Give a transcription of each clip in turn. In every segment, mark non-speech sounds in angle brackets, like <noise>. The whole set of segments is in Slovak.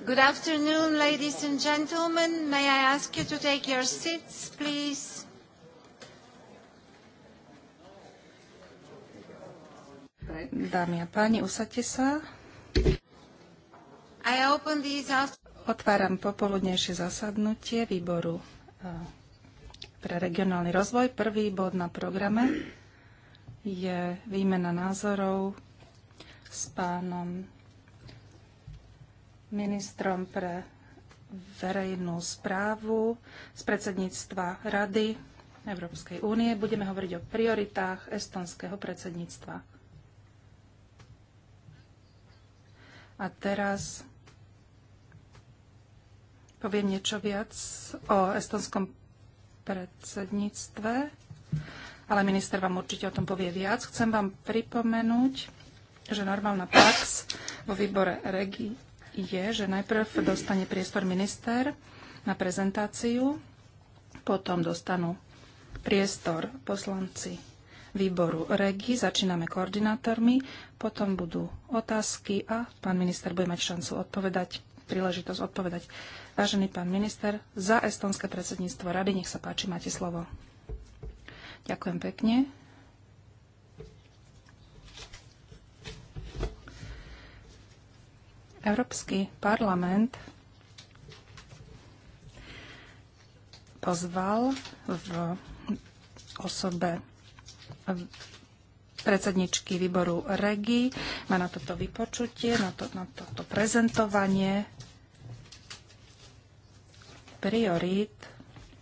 Good afternoon, ladies and gentlemen. May I ask you to take your seats, please? Dámy a páni, usadte sa. Otváram popoludnejšie zasadnutie výboru eh, pre regionálny rozvoj. Prvý bod na programe je výmena názorov s pánom ministrom pre verejnú správu z predsedníctva Rady Európskej únie. Budeme hovoriť o prioritách estonského predsedníctva. A teraz poviem niečo viac o estonskom predsedníctve, ale minister vám určite o tom povie viac. Chcem vám pripomenúť, že normálna prax vo výbore REGI je, že najprv dostane priestor minister na prezentáciu, potom dostanú priestor poslanci výboru REGI, začíname koordinátormi, potom budú otázky a pán minister bude mať šancu odpovedať, príležitosť odpovedať. Vážený pán minister, za estonské predsedníctvo rady, nech sa páči, máte slovo. Ďakujem pekne. Európsky parlament pozval v osobe predsedničky výboru REGI. Má na toto vypočutie, na, to, na toto prezentovanie priorít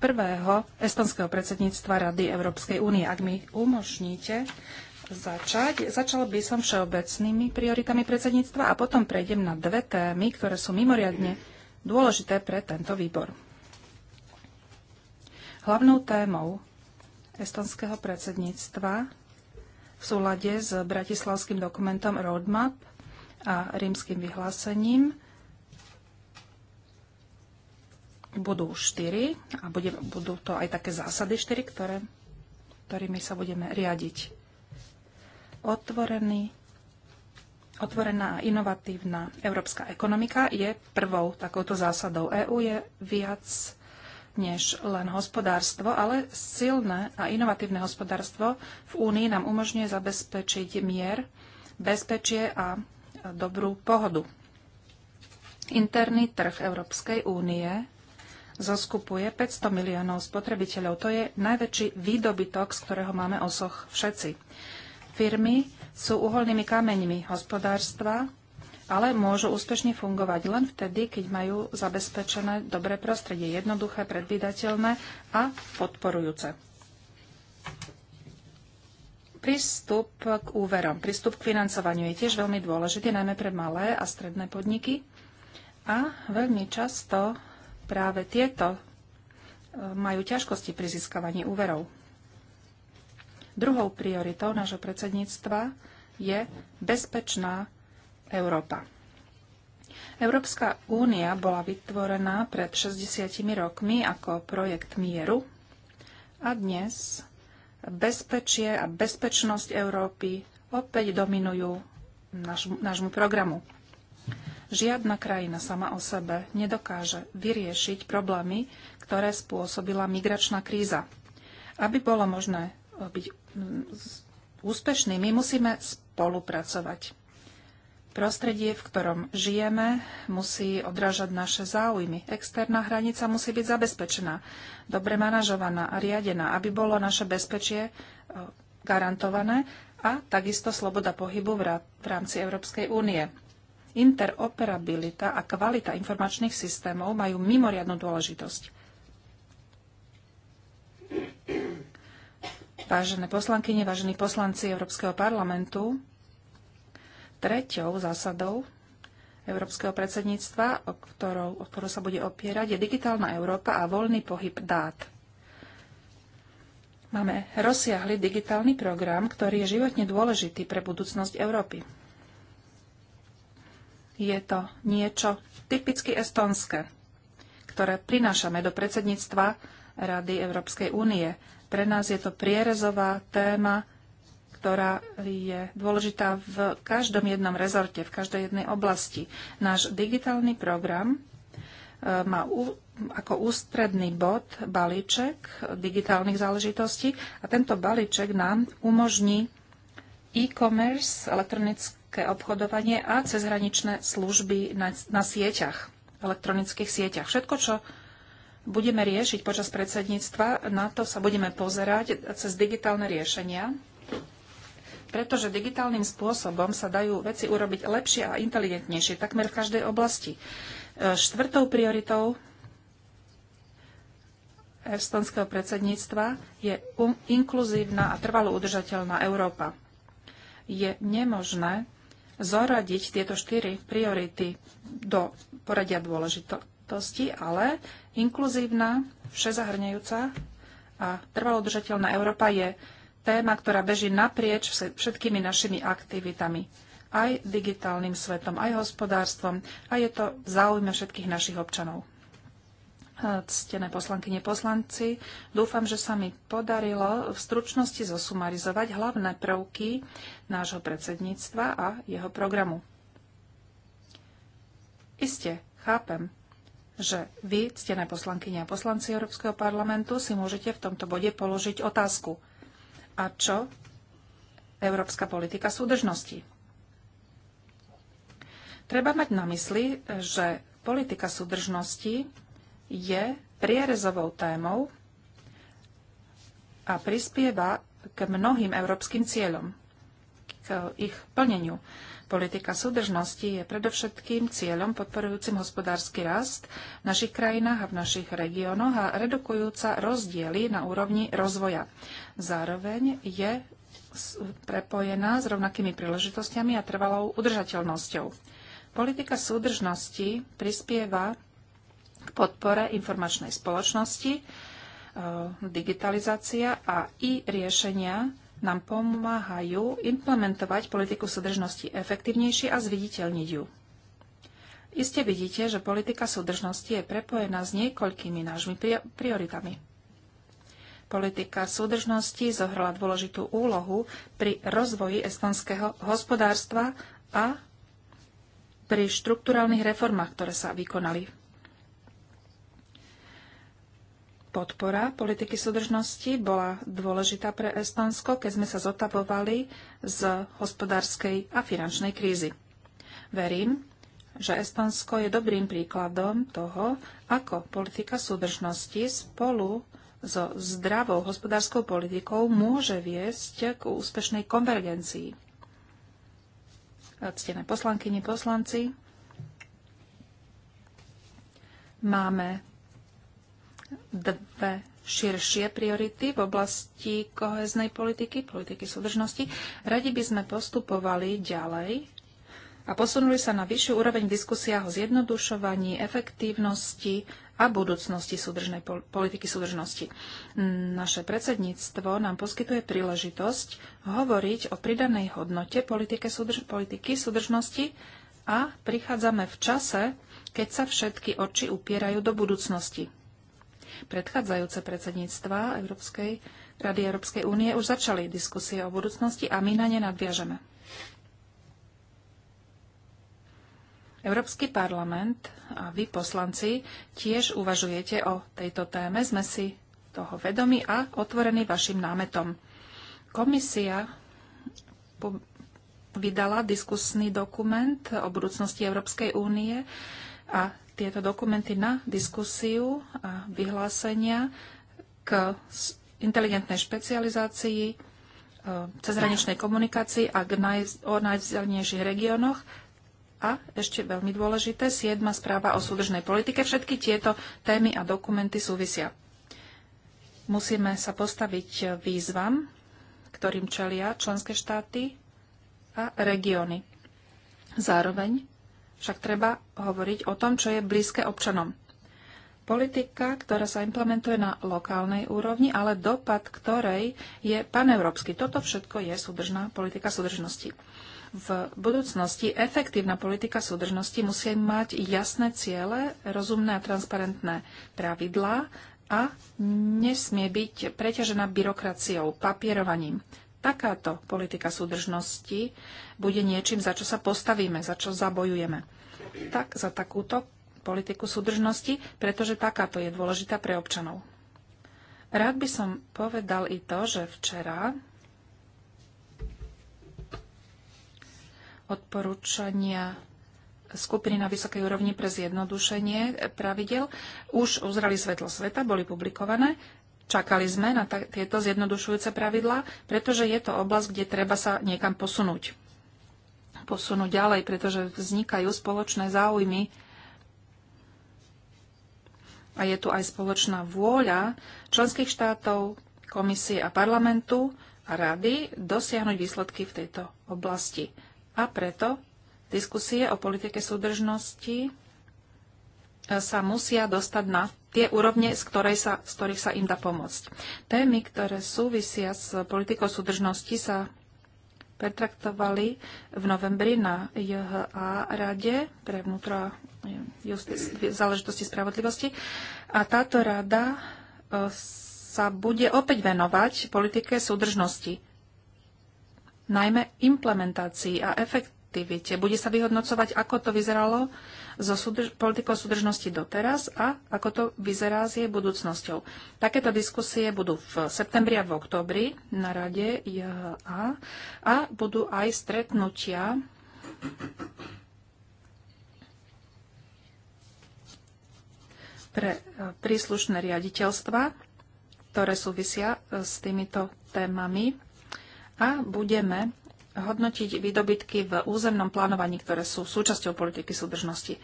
prvého estonského predsedníctva Rady Európskej únie. Ak mi umožníte, začať. Začala by som všeobecnými prioritami predsedníctva a potom prejdem na dve témy, ktoré sú mimoriadne dôležité pre tento výbor. Hlavnou témou estonského predsedníctva v súlade s bratislavským dokumentom Roadmap a rímským vyhlásením budú štyri a budú to aj také zásady štyri, ktoré, ktorými sa budeme riadiť. Otvorený, otvorená inovatívna európska ekonomika je prvou takouto zásadou. EÚ je viac než len hospodárstvo, ale silné a inovatívne hospodárstvo v Únii nám umožňuje zabezpečiť mier, bezpečie a dobrú pohodu. Interný trh Európskej únie zoskupuje 500 miliónov spotrebiteľov. To je najväčší výdobytok, z ktorého máme osoch všetci. Firmy sú uholnými kameňmi hospodárstva, ale môžu úspešne fungovať len vtedy, keď majú zabezpečené dobré prostredie, jednoduché, predvídateľné a podporujúce. Prístup k úverom, prístup k financovaniu je tiež veľmi dôležitý, najmä pre malé a stredné podniky. A veľmi často práve tieto e, majú ťažkosti pri získavaní úverov. Druhou prioritou nášho predsedníctva je bezpečná Európa. Európska únia bola vytvorená pred 60 rokmi ako projekt mieru a dnes bezpečie a bezpečnosť Európy opäť dominujú náš, nášmu programu. Žiadna krajina sama o sebe nedokáže vyriešiť problémy, ktoré spôsobila migračná kríza. Aby bolo možné byť úspešní, my musíme spolupracovať. Prostredie, v ktorom žijeme, musí odrážať naše záujmy. Externá hranica musí byť zabezpečená, dobre manažovaná a riadená, aby bolo naše bezpečie e, garantované a takisto sloboda pohybu v rámci Európskej únie. Interoperabilita a kvalita informačných systémov majú mimoriadnu dôležitosť. vážené poslankyne, vážení poslanci Európskeho parlamentu, treťou zásadou Európskeho predsedníctva, o ktorou, o ktorú sa bude opierať, je digitálna Európa a voľný pohyb dát. Máme rozsiahly digitálny program, ktorý je životne dôležitý pre budúcnosť Európy. Je to niečo typicky estonské, ktoré prinášame do predsedníctva Rady Európskej únie. Pre nás je to prierezová téma, ktorá je dôležitá v každom jednom rezorte, v každej jednej oblasti. Náš digitálny program e, má ako ústredný bod balíček digitálnych záležitostí a tento balíček nám umožní e-commerce, elektronické obchodovanie a cezhraničné služby na, na sieťach, elektronických sieťach. Všetko, čo budeme riešiť počas predsedníctva. Na to sa budeme pozerať cez digitálne riešenia, pretože digitálnym spôsobom sa dajú veci urobiť lepšie a inteligentnejšie takmer v každej oblasti. E, štvrtou prioritou estonského predsedníctva je um, inkluzívna a trvalo udržateľná Európa. Je nemožné zoradiť tieto štyri priority do poradia dôležitosti, ale Inkluzívna, všezahrňajúca a trvalo držateľná Európa je téma, ktorá beží naprieč všetkými našimi aktivitami aj digitálnym svetom, aj hospodárstvom a je to v záujme všetkých našich občanov. Ctené poslankyne, poslanci, dúfam, že sa mi podarilo v stručnosti zosumarizovať hlavné prvky nášho predsedníctva a jeho programu. Isté, chápem, že vy, ctené poslankyne a poslanci Európskeho parlamentu, si môžete v tomto bode položiť otázku. A čo európska politika súdržnosti? Treba mať na mysli, že politika súdržnosti je prierezovou témou a prispieva k mnohým európskym cieľom, k ich plneniu. Politika súdržnosti je predovšetkým cieľom podporujúcim hospodársky rast v našich krajinách a v našich regiónoch a redukujúca rozdiely na úrovni rozvoja. Zároveň je prepojená s rovnakými príležitostiami a trvalou udržateľnosťou. Politika súdržnosti prispieva k podpore informačnej spoločnosti, e, digitalizácia a i riešenia nám pomáhajú implementovať politiku súdržnosti efektívnejšie a zviditeľniť ju. Iste vidíte, že politika súdržnosti je prepojená s niekoľkými nášmi prioritami. Politika súdržnosti zohrala dôležitú úlohu pri rozvoji estonského hospodárstva a pri štrukturálnych reformách, ktoré sa vykonali podpora politiky súdržnosti bola dôležitá pre Estonsko, keď sme sa zotavovali z hospodárskej a finančnej krízy. Verím, že Estonsko je dobrým príkladom toho, ako politika súdržnosti spolu so zdravou hospodárskou politikou môže viesť k úspešnej konvergencii. Ctené poslankyni, poslanci, máme dve širšie priority v oblasti koheznej politiky, politiky súdržnosti. Radi by sme postupovali ďalej a posunuli sa na vyššiu úroveň v diskusiách o zjednodušovaní, efektívnosti a budúcnosti súdržnej politiky súdržnosti. Naše predsedníctvo nám poskytuje príležitosť hovoriť o pridanej hodnote politike súdrž- politiky súdržnosti a prichádzame v čase, keď sa všetky oči upierajú do budúcnosti predchádzajúce predsedníctva Európskej Rady Európskej únie už začali diskusie o budúcnosti a my na ne nadviažeme. Európsky parlament a vy poslanci tiež uvažujete o tejto téme. Sme si toho vedomi a otvorení vašim námetom. Komisia vydala diskusný dokument o budúcnosti Európskej únie a tieto dokumenty na diskusiu a vyhlásenia k inteligentnej špecializácii, e, cezhraničnej komunikácii a k naj, o najvzdialenejších regiónoch. A ešte veľmi dôležité, siedma správa o súdržnej politike. Všetky tieto témy a dokumenty súvisia. Musíme sa postaviť výzvam, ktorým čelia členské štáty a regióny. Zároveň však treba hovoriť o tom, čo je blízke občanom. Politika, ktorá sa implementuje na lokálnej úrovni, ale dopad ktorej je paneurópsky. Toto všetko je súdržná politika súdržnosti. V budúcnosti efektívna politika súdržnosti musí mať jasné ciele, rozumné a transparentné pravidlá a nesmie byť preťažená byrokraciou, papierovaním takáto politika súdržnosti bude niečím, za čo sa postavíme, za čo zabojujeme. Tak za takúto politiku súdržnosti, pretože takáto je dôležitá pre občanov. Rád by som povedal i to, že včera odporúčania skupiny na vysokej úrovni pre zjednodušenie pravidel už uzrali svetlo sveta, boli publikované Čakali sme na tieto zjednodušujúce pravidlá, pretože je to oblasť, kde treba sa niekam posunúť. Posunúť ďalej, pretože vznikajú spoločné záujmy a je tu aj spoločná vôľa členských štátov, komisie a parlamentu a rady dosiahnuť výsledky v tejto oblasti. A preto diskusie o politike súdržnosti sa musia dostať na tie úrovne, z, ktorej sa, z ktorých sa im dá pomôcť. Témy, ktoré súvisia s politikou súdržnosti, sa pretraktovali v novembri na JHA Rade pre vnútro justice, záležitosti spravodlivosti. A táto rada e, sa bude opäť venovať politike súdržnosti, najmä implementácii a efektivite. Bude sa vyhodnocovať, ako to vyzeralo so súdrž- politikou súdržnosti doteraz a ako to vyzerá s jej budúcnosťou. Takéto diskusie budú v septembri a v oktobri na rade JHA a budú aj stretnutia pre e, príslušné riaditeľstva, ktoré súvisia e, s týmito témami a budeme hodnotiť výdobytky v územnom plánovaní, ktoré sú súčasťou politiky súdržnosti.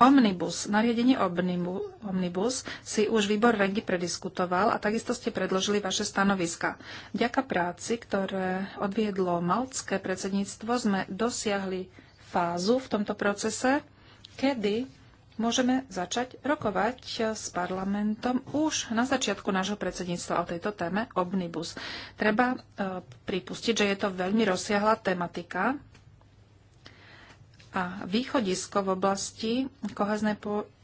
Omnibus, nariadenie Omnibus si už výbor Regi prediskutoval a takisto ste predložili vaše stanoviska. Vďaka práci, ktoré odviedlo maltské predsedníctvo, sme dosiahli fázu v tomto procese, kedy môžeme začať rokovať eh, s parlamentom už na začiatku nášho predsedníctva o tejto téme Omnibus. Treba eh, pripustiť, že je to veľmi rozsiahla tematika a východisko v oblasti koheznej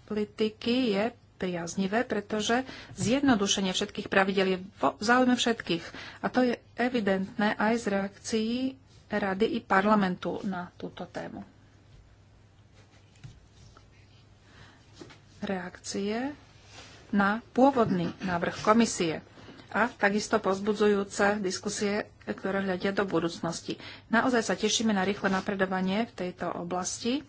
politiky je priaznivé, pretože zjednodušenie všetkých pravidel je v záujme všetkých. A to je evidentné aj z reakcií Rady i parlamentu na túto tému. reakcie na pôvodný návrh komisie a takisto pozbudzujúce diskusie, ktoré hľadia do budúcnosti. Naozaj sa tešíme na rýchle napredovanie v tejto oblasti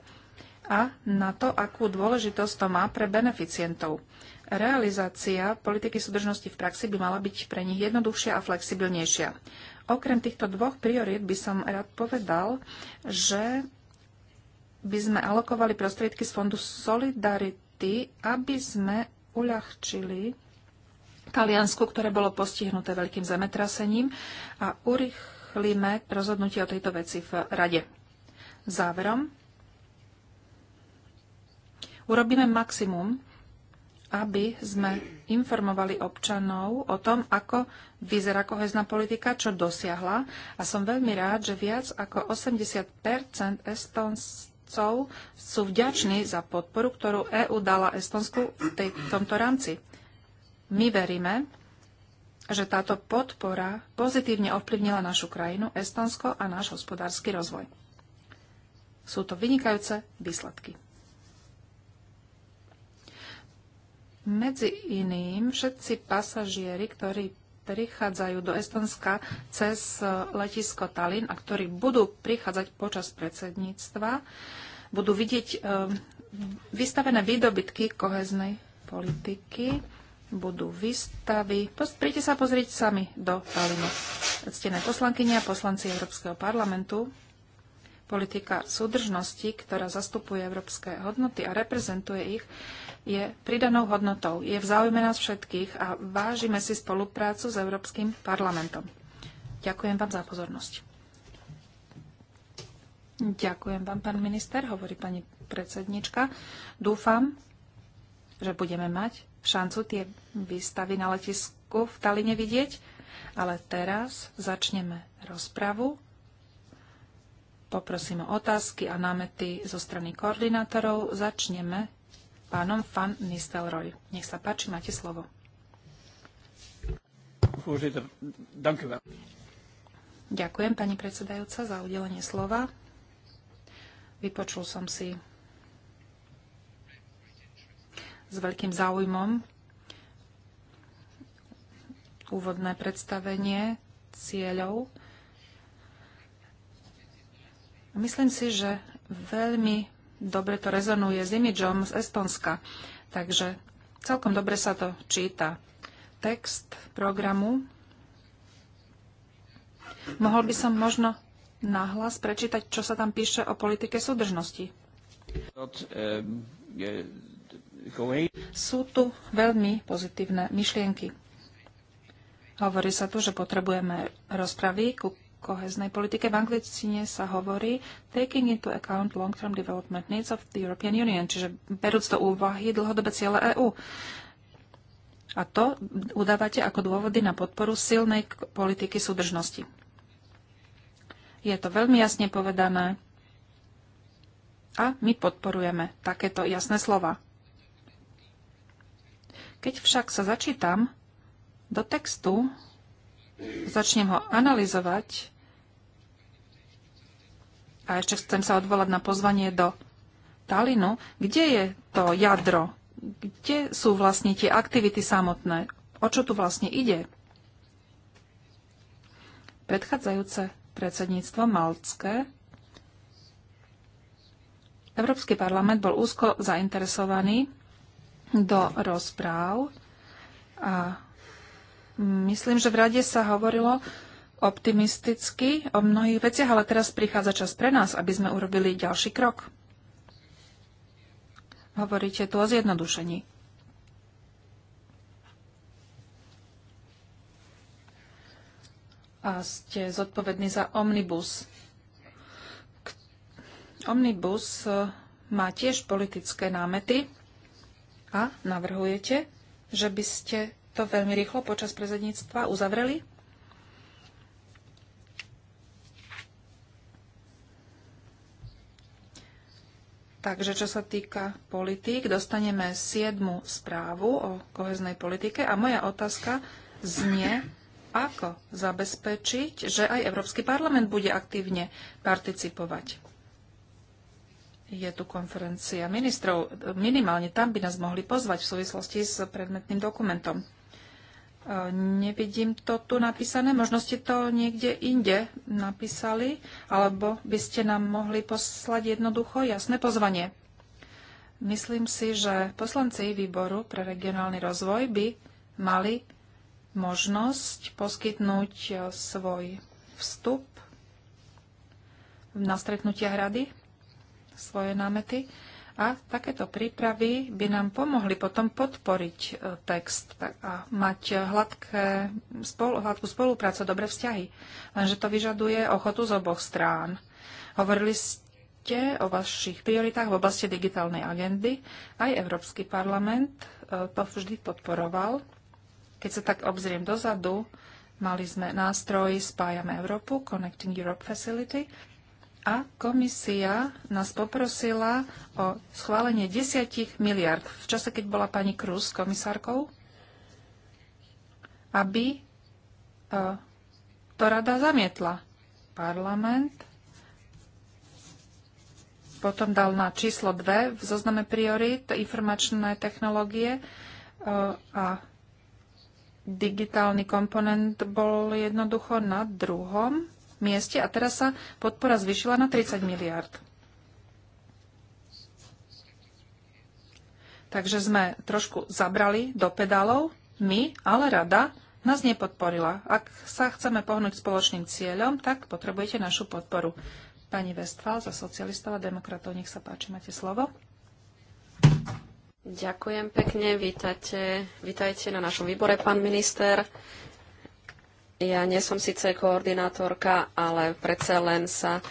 a na to, akú dôležitosť to má pre beneficientov. Realizácia politiky súdržnosti v praxi by mala byť pre nich jednoduchšia a flexibilnejšia. Okrem týchto dvoch priorít by som rád povedal, že by sme alokovali prostriedky z Fondu Solidarity aktivity, aby sme uľahčili Taliansku, ktoré bolo postihnuté veľkým zemetrasením a urychlíme rozhodnutie o tejto veci v Rade. Záverom, urobíme maximum, aby sme informovali občanov o tom, ako vyzerá kohezná politika, čo dosiahla. A som veľmi rád, že viac ako 80 estonských výrobcov sú vďační za podporu, ktorú EÚ dala Estonsku v tej, tomto rámci. My veríme, že táto podpora pozitívne ovplyvnila našu krajinu, Estonsko a náš hospodársky rozvoj. Sú to vynikajúce výsledky. Medzi iným všetci pasažieri, ktorí prichádzajú do Estonska cez e, letisko Tallinn a ktorí budú prichádzať počas predsedníctva, budú vidieť e, vystavené výdobytky koheznej politiky, budú výstavy. Príďte sa pozrieť sami do Talinu. Ctené poslankyne a poslanci Európskeho parlamentu, politika súdržnosti, ktorá zastupuje európske hodnoty a reprezentuje ich, je pridanou hodnotou. Je v záujme nás všetkých a vážime si spoluprácu s Európskym parlamentom. Ďakujem vám za pozornosť. Ďakujem vám, pán minister, hovorí pani predsednička. Dúfam, že budeme mať šancu tie výstavy na letisku v Taline vidieť, ale teraz začneme rozpravu. Poprosím o otázky a námety zo strany koordinátorov. Začneme pánom Van Nistelrooy. Nech sa páči, máte slovo. Ďakujem, pani predsedajúca, za udelenie slova. Vypočul som si s veľkým záujmom úvodné predstavenie cieľov. Myslím si, že veľmi dobre to rezonuje s imidžom z Estonska. Takže celkom dobre sa to číta. Text programu mohol by som možno nahlas prečítať, čo sa tam píše o politike súdržnosti. Sú tu veľmi pozitívne myšlienky. Hovorí sa tu, že potrebujeme rozpravy ku koheznej politike. V angličtine sa hovorí taking into account long-term development needs of the European Union, čiže berúc do úvahy dlhodobé ciele EÚ. A to udávate ako dôvody na podporu silnej politiky súdržnosti. Je to veľmi jasne povedané a my podporujeme takéto jasné slova. Keď však sa začítam do textu, začnem ho analyzovať, a ešte chcem sa odvolať na pozvanie do Talinu. Kde je to jadro? Kde sú vlastne tie aktivity samotné? O čo tu vlastne ide? Predchádzajúce predsedníctvo Malcké. Európsky parlament bol úzko zainteresovaný do rozpráv a myslím, že v rade sa hovorilo, optimisticky o mnohých veciach, ale teraz prichádza čas pre nás, aby sme urobili ďalší krok. Hovoríte tu o zjednodušení. A ste zodpovední za Omnibus. Omnibus e, má tiež politické námety a navrhujete, že by ste to veľmi rýchlo počas prezidentstva uzavreli? Takže čo sa týka politík, dostaneme siedmu správu o koheznej politike a moja otázka znie, ako zabezpečiť, že aj Európsky parlament bude aktívne participovať. Je tu konferencia ministrov. Minimálne tam by nás mohli pozvať v súvislosti s predmetným dokumentom. Nevidím to tu napísané, možno ste to niekde inde napísali, alebo by ste nám mohli poslať jednoducho jasné pozvanie. Myslím si, že poslanci výboru pre regionálny rozvoj by mali možnosť poskytnúť e, svoj vstup na stretnutia rady, svoje námety. A takéto prípravy by nám pomohli potom podporiť e, text a mať hladké, spolu, hladkú spoluprácu, dobré vzťahy. Lenže to vyžaduje ochotu z oboch strán. Hovorili ste o vašich prioritách v oblasti digitálnej agendy. Aj Európsky parlament e, to vždy podporoval. Keď sa tak obzriem dozadu, mali sme nástroj Spájame Európu, Connecting Europe Facility, a komisia nás poprosila o schválenie 10 miliard v čase, keď bola pani Krus komisárkou, aby e, to rada zamietla. Parlament potom dal na číslo 2 v zozname priorit informačné technológie e, a digitálny komponent bol jednoducho na druhom mieste a teraz sa podpora zvyšila na 30 miliard. Takže sme trošku zabrali do pedálov, my, ale rada nás nepodporila. Ak sa chceme pohnúť spoločným cieľom, tak potrebujete našu podporu. Pani Westphal za socialistov a demokratov, nech sa páči, máte slovo. Ďakujem pekne, vítajte, vítajte na našom výbore, pán minister. Ja nie som síce koordinátorka, ale predsa len sa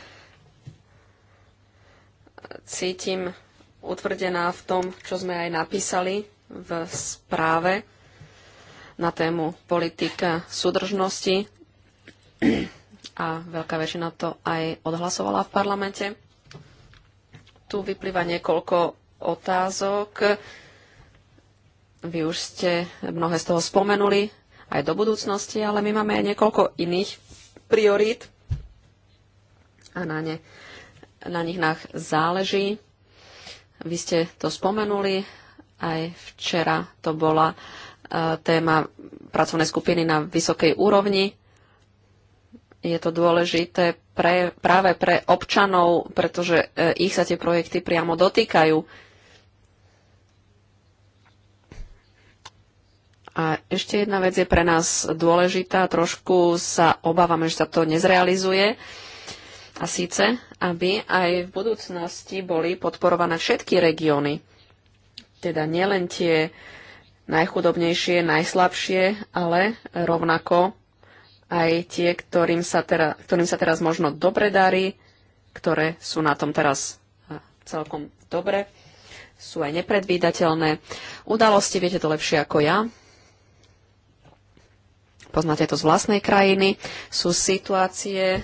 cítim utvrdená v tom, čo sme aj napísali v správe na tému politika súdržnosti. A veľká väčšina to aj odhlasovala v parlamente. Tu vyplýva niekoľko otázok. Vy už ste mnohé z toho spomenuli aj do budúcnosti, ale my máme aj niekoľko iných priorít a na, ne, na nich nás záleží. Vy ste to spomenuli, aj včera to bola e, téma pracovnej skupiny na vysokej úrovni. Je to dôležité pre, práve pre občanov, pretože e, ich sa tie projekty priamo dotýkajú. A ešte jedna vec je pre nás dôležitá, trošku sa obávame, že sa to nezrealizuje. A síce, aby aj v budúcnosti boli podporované všetky regióny. Teda nielen tie najchudobnejšie, najslabšie, ale rovnako aj tie, ktorým sa, tera, ktorým sa teraz možno dobre darí, ktoré sú na tom teraz e, celkom dobre, sú aj nepredvídateľné. Udalosti viete to lepšie ako ja, poznáte to z vlastnej krajiny, sú situácie,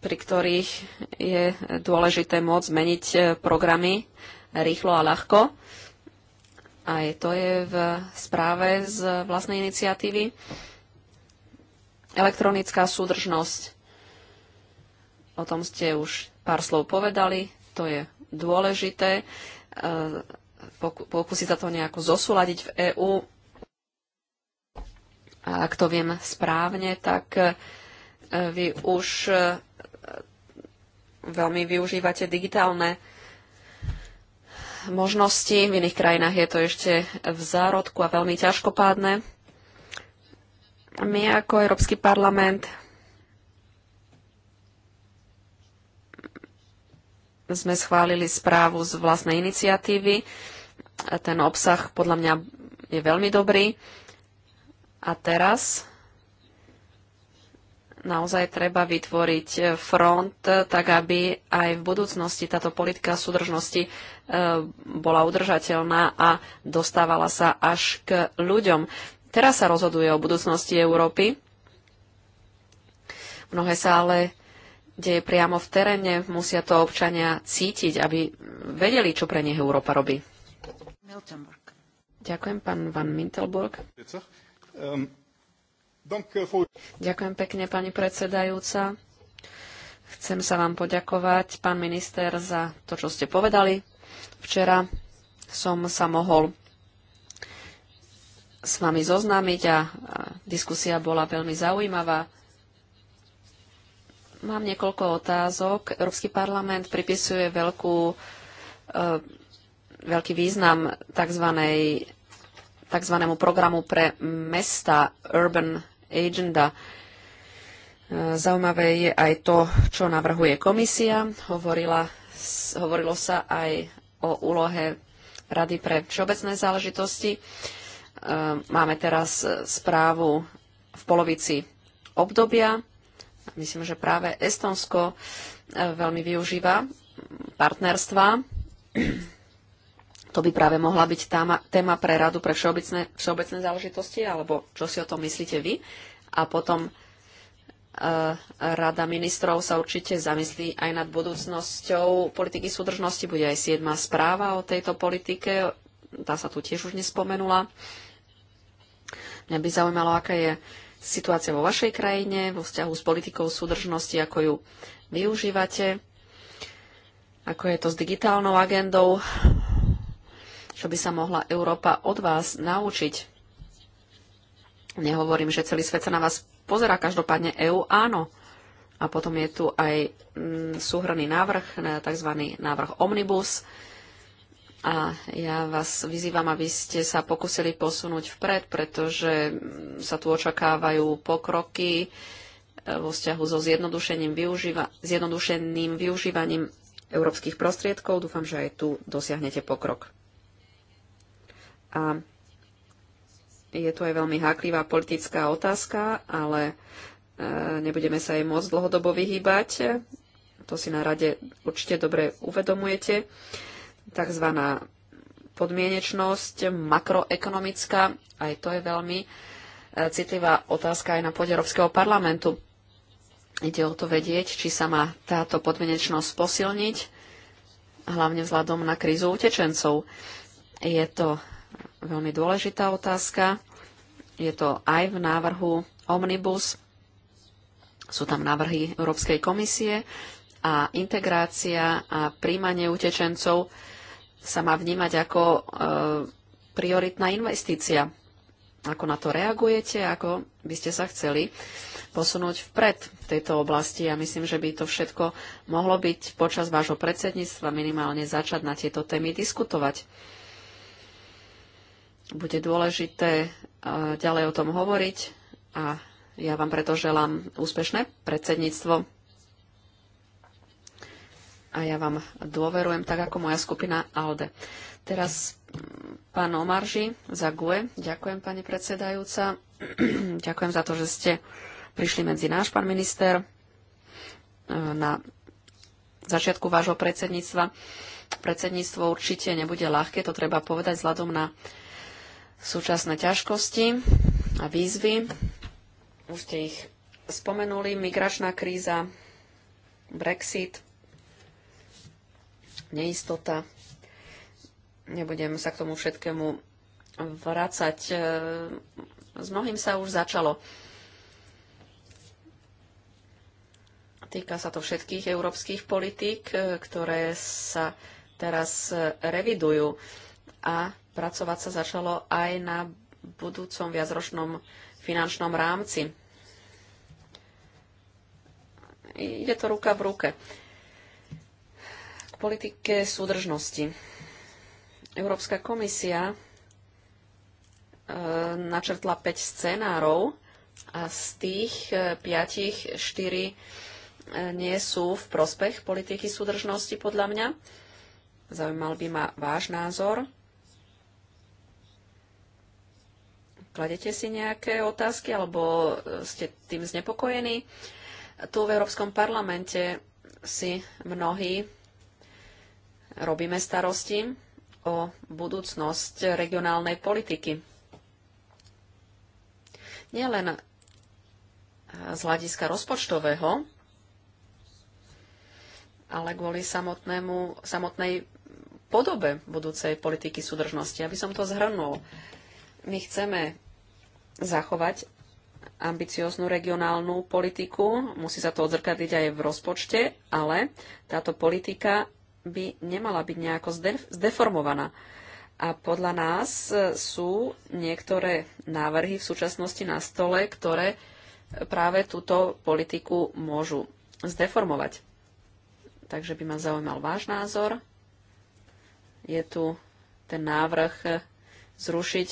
pri ktorých je dôležité môcť zmeniť e, programy rýchlo a ľahko. Aj to je v správe z vlastnej iniciatívy. Elektronická súdržnosť. O tom ste už pár slov povedali. To je dôležité. E, Pokúsiť sa to nejako zosúľadiť v EÚ a ak to viem správne, tak e, vy už e, veľmi využívate digitálne možnosti. V iných krajinách je to ešte v zárodku a veľmi ťažkopádne. My ako Európsky parlament sme schválili správu z vlastnej iniciatívy. Ten obsah podľa mňa je veľmi dobrý a teraz naozaj treba vytvoriť front, tak aby aj v budúcnosti táto politika súdržnosti e, bola udržateľná a dostávala sa až k ľuďom. Teraz sa rozhoduje o budúcnosti Európy. Mnohé sa ale deje priamo v teréne, musia to občania cítiť, aby vedeli, čo pre nich Európa robí. Miltenburg. Ďakujem, pán Van Mintelburg. Ehm, euh, Ďakujem pekne, pani predsedajúca. Chcem sa vám poďakovať, pán minister, za to, čo ste povedali. Včera som sa mohol s vami zoznámiť a diskusia bola veľmi zaujímavá. Mám niekoľko otázok. Európsky parlament pripisuje veľkú, e, veľký význam tzv tzv. programu pre mesta Urban Agenda. E, zaujímavé je aj to, čo navrhuje komisia. Hovorila, hovorilo sa aj o úlohe Rady pre všeobecné záležitosti. E, máme teraz správu v polovici obdobia. Myslím, že práve Estonsko e, veľmi využíva partnerstva to by práve mohla byť táma, téma pre radu pre všeobecné, všeobecné záležitosti, alebo čo si o tom myslíte vy. A potom e, Rada ministrov sa určite zamyslí aj nad budúcnosťou politiky súdržnosti. Bude aj siedma správa o tejto politike. Tá sa tu tiež už nespomenula. Mňa by zaujímalo, aká je situácia vo vašej krajine, vo vzťahu s politikou súdržnosti, ako ju využívate, ako je to s digitálnou agendou čo by sa mohla Európa od vás naučiť. Nehovorím, že celý svet sa na vás pozera, každopádne EÚ áno. A potom je tu aj mm, súhrný návrh, tzv. návrh Omnibus. A ja vás vyzývam, aby ste sa pokusili posunúť vpred, pretože mm, sa tu očakávajú pokroky e, vo vzťahu so zjednodušeným, využíva- zjednodušeným využívaním európskych prostriedkov. Dúfam, že aj tu dosiahnete pokrok. A je to aj veľmi háklivá politická otázka, ale e, nebudeme sa jej môcť dlhodobo vyhýbať. To si na rade určite dobre uvedomujete. Takzvaná podmienečnosť makroekonomická, aj to je veľmi e, citlivá otázka aj na pôde Európskeho parlamentu. Ide o to vedieť, či sa má táto podmienečnosť posilniť, hlavne vzhľadom na krízu utečencov. Je to veľmi dôležitá otázka. Je to aj v návrhu Omnibus. Sú tam návrhy Európskej komisie a integrácia a príjmanie utečencov sa má vnímať ako e, prioritná investícia. Ako na to reagujete, ako by ste sa chceli posunúť vpred v tejto oblasti. Ja myslím, že by to všetko mohlo byť počas vášho predsedníctva minimálne začať na tieto témy diskutovať. Bude dôležité e, ďalej o tom hovoriť a ja vám preto želám úspešné predsedníctvo a ja vám dôverujem, tak ako moja skupina ALDE. Teraz mm, pán Omarži za GUE. Ďakujem, pani predsedajúca. <clears throat> Ďakujem za to, že ste prišli medzi náš pán minister e, na začiatku vášho predsedníctva. Predsedníctvo určite nebude ľahké, to treba povedať vzhľadom na súčasné ťažkosti a výzvy. Už ste ich spomenuli, migračná kríza, Brexit, neistota. Nebudem sa k tomu všetkému vracať. E, s mnohým sa už začalo. Týka sa to všetkých európskych politík, e, ktoré sa teraz e, revidujú a pracovať sa začalo aj na budúcom viacročnom finančnom rámci. Ide to ruka v ruke. K politike súdržnosti. Európska komisia e, načrtla 5 scenárov a z tých 5 e, 4 e, nie sú v prospech politiky súdržnosti podľa mňa. Zaujímal by ma váš názor Kladete si nejaké otázky alebo e, ste tým znepokojení? Tu v Európskom parlamente si mnohí robíme starosti o budúcnosť regionálnej politiky. Nielen e, z hľadiska rozpočtového, ale kvôli samotnému, samotnej podobe budúcej politiky súdržnosti. Aby som to zhrnul, my chceme zachovať ambicióznu regionálnu politiku, musí sa to odzrkadliť aj v rozpočte, ale táto politika by nemala byť nejako zdeformovaná. A podľa nás e, sú niektoré návrhy v súčasnosti na stole, ktoré práve túto politiku môžu zdeformovať. Takže by ma zaujímal váš názor. Je tu ten návrh e, zrušiť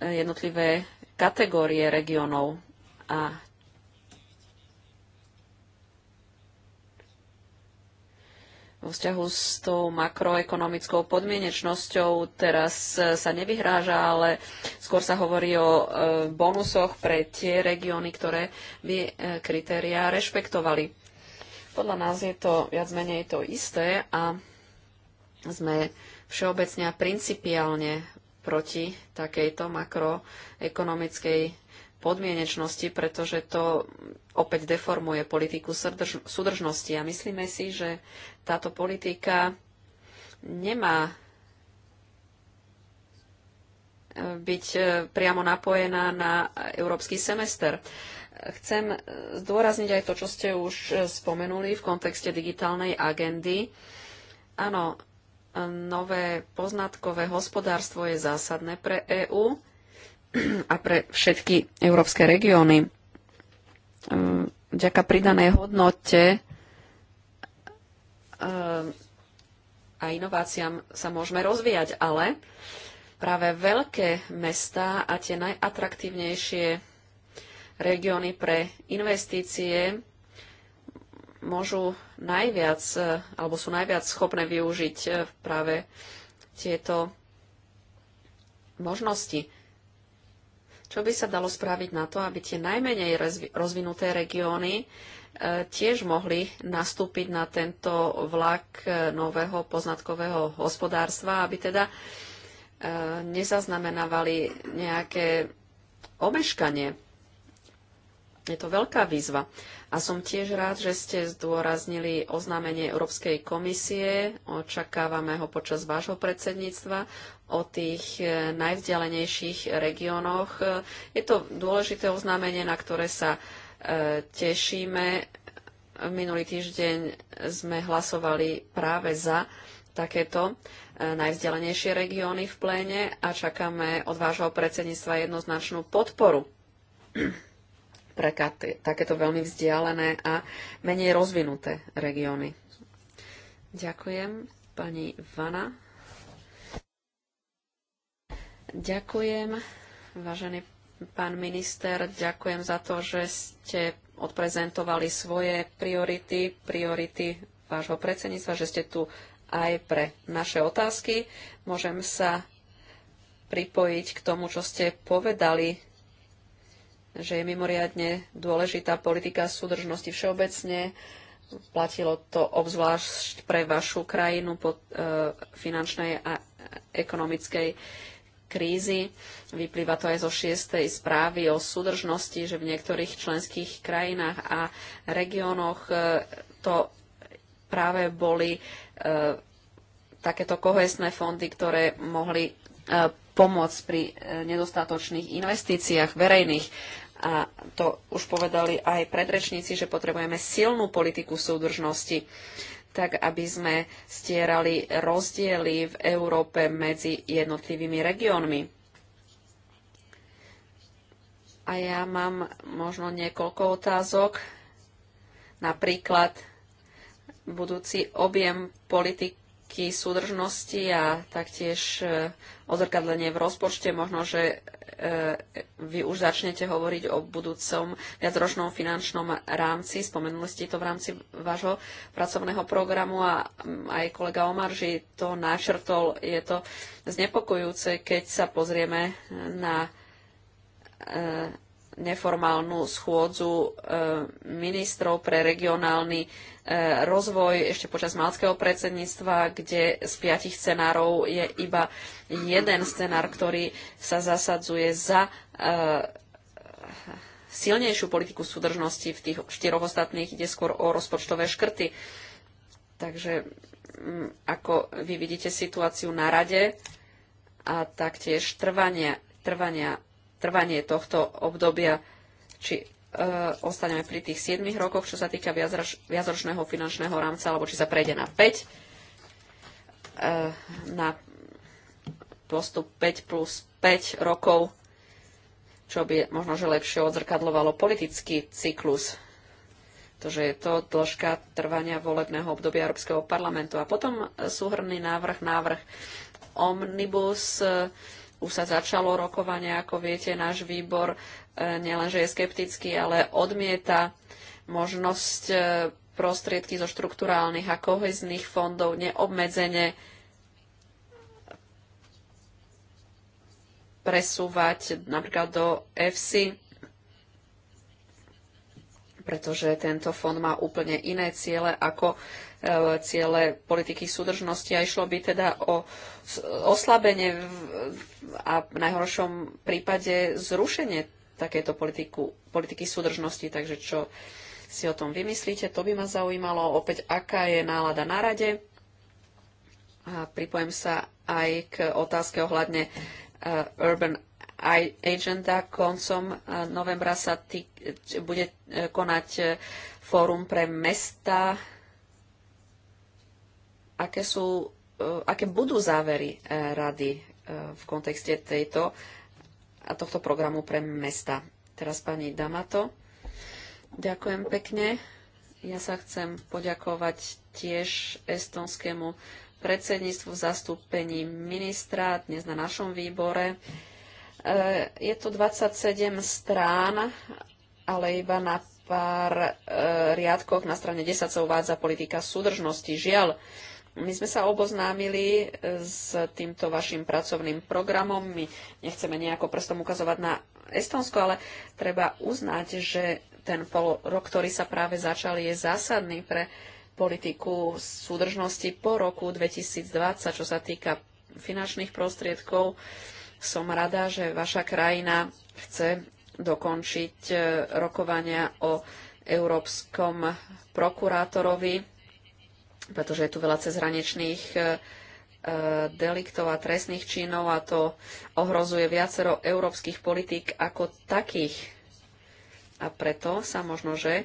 jednotlivé kategórie regionov a vo vzťahu s tou makroekonomickou podmienečnosťou teraz sa nevyhráža, ale skôr sa hovorí o e, bonusoch pre tie regióny, ktoré by e, kritériá rešpektovali. Podľa nás je to viac menej to isté a sme všeobecne a principiálne proti takejto makroekonomickej podmienečnosti, pretože to opäť deformuje politiku súdržnosti. A myslíme si, že táto politika nemá e, byť e, priamo napojená na európsky semester. Chcem e, zdôrazniť aj to, čo ste už spomenuli v kontexte digitálnej agendy. Áno, nové poznatkové hospodárstvo je zásadné pre EÚ a pre všetky európske regióny. E, vďaka pridanej hodnote e, a inováciám sa môžeme rozvíjať, ale práve veľké mesta a tie najatraktívnejšie regióny pre investície môžu najviac, e, alebo sú najviac schopné využiť e, práve tieto možnosti. Čo by sa dalo spraviť na to, aby tie najmenej rozvinuté regióny e, tiež mohli nastúpiť na tento vlak nového poznatkového hospodárstva, aby teda nezaznamenávali nejaké omeškanie. Je to veľká výzva. A som tiež rád, že ste zdôraznili oznámenie Európskej komisie. Očakávame ho počas vášho predsedníctva o tých e, najvzdialenejších regiónoch. Je to dôležité oznámenie, na ktoré sa e, tešíme. Minulý týždeň sme hlasovali práve za takéto e, najvzdialenejšie regióny v pléne a čakáme od vášho predsedníctva jednoznačnú podporu pre takéto veľmi vzdialené a menej rozvinuté regióny. Ďakujem, pani Vana. Ďakujem, vážený pán minister, ďakujem za to, že ste odprezentovali svoje priority, priority vášho predsedníctva, že ste tu aj pre naše otázky. Môžem sa pripojiť k tomu, čo ste povedali že je mimoriadne dôležitá politika súdržnosti všeobecne. Platilo to obzvlášť pre vašu krajinu po e, finančnej a ekonomickej krízy. Vyplýva to aj zo šiestej správy o súdržnosti, že v niektorých členských krajinách a regiónoch e, to práve boli e, takéto kohesné fondy, ktoré mohli e, pomôcť pri e, nedostatočných investíciách verejných. A to už povedali aj predrečníci, že potrebujeme silnú politiku súdržnosti tak aby sme stierali rozdiely v Európe medzi jednotlivými regiónmi. A ja mám možno niekoľko otázok. Napríklad budúci objem politik prvky súdržnosti a taktiež e, odzrkadlenie v rozpočte. Možno, že e, vy už začnete hovoriť o budúcom viacročnom finančnom rámci. Spomenuli ste to v rámci vášho pracovného programu a aj kolega Omar že to načrtol. Je to znepokojúce, keď sa pozrieme na e, neformálnu schôdzu e, ministrov pre regionálny e, rozvoj ešte počas malckého predsedníctva, kde z piatich scenárov je iba jeden scenár, ktorý sa zasadzuje za e, silnejšiu politiku súdržnosti v tých štyroch ostatných ide skôr o rozpočtové škrty. Takže ako vy vidíte situáciu na rade a taktiež trvania, trvania trvanie tohto obdobia, či e, ostaneme pri tých 7 rokoch, čo sa týka viacročného finančného rámca, alebo či sa prejde na 5, e, na postup 5 plus 5 rokov, čo by možno, že lepšie odzrkadlovalo politický cyklus pretože je to dĺžka trvania volebného obdobia Európskeho parlamentu. A potom súhrný návrh, návrh Omnibus, už sa začalo rokovanie, ako viete, náš výbor e, nielenže je skeptický, ale odmieta možnosť e, prostriedky zo štrukturálnych a kohezných fondov neobmedzene presúvať napríklad do EFSI, pretože tento fond má úplne iné ciele ako E, ciele politiky súdržnosti a išlo by teda o oslabenie a v najhoršom prípade zrušenie takéto politiku, politiky súdržnosti. Takže čo si o tom vymyslíte, to by ma zaujímalo. Opäť, aká je nálada na rade? A pripojem sa aj k otázke ohľadne uh, Urban Agenda. Koncom uh, novembra sa tý, bude uh, konať uh, fórum pre mesta aké, sú, e, aké budú závery e, rady e, v kontexte tejto a tohto programu pre mesta. Teraz pani Damato. Ďakujem pekne. Ja sa chcem poďakovať tiež estonskému predsedníctvu v zastúpení ministra dnes na našom výbore. Je to 27 strán, ale iba na pár riadkoch na strane 10 sa uvádza politika súdržnosti. Žiaľ, my sme sa oboznámili e, s týmto vašim pracovným programom. My nechceme nejako prstom ukazovať na Estonsko, ale treba uznať, že ten rok, ktorý sa práve začal, je zásadný pre politiku súdržnosti po roku 2020, čo sa týka finančných prostriedkov. Som rada, že vaša krajina chce dokončiť e, rokovania o európskom prokurátorovi pretože je tu veľa cezhraničných e, e, deliktov a trestných činov a to ohrozuje viacero európskych politík ako takých. A preto sa možno, že e,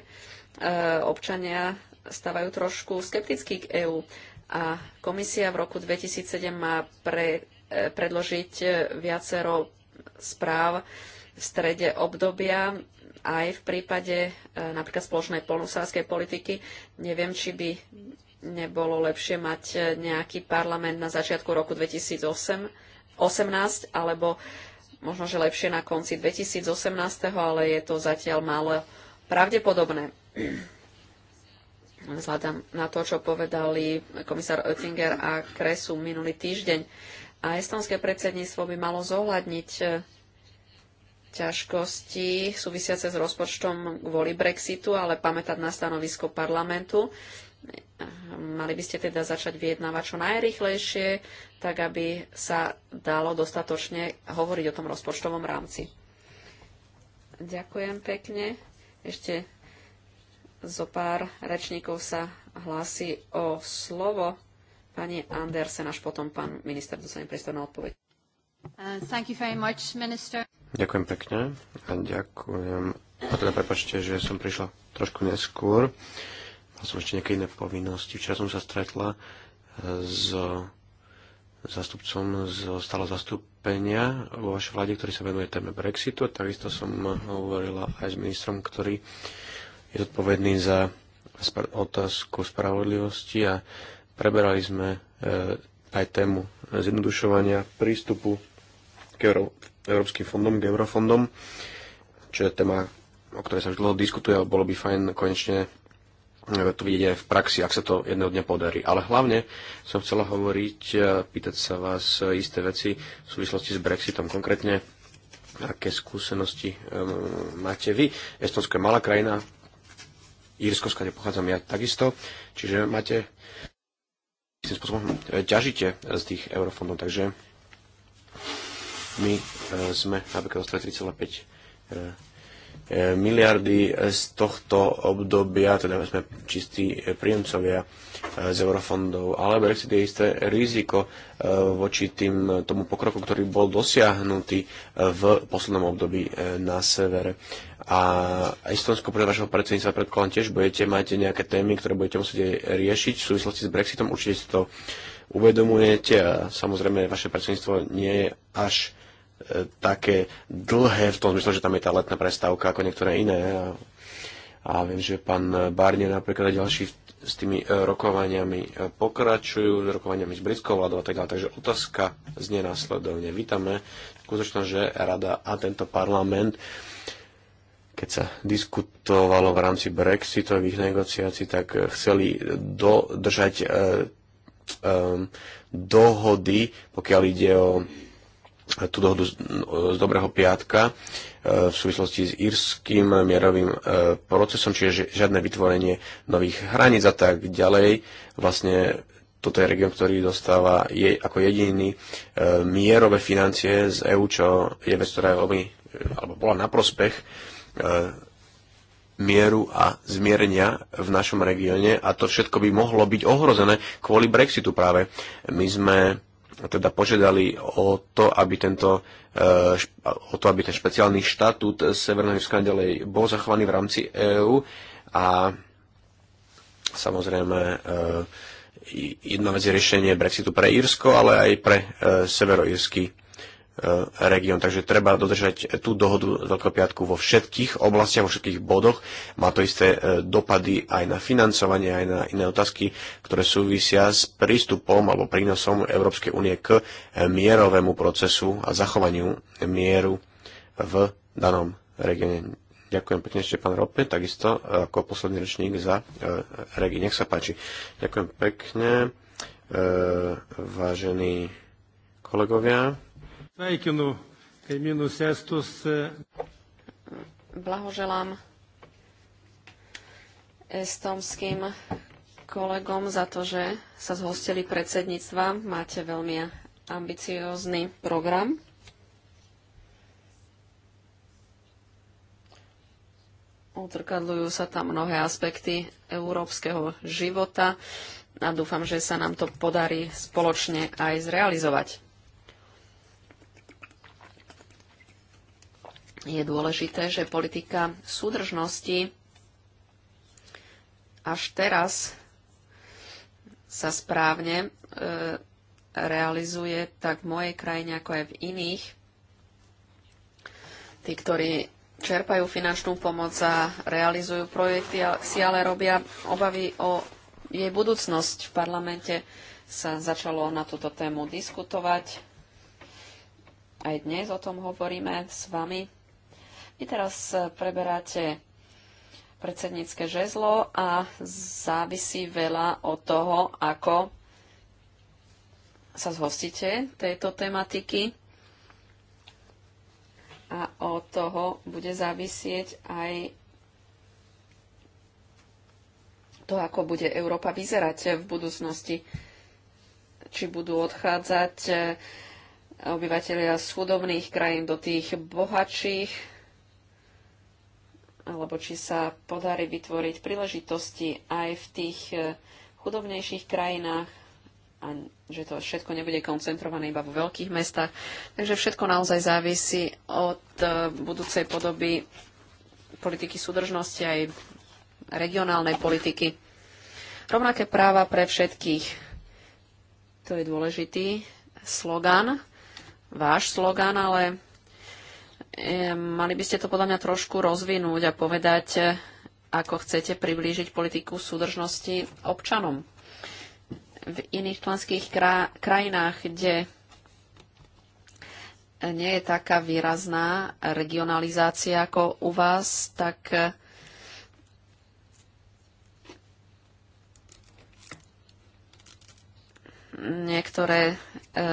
občania stávajú trošku skeptickí k EÚ. A komisia v roku 2007 má pre, predložiť viacero správ v strede obdobia aj v prípade napríklad spoločnej polnosárskej politiky. Neviem, či by nebolo lepšie mať e, nejaký parlament na začiatku roku 2018, alebo možno, že lepšie na konci 2018, ale je to zatiaľ málo pravdepodobné. <clears throat> Vzhľadom na to, čo povedali komisár Oettinger a Kresu minulý týždeň. A estonské predsedníctvo by malo zohľadniť e, ťažkosti súvisiace s rozpočtom kvôli Brexitu, ale pamätať na stanovisko parlamentu. Mali by ste teda začať vyjednávať čo najrychlejšie, tak aby sa dalo dostatočne hovoriť o tom rozpočtovom rámci. Ďakujem pekne. Ešte zo pár rečníkov sa hlási o slovo. Pani Andersen, až potom pán minister dostane priestor na odpoveď. Uh, much, ďakujem pekne a ďakujem. A teda prepačte, že som prišla trošku neskôr. Uh, som ešte nejaké iné povinnosti. Včera som sa stretla eh, s zastupcom z stále zastúpenia vo vašej vláde, ktorý sa venuje téme Brexitu. Takisto som hovorila aj s ministrom, ktorý je zodpovedný za otázku spravodlivosti a preberali sme eh, aj tému zjednodušovania prístupu k európskym fondom, k eurofondom, čo je téma, o ktorej sa už dlho diskutuje a bolo by fajn konečne to vidieť aj v praxi, ak sa to jedného dňa podarí. Ale hlavne som chcela hovoriť, e, pýtať sa vás e, isté veci v súvislosti s Brexitom konkrétne, aké skúsenosti e, máte vy. Estonsko je malá krajina, Írsko, skáde pochádzam ja takisto, čiže máte tým spôsobom ťažite z tých eurofondov, takže my sme napríklad dostali 3,5 E, miliardy z tohto obdobia, teda sme čistí príjemcovia e, z eurofondov, ale Brexit je isté riziko e, voči tým, tomu pokroku, ktorý bol dosiahnutý v poslednom období na severe. A Estonsko pre vašho predsedníctva predkladám tiež budete máte nejaké témy, ktoré budete musieť riešiť v súvislosti s Brexitom. Určite si to uvedomujete a samozrejme vaše predsedníctvo nie je až také dlhé v tom zmysle, že tam je tá letná prestávka ako niektoré iné. A, a viem, že pán Barnier napríklad a ďalší s tými e, rokovaniami e, pokračujú, s rokovaniami s britskou vládou a tak ďalej. Takže otázka znie následovne. Vítame skutočnosť, že rada a tento parlament keď sa diskutovalo v rámci brexitových negociácií, tak e, chceli dodržať e, dohody, pokiaľ ide o tú dohodu z, z Dobrého piatka e, v súvislosti s írským mierovým e, procesom, čiže žiadne vytvorenie nových hraníc a tak ďalej. Vlastne toto je región, ktorý dostáva jej ako jediný e, mierové financie z EÚ, čo je vec, ktorá je veľmi, alebo bola na prospech mieru a zmierenia v našom regióne a to všetko by mohlo byť ohrozené kvôli Brexitu práve. My sme teda požiadali o to, aby, tento, e, o to, aby ten špeciálny štatút Severného Irska ďalej bol zachovaný v rámci EÚ a samozrejme e, jedna vec je riešenie Brexitu pre Írsko, ale aj pre e, severoírsky E, región. Takže treba dodržať tú dohodu z Veľkého piatku vo všetkých oblastiach, vo všetkých bodoch. Má to isté e, dopady aj na financovanie, aj na iné otázky, ktoré súvisia s prístupom alebo prínosom Európskej únie k e, mierovému procesu a zachovaniu mieru v danom regióne. Ďakujem pekne ešte pán Rope, takisto ako posledný rečník za e, regi. Nech sa páči. Ďakujem pekne, e, vážení kolegovia. Sveikinu kaimynus Estus. E. Blahoželám estomským kolegom za to, že sa zhostili predsedníctva. Máte veľmi ambiciózny program. Odzrkadľujú sa tam mnohé aspekty európskeho života a dúfam, že sa nám to podarí spoločne aj zrealizovať. je dôležité, že politika súdržnosti až teraz sa správne e, realizuje tak v mojej krajine, ako aj v iných. Tí, ktorí čerpajú finančnú pomoc a realizujú projekty, si ale robia obavy o jej budúcnosť. V parlamente sa začalo na túto tému diskutovať. Aj dnes o tom hovoríme s vami. Vy teraz e, preberáte predsednícke žezlo a závisí veľa od toho, ako sa zhostíte tejto tematiky a od toho bude závisieť aj to, ako bude Európa vyzerať v budúcnosti. Či budú odchádzať e, obyvateľia z chudobných krajín do tých bohatších, alebo či sa podarí vytvoriť príležitosti aj v tých e, chudobnejších krajinách a že to všetko nebude koncentrované iba vo veľkých mestách. Takže všetko naozaj závisí od e, budúcej podoby politiky súdržnosti aj regionálnej politiky. Rovnaké práva pre všetkých. To je dôležitý slogan, váš slogan, ale mali by ste to podľa mňa trošku rozvinúť a povedať, eh, ako chcete priblížiť politiku súdržnosti občanom. V iných členských krajinách, kde nie je taká výrazná regionalizácia ako u vás, tak eh, Niektoré e,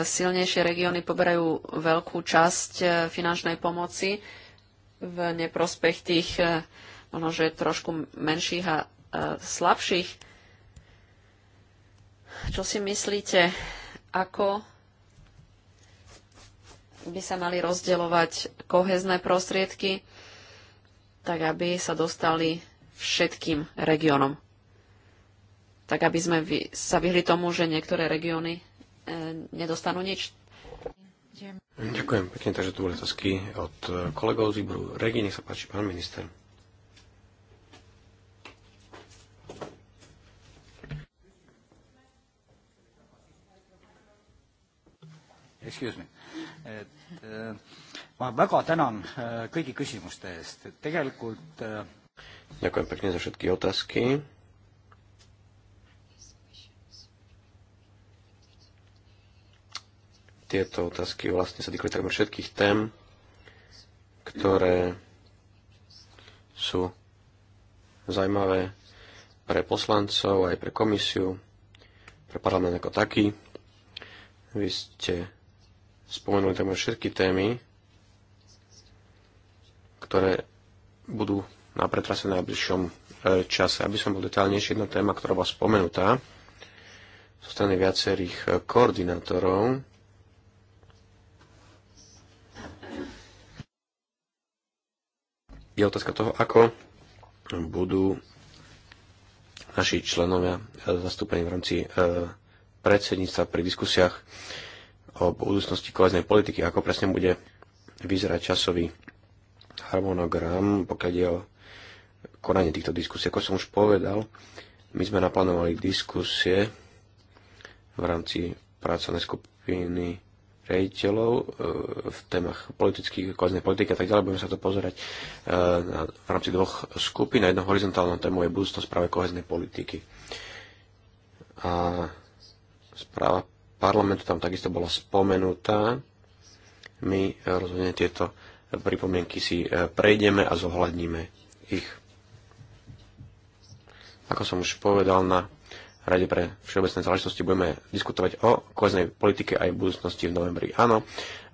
silnejšie regióny poberajú veľkú časť e, finančnej pomoci v neprospech tých e, možno, trošku menších a slabších. Čo si myslíte, ako by sa mali rozdeľovať kohezné prostriedky, tak aby sa dostali všetkým regiónom? tak aby sme sa vyhli tomu, že niektoré regióny e, nedostanú nič. Ďakujem pekne, takže to boli otázky od kolegov z výboru. Regi, nech sa páči, pán minister. Excuse me. Et, äh, ma väga tänan äh, kõigi küsimuste eest. Tegelikult... Äh, Ďakujem pekne za všetky otázky. Tieto otázky vlastne sa týkali takmer všetkých tém, ktoré sú zaujímavé pre poslancov, aj pre komisiu, pre parlament ako taký. Vy ste spomenuli takmer všetky témy, ktoré budú na pretrase v najbližšom e, čase. Aby som bol detálnejší, jedna téma, ktorá bola spomenutá zo strany viacerých e, koordinátorov, je otázka toho, ako budú naši členovia e, zastúpení v rámci e, predsedníctva pri diskusiách o budúcnosti koleznej politiky, ako presne bude vyzerať časový harmonogram, pokiaľ je o konanie týchto diskusí. Ako som už povedal, my sme naplánovali diskusie v rámci pracovnej skupiny rejiteľov e, v témach politických, kvázne politiky a tak ďalej. Budeme sa to pozerať e, v rámci dvoch skupín. Na jednou horizontálnou tému je budúcnosť práve koheznej politiky. A správa parlamentu tam takisto bola spomenutá. My rozhodne tieto pripomienky si e, prejdeme a zohľadníme ich. Ako som už povedal na Rade pre všeobecné záležitosti budeme diskutovať o koheznej politike aj v budúcnosti v novembri. Áno,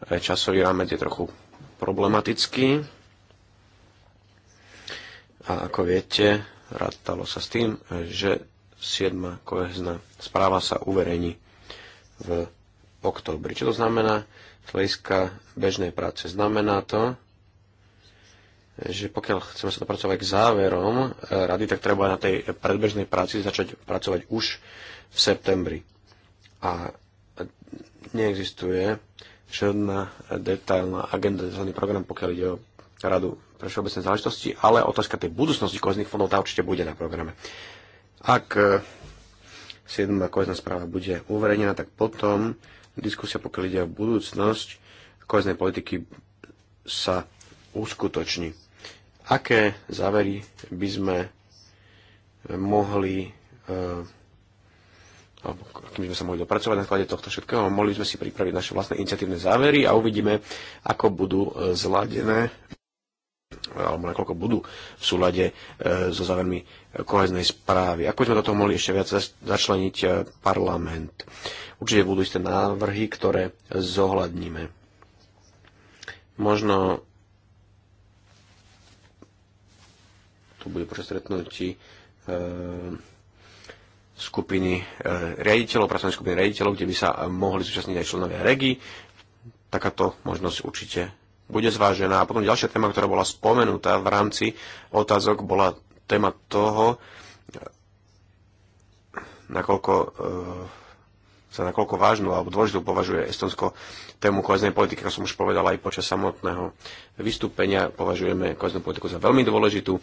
e, časový rámec je trochu problematický. A ako viete, rátalo sa s tým, že 7. kohezná správa sa uverejní v oktobri. Čo to znamená z hľadiska bežnej práce? Znamená to, že pokiaľ chceme sa dopracovať k záverom e, rady, tak treba na tej predbežnej práci začať pracovať už v septembri. A neexistuje žiadna detailná agenda, detailný program, pokiaľ ide o radu pre všeobecné záležitosti, ale otázka tej budúcnosti kozných fondov tá určite bude na programe. Ak 7. E, kozná správa bude uverejnená, tak potom diskusia, pokiaľ ide o budúcnosť koheznej politiky, sa uskutoční aké závery by sme eh, mohli eh, alebo kým sme sa mohli dopracovať na základe tohto všetkého, mohli sme si pripraviť naše vlastné iniciatívne závery a uvidíme, ako budú eh, zladené alebo nakoľko budú v súlade so závermi koheznej správy. Ako sme do toho mohli ešte viac začleniť parlament? Určite budú isté návrhy, ktoré zohľadníme. Možno tu bude počas stretnutí e, skupiny e, riaditeľov, pracovnej skupiny riaditeľov, kde by sa mohli zúčastniť aj členovia REGI. Takáto možnosť určite bude zvážená. A potom ďalšia téma, ktorá bola spomenutá v rámci otázok, bola téma toho, nakoľko e, za nakoľko vážnu alebo dôležitú považuje Estonsko tému koheznej politiky. Ako som už povedal aj počas samotného vystúpenia, považujeme koheznú politiku za veľmi dôležitú.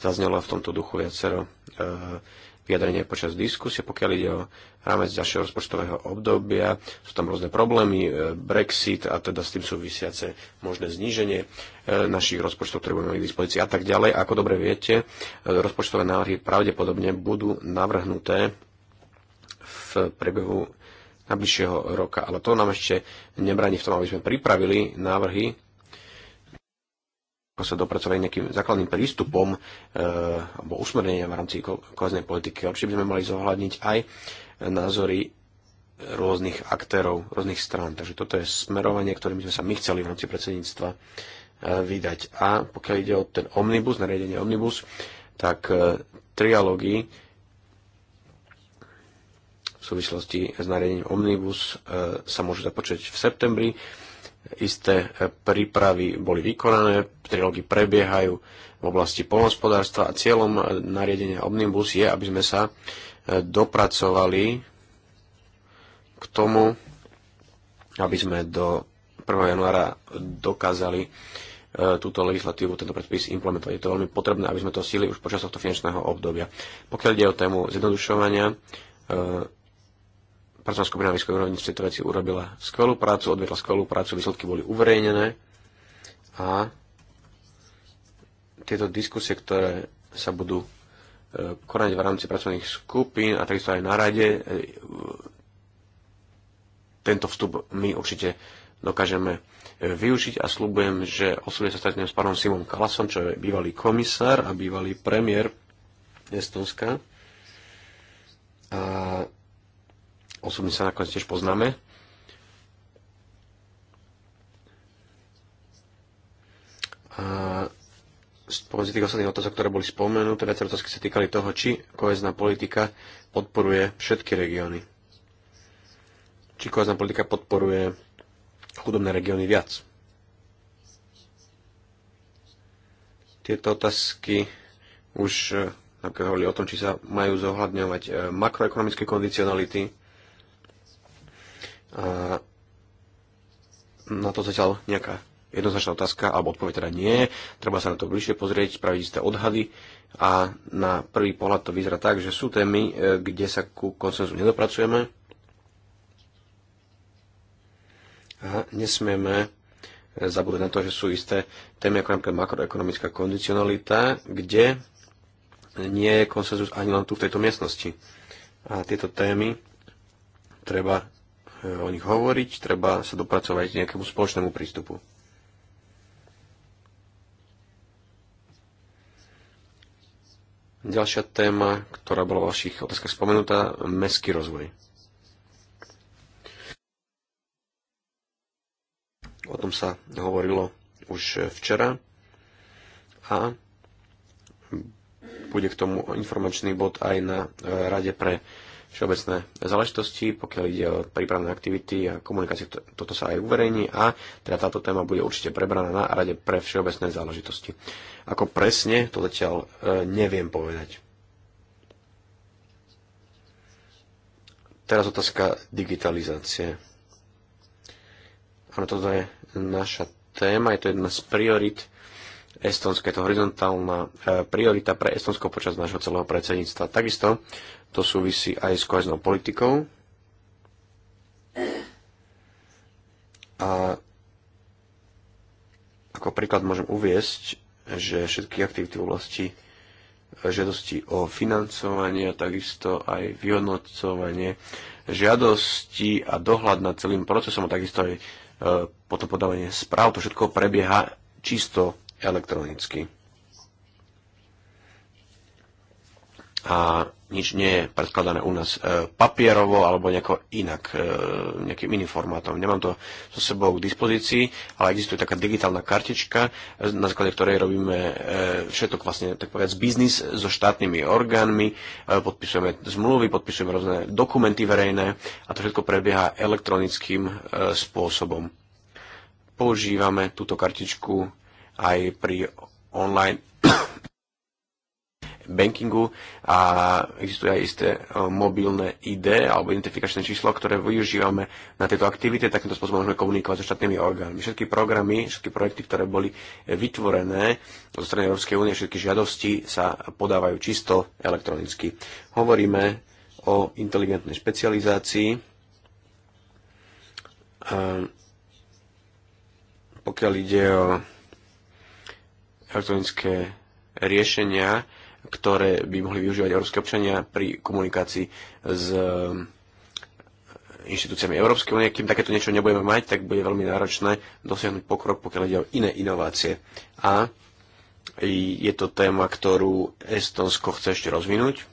Zaznelo v tomto duchu viacero e, vyjadrenie počas diskusie, pokiaľ ide o rámec ďalšieho rozpočtového obdobia. Sú tam rôzne problémy, e, Brexit a teda s tým súvisiace možné zníženie e, našich rozpočtov, ktoré budeme mať k dispozícii a tak ďalej. Ako dobre viete, e, rozpočtové návrhy pravdepodobne budú navrhnuté v priebehu na bližšieho roka. Ale to nám ešte nebráni v tom, aby sme pripravili návrhy, ako sa dopracovali nejakým základným prístupom e, alebo usmerneniam v rámci koheznej politiky. Určite by sme mali zohľadniť aj názory rôznych aktérov, rôznych strán. Takže toto je smerovanie, ktorým sme sa my chceli v rámci predsedníctva e, vydať. A pokiaľ ide o ten omnibus, nariadenie omnibus, tak e, trialógy súvislosti s nariadením Omnibus e, sa môže započať v septembri. Isté e, prípravy boli vykonané, trilógy prebiehajú v oblasti polnospodárstva a cieľom e, nariadenia Omnibus je, aby sme sa dopracovali k tomu, aby sme do 1. januára dokázali túto legislatívu, tento predpis implementovať. Je to veľmi potrebné, aby sme to sili už počas tohto finančného obdobia. Pokiaľ ide o tému zjednodušovania, pracovná skupina na úrovni v tejto veci urobila skvelú prácu, odvedla skvelú prácu, výsledky boli uverejnené a tieto diskusie, ktoré sa budú e, konať v rámci pracovných skupín a takisto aj na rade, e, tento vstup my určite dokážeme e, využiť a slúbujem, že osobne sa stretnem s pánom Simom Kalasom, čo je bývalý komisár a bývalý premiér Estonska. A osobne sa nakoniec tiež poznáme. A spomenúť tých ostatných otázok, ktoré boli spomenuté, viaceré otázky sa týkali toho, či kohezná politika podporuje všetky regióny. Či kohezná politika podporuje chudobné regióny viac. Tieto otázky už napríklad hovorili o tom, či sa majú zohľadňovať eh, makroekonomické kondicionality, na to zatiaľ nejaká jednoznačná otázka, alebo odpoveď teda nie. Treba sa na to bližšie pozrieť, spraviť isté odhady a na prvý pohľad to vyzerá tak, že sú témy, e, kde sa ku konsenzu nedopracujeme a nesmieme e, zabúdať na to, že sú isté témy ako napríklad makroekonomická kondicionalita, kde nie je konsenzus ani len tu v tejto miestnosti. A tieto témy treba o nich hovoriť, treba sa dopracovať k nejakému spoločnému prístupu. Ďalšia téma, ktorá bola v vašich otázkach spomenutá, mestský rozvoj. O tom sa hovorilo už včera a bude k tomu informačný bod aj na Rade pre všeobecné záležitosti, pokiaľ ide o prípravné aktivity a komunikáciu, toto sa aj uverejní a teda táto téma bude určite prebraná na rade pre všeobecné záležitosti. Ako presne, to zatiaľ e, neviem povedať. Teraz otázka digitalizácie. Áno, toto je naša téma, je to jedna z priorit Estonska, je to horizontálna e, priorita pre Estonsko počas nášho celého predsedníctva. Takisto to súvisí aj s koheznou politikou. A ako príklad môžem uviesť, že všetky aktivity v oblasti žiadosti o financovanie a takisto aj vyhodnocovanie žiadosti a dohľad nad celým procesom a takisto aj e, potom podávanie správ, to všetko prebieha čisto elektronicky. a nič nie je predkladané u nás e, papierovo alebo nejako inak, e, nejakým iným formátom. Nemám to so sebou k dispozícii, ale existuje taká digitálna kartička, e, na základe ktorej robíme e, všetok vlastne, tak povedať, biznis so štátnymi orgánmi, e, podpisujeme zmluvy, podpisujeme rôzne dokumenty verejné a to všetko prebieha elektronickým e, spôsobom. Používame túto kartičku aj pri online bankingu a existuje aj isté e, mobilné ID alebo identifikačné číslo, ktoré využívame na tieto aktivity. Takýmto spôsobom môžeme komunikovať so štátnymi orgánmi. Všetky programy, všetky projekty, ktoré boli e, vytvorené zo strany Európskej únie, všetky žiadosti sa podávajú čisto elektronicky. Hovoríme o inteligentnej špecializácii. E, pokiaľ ide o elektronické riešenia, ktoré by mohli využívať európske občania pri komunikácii s um, inštitúciami Európskej únie. Kým takéto niečo nebudeme mať, tak bude veľmi náročné dosiahnuť pokrok, pokiaľ ide o iné inovácie. A je to téma, ktorú Estonsko chce ešte rozvinúť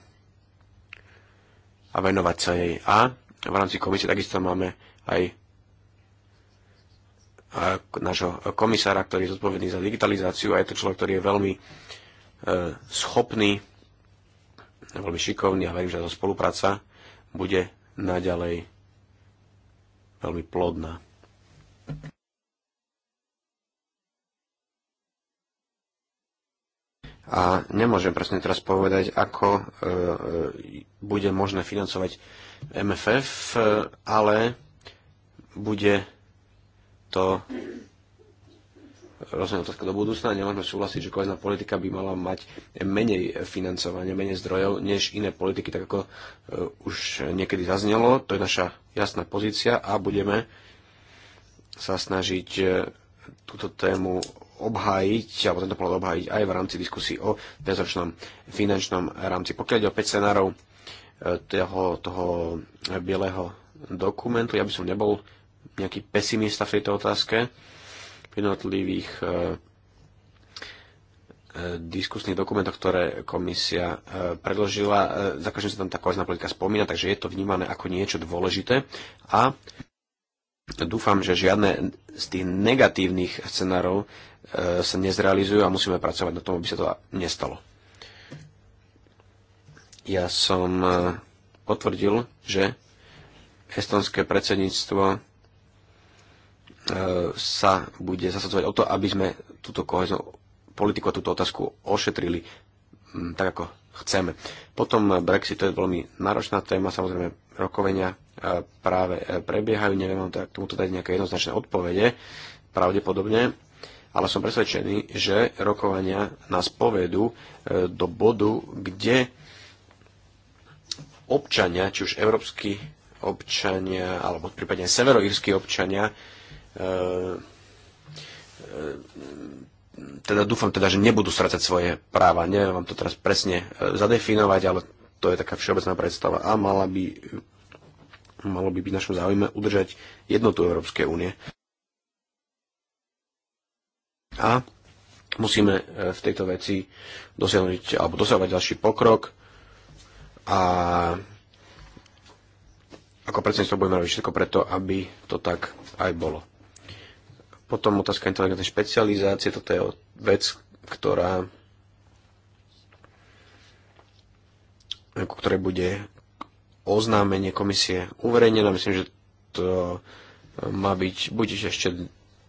a venovať sa jej. A v rámci komisie takisto máme aj nášho komisára, ktorý je zodpovedný za digitalizáciu a je to človek, ktorý je veľmi schopný veľmi šikovný, a verím, že táto spolupráca bude naďalej veľmi plodná. A nemôžem presne teraz povedať, ako e, e bude možné financovať MFF, e, ale bude to rozhodná otázka do budúcna. Nemôžeme súhlasiť, že kohezná politika by mala mať menej financovania, menej zdrojov než iné politiky, tak ako e, už niekedy zaznelo. To je naša jasná pozícia a budeme sa snažiť e, túto tému obhájiť, alebo tento pohľad obhájiť aj v rámci diskusí o bezročnom finančnom rámci. Pokiaľ ide o 5 scenárov e, toho, toho bieleho dokumentu, ja by som nebol nejaký pesimista v tejto otázke v jednotlivých e, e, diskusných dokumentoch, ktoré komisia e, predložila. Za každým sa tam tá kohezná politika spomína, takže je to vnímané ako niečo dôležité. A dúfam, že žiadne z tých negatívnych scenárov sa nezrealizujú a musíme pracovať na tom, aby sa to nestalo. Ja som potvrdil, že estonské predsedníctvo E, sa bude zasadzovať o to, aby sme túto kohezo, politiku a túto otázku ošetrili mm, tak, ako chceme. Potom Brexit, to je veľmi náročná téma, samozrejme rokovania e, práve e, prebiehajú, neviem vám teda k tomuto dať nejaké jednoznačné odpovede, pravdepodobne, ale som presvedčený, že rokovania nás povedú do bodu, kde občania, či už európsky občania, alebo prípadne severoírsky občania, E, e, teda dúfam teda, že nebudú strácať svoje práva. Neviem vám to teraz presne e, zadefinovať, ale to je taká všeobecná predstava a mala by, malo by byť našom záujme udržať jednotu Európskej únie. A musíme v tejto veci dosiahnuť alebo dosiahovať ďalší pokrok a ako predsedníctvo budeme robiť všetko preto, aby to tak aj bolo. Potom otázka inteligentnej špecializácie, toto je vec, ktorá ku ktorej bude oznámenie komisie uverejnené. Myslím, že to e, má byť buď ešte v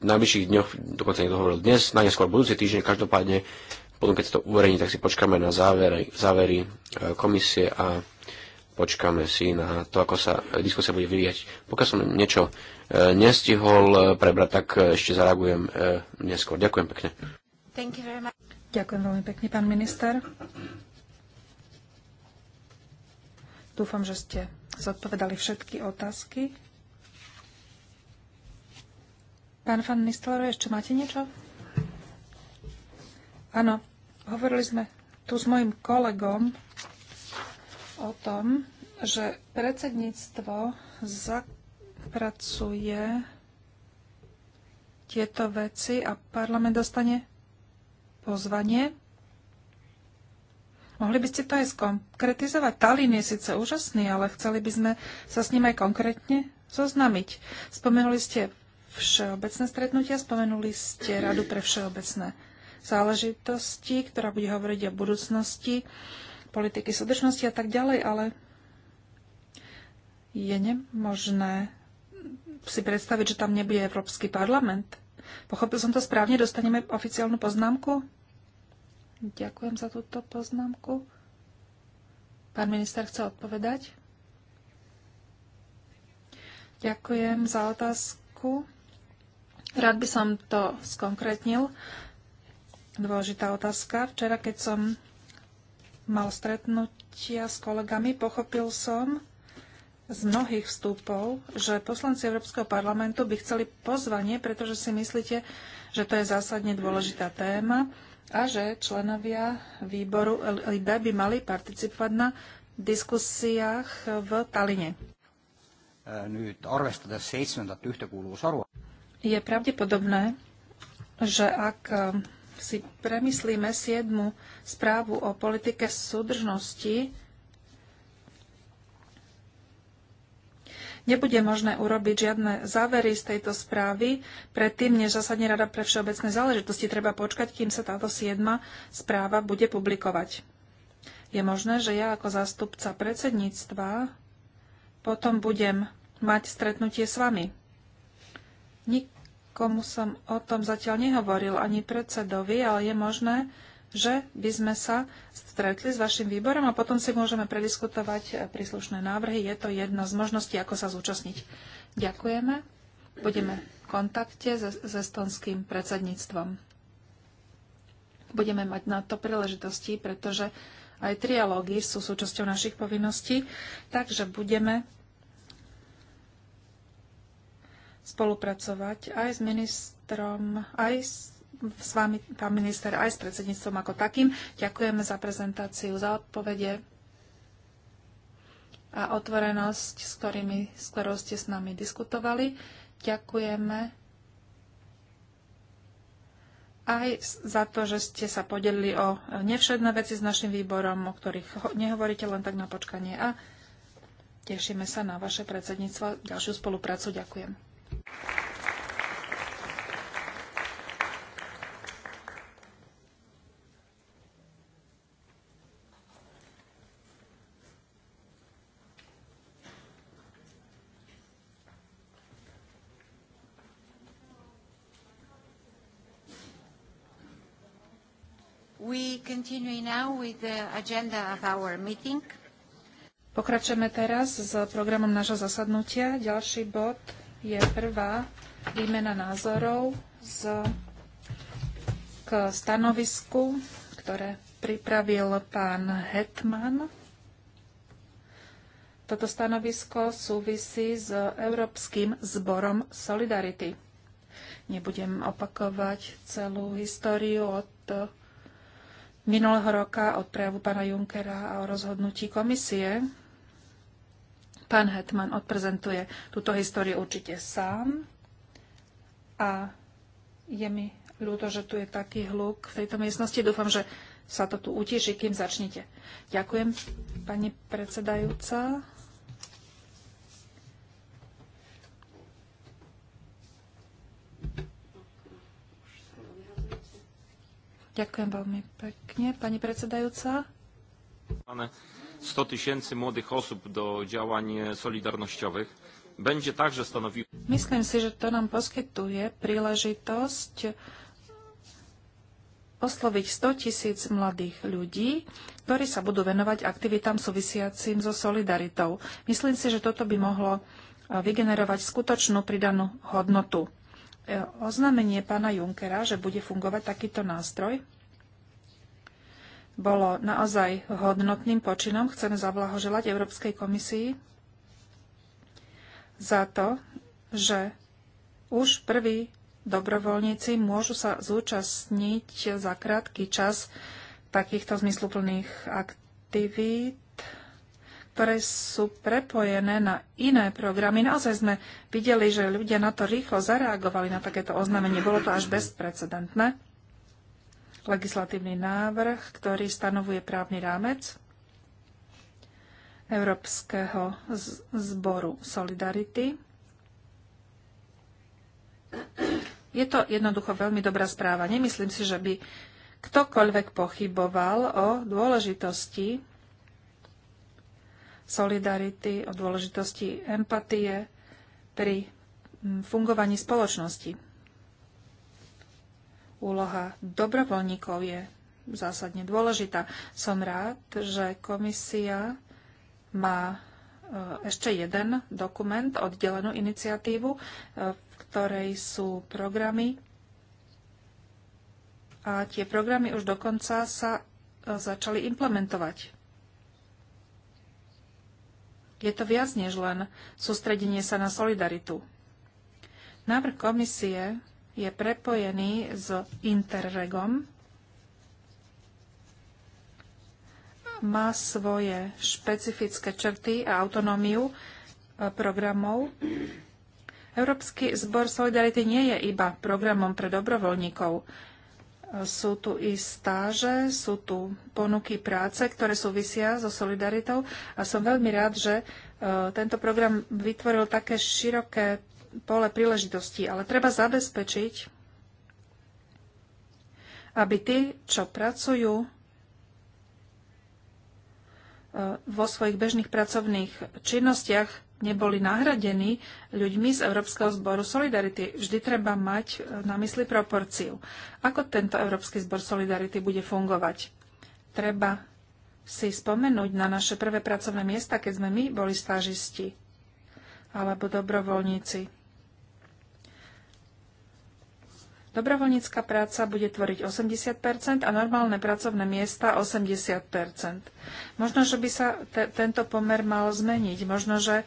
najbližších dňoch, dokonca niekto hovoril dnes, najneskôr budúci týždeň, každopádne potom keď sa to uverejní, tak si počkáme na závery, závery e, komisie a počkáme si na to, ako sa diskusia bude vyvíjať. Pokiaľ som niečo E, nestihol e, prebrať, tak e, ešte zareagujem neskôr. Ďakujem pekne. Ďakujem veľmi pekne, pán minister. Dúfam, že ste zodpovedali všetky otázky. Pán Fan Nistelroj, ešte máte niečo? Áno, hovorili sme tu s mojim kolegom o tom, že predsedníctvo za Pracuje tieto veci a parlament dostane pozvanie. Mohli by ste to aj skonkretizovať? Talín je síce úžasný, ale chceli by sme sa s ním aj konkrétne zoznamiť. Spomenuli ste všeobecné stretnutia, spomenuli ste Radu pre všeobecné záležitosti, ktorá bude hovoriť o budúcnosti, politiky súdržnosti a tak ďalej, ale je nemožné si predstaviť, že tam nebude Európsky parlament? Pochopil som to správne? Dostaneme oficiálnu poznámku? Ďakujem za túto poznámku. Pán minister chce odpovedať? Ďakujem za otázku. Rád by som to skonkrétnil. Dôležitá otázka. Včera, keď som mal stretnutia s kolegami, pochopil som, z mnohých vstupov, že poslanci Európskeho parlamentu by chceli pozvanie, pretože si myslíte, že to je zásadne dôležitá téma a že členovia výboru LIB by mali participovať na diskusiách v Taline. Äh, je pravdepodobné, že ak äh, si premyslíme 7. správu o politike súdržnosti, Nebude možné urobiť žiadne závery z tejto správy. Predtým, než zasadne Rada pre všeobecné záležitosti, treba počkať, kým sa táto siedma správa bude publikovať. Je možné, že ja ako zástupca predsedníctva potom budem mať stretnutie s vami. Nikomu som o tom zatiaľ nehovoril, ani predsedovi, ale je možné, že by sme sa stretli s vašim výborom a potom si môžeme prediskutovať eh, príslušné návrhy. Je to jedna z možností, ako sa zúčastniť. Ďakujeme. Budeme v kontakte s estonským predsedníctvom. Budeme mať na to príležitosti, pretože aj trialógy sú súčasťou našich povinností, takže budeme spolupracovať aj s ministrom, aj s s vami, pán minister, aj s predsedníctvom ako takým. Ďakujeme za prezentáciu, za odpovede a otvorenosť, s, ktorými, s ktorou ste s nami diskutovali. Ďakujeme aj za to, že ste sa podelili o nevšedné veci s našim výborom, o ktorých nehovoríte len tak na počkanie. A tešíme sa na vaše predsedníctvo, ďalšiu spoluprácu. Ďakujem. continuing now with the agenda of our meeting. Pokračujeme teraz s programom nášho zasadnutia. Ďalší bod je prvá výmena názorov z, k stanovisku, ktoré pripravil pán Hetman. Toto stanovisko súvisí s Európskym zborom Solidarity. Nebudem opakovať celú históriu od minulého roka od prejavu pána Junkera a o rozhodnutí komisie. Pán Hetman odprezentuje túto históriu určite sám a je mi ľúto, že tu je taký hluk v tejto miestnosti. Dúfam, že sa to tu utiši, kým začnete. Ďakujem, pani predsedajúca. Ďakujem veľmi pekne. Pani predsedajúca. Pane, 100 do solidarnościowych będzie także Myslím si, že to nám poskytuje príležitosť osloviť 100 tisíc mladých ľudí, ktorí sa budú venovať aktivitám súvisiacim so solidaritou. Myslím si, že toto by mohlo vygenerovať skutočnú pridanú hodnotu. E, oznámenie pána Junkera, že bude fungovať takýto nástroj, bolo naozaj hodnotným počinom. Chcem zablahoželať Európskej komisii za to, že už prví dobrovoľníci môžu sa zúčastniť za krátky čas takýchto zmysluplných aktivít ktoré sú prepojené na iné programy. Naozaj sme videli, že ľudia na to rýchlo zareagovali, na takéto oznámenie. Bolo to až bezprecedentné. Legislatívny návrh, ktorý stanovuje právny rámec Európskeho zboru Solidarity. Je to jednoducho veľmi dobrá správa. Nemyslím si, že by ktokoľvek pochyboval o dôležitosti solidarity, o dôležitosti empatie pri fungovaní spoločnosti. Úloha dobrovoľníkov je zásadne dôležitá. Som rád, že komisia má e, ešte jeden dokument, oddelenú iniciatívu, e, v ktorej sú programy. A tie programy už dokonca sa e, začali implementovať. Je to viac než len sústredenie sa na solidaritu. Návrh komisie je prepojený s Interregom, má svoje špecifické črty a autonómiu e, programov. Európsky zbor Solidarity nie je iba programom pre dobrovoľníkov sú tu i stáže, sú tu ponuky práce, ktoré súvisia so solidaritou a som veľmi rád, že e, tento program vytvoril také široké pole príležitostí, ale treba zabezpečiť, aby tí, čo pracujú e, vo svojich bežných pracovných činnostiach, neboli nahradení ľuďmi z Európskeho zboru Solidarity. Vždy treba mať e, na mysli proporciu. Ako tento Európsky zbor Solidarity bude fungovať? Treba si spomenúť na naše prvé pracovné miesta, keď sme my boli stážisti alebo dobrovoľníci. Dobrovoľnícka práca bude tvoriť 80 a normálne pracovné miesta 80 Možno, že by sa te, tento pomer mal zmeniť. Možno, že e,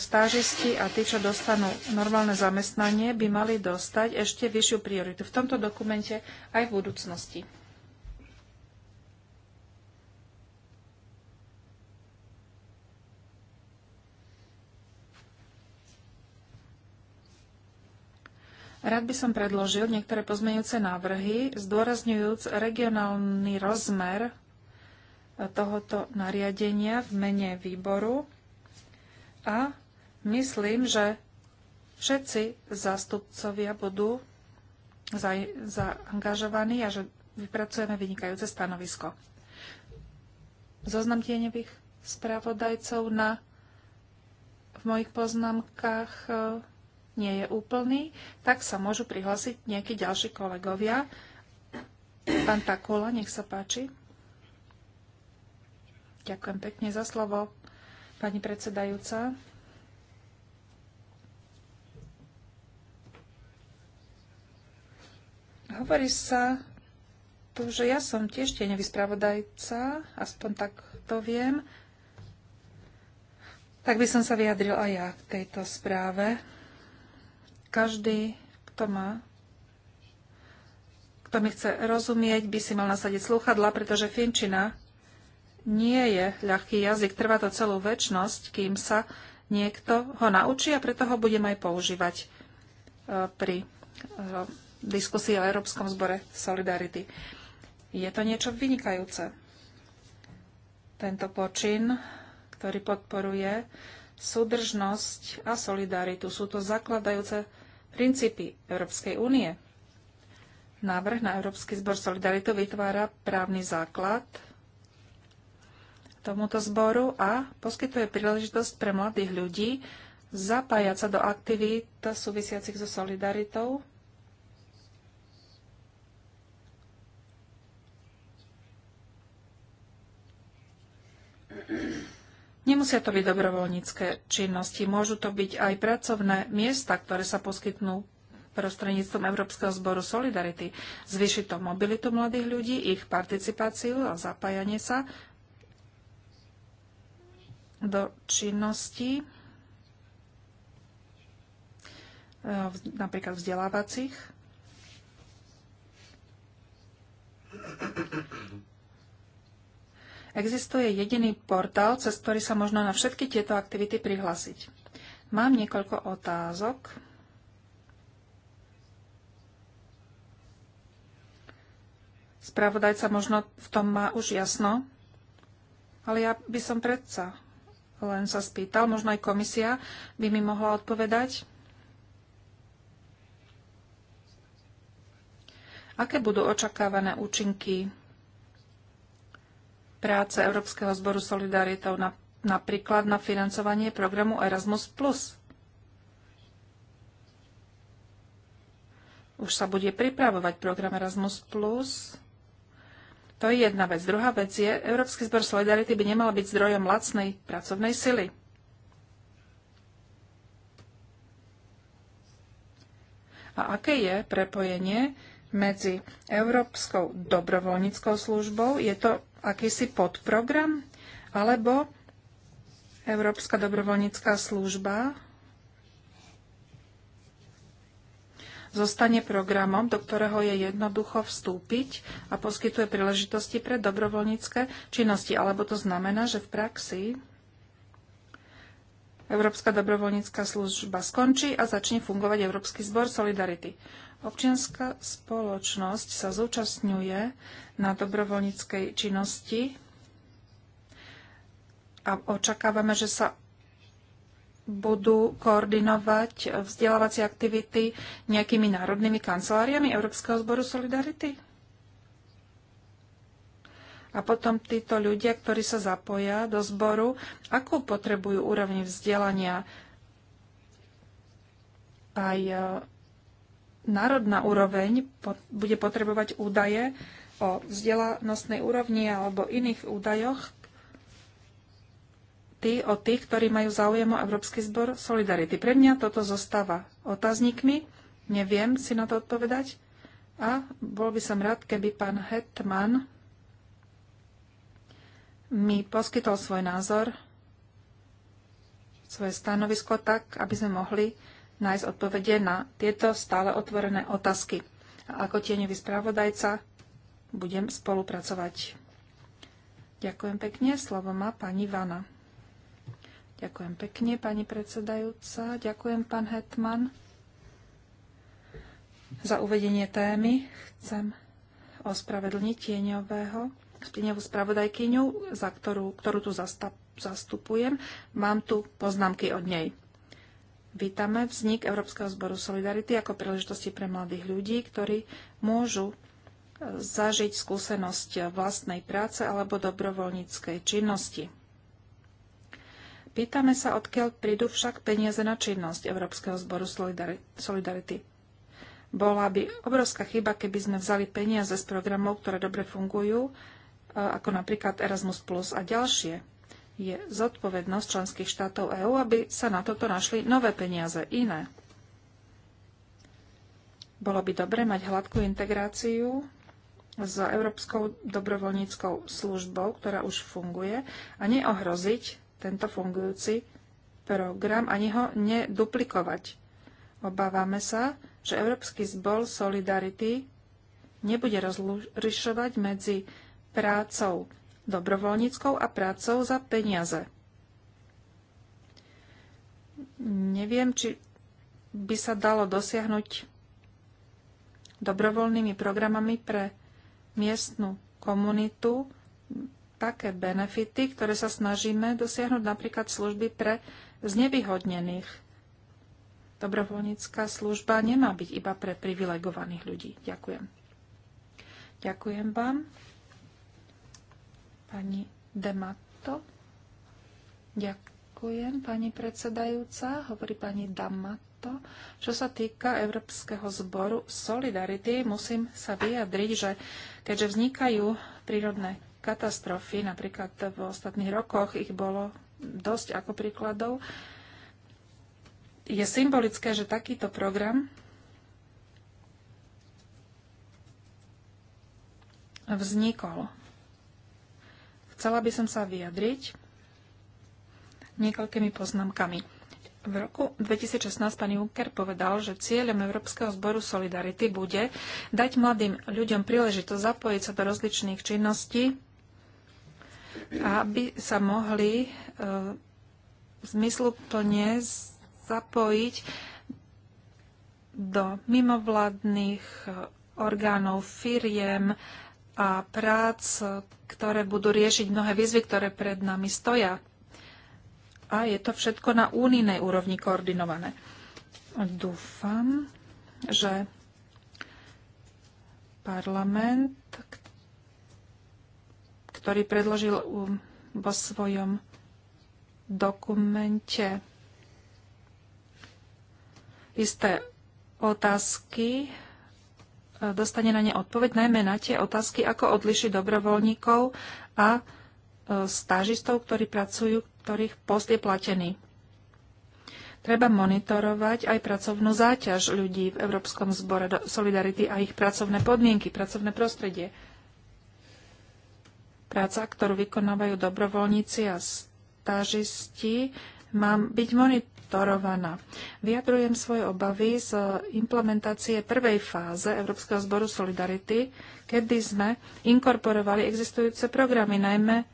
stážisti a tí, čo dostanú normálne zamestnanie, by mali dostať ešte vyššiu prioritu v tomto dokumente aj v budúcnosti. Rád by som predložil niektoré pozmeňujúce návrhy, zdôrazňujúc regionálny rozmer tohoto nariadenia v mene výboru a myslím, že všetci zástupcovia budú zaangažovaní a že vypracujeme vynikajúce stanovisko. Zoznam tieňových spravodajcov na v mojich poznámkach nie je úplný, tak sa môžu prihlásiť nejakí ďalší kolegovia. Pán Takula, nech sa páči. Ďakujem pekne za slovo, pani predsedajúca. Hovorí sa tu, že ja som tiež tieňový spravodajca, aspoň tak to viem. Tak by som sa vyjadril aj ja k tejto správe. Každý, kto má kto mi chce rozumieť, by si mal nasadiť sluchadla, pretože finčina nie je ľahký jazyk. Trvá to celú väčnosť, kým sa niekto ho naučí a preto ho budem aj používať e, pri e, diskusii o Európskom zbore Solidarity. Je to niečo vynikajúce. Tento počin, ktorý podporuje súdržnosť a solidaritu. Sú to zakladajúce princípy Európskej únie. Návrh na Európsky zbor Solidaritu vytvára právny základ tomuto zboru a poskytuje príležitosť pre mladých ľudí zapájať sa do aktivít súvisiacich so solidaritou. Mm-hmm. Nemusia to byť dobrovoľnícke činnosti, môžu to byť aj pracovné miesta, ktoré sa poskytnú prostredníctvom Európskeho zboru Solidarity. Zvyši to mobilitu mladých ľudí, ich participáciu a zapájanie sa do činností, e, napríklad vzdelávacích. Existuje jediný portál, cez ktorý sa možno na všetky tieto aktivity prihlásiť. Mám niekoľko otázok. Spravodajca možno v tom má už jasno, ale ja by som predsa len sa spýtal, možno aj komisia by mi mohla odpovedať. Aké budú očakávané účinky práce Európskeho zboru Solidaritov na, napríklad na financovanie programu Erasmus+. Už sa bude pripravovať program Erasmus+. To je jedna vec. Druhá vec je, Európsky zbor Solidarity by nemal byť zdrojom lacnej pracovnej sily. A aké je prepojenie medzi Európskou dobrovoľníckou službou? Je to akýsi podprogram, alebo Európska dobrovoľnícká služba zostane programom, do ktorého je jednoducho vstúpiť a poskytuje príležitosti pre dobrovoľnícke činnosti. Alebo to znamená, že v praxi Európska dobrovoľnícka služba skončí a začne fungovať Európsky zbor Solidarity. Občianská spoločnosť sa zúčastňuje na dobrovoľníckej činnosti a očakávame, že sa budú koordinovať vzdelávacie aktivity nejakými národnými kanceláriami Európskeho zboru Solidarity? A potom títo ľudia, ktorí sa zapoja do zboru, akú potrebujú úroveň vzdelania aj e, národná úroveň bude potrebovať údaje o vzdelanostnej úrovni alebo iných údajoch tí, o tých, ktorí majú záujem o Európsky zbor Solidarity. Pre mňa toto zostáva otáznikmi, neviem si na to odpovedať a bol by som rád, keby pán Hetman mi poskytol svoj názor, svoje stanovisko tak, aby sme mohli nájsť odpovede na tieto stále otvorené otázky. A ako tieňový správodajca budem spolupracovať. Ďakujem pekne. Slovo má pani Vana. Ďakujem pekne, pani predsedajúca. Ďakujem, pán Hetman, za uvedenie témy. Chcem ospravedlniť tieňového splinevú spravodajkyňu, za ktorú, ktorú tu zastupujem. Mám tu poznámky od nej. Vítame vznik Európskeho zboru Solidarity ako príležitosti pre mladých ľudí, ktorí môžu e, zažiť skúsenosť vlastnej práce alebo dobrovoľníckej činnosti. Pýtame sa, odkiaľ prídu však peniaze na činnosť Európskeho zboru Solidarity. Bola by obrovská chyba, keby sme vzali peniaze z programov, ktoré dobre fungujú ako napríklad Erasmus Plus a ďalšie. Je zodpovednosť členských štátov EÚ, aby sa na toto našli nové peniaze, iné. Bolo by dobre mať hladkú integráciu s Európskou dobrovoľníckou službou, ktorá už funguje, a neohroziť tento fungujúci program ani ho neduplikovať. Obávame sa, že Európsky zbol Solidarity nebude rozlišovať medzi prácou dobrovoľníckou a prácou za peniaze. Neviem, či by sa dalo dosiahnuť dobrovoľnými programami pre miestnu komunitu také benefity, ktoré sa snažíme dosiahnuť napríklad služby pre znevýhodnených. Dobrovoľnícká služba nemá byť iba pre privilegovaných ľudí. Ďakujem. Ďakujem vám. Pani Demato. Ďakujem, pani predsedajúca. Hovorí pani Damato. Čo sa týka Európskeho zboru Solidarity, musím sa vyjadriť, že keďže vznikajú prírodné katastrofy, napríklad v ostatných rokoch ich bolo dosť ako príkladov, je symbolické, že takýto program vznikol. Chcela by som sa vyjadriť niekoľkými poznámkami. V roku 2016 pán Juncker povedal, že cieľom Európskeho zboru Solidarity bude dať mladým ľuďom príležitosť zapojiť sa do rozličných činností, aby sa mohli e, zmysluplne zapojiť do mimovládnych e, orgánov, firiem, e, a prác, ktoré budú riešiť mnohé výzvy, ktoré pred nami stoja. A je to všetko na únijnej úrovni koordinované. Dúfam, že parlament, ktorý predložil vo svojom dokumente isté otázky dostane na ne odpoveď, najmä na tie otázky, ako odlišiť dobrovoľníkov a e, stážistov, ktorí pracujú, ktorých post je platený. Treba monitorovať aj pracovnú záťaž ľudí v Európskom zbore Solidarity a ich pracovné podmienky, pracovné prostredie. Práca, ktorú vykonávajú dobrovoľníci a stážisti, má byť monit- Torovaná. Vyjadrujem svoje obavy z implementácie prvej fáze Európskeho zboru Solidarity, kedy sme inkorporovali existujúce programy, najmä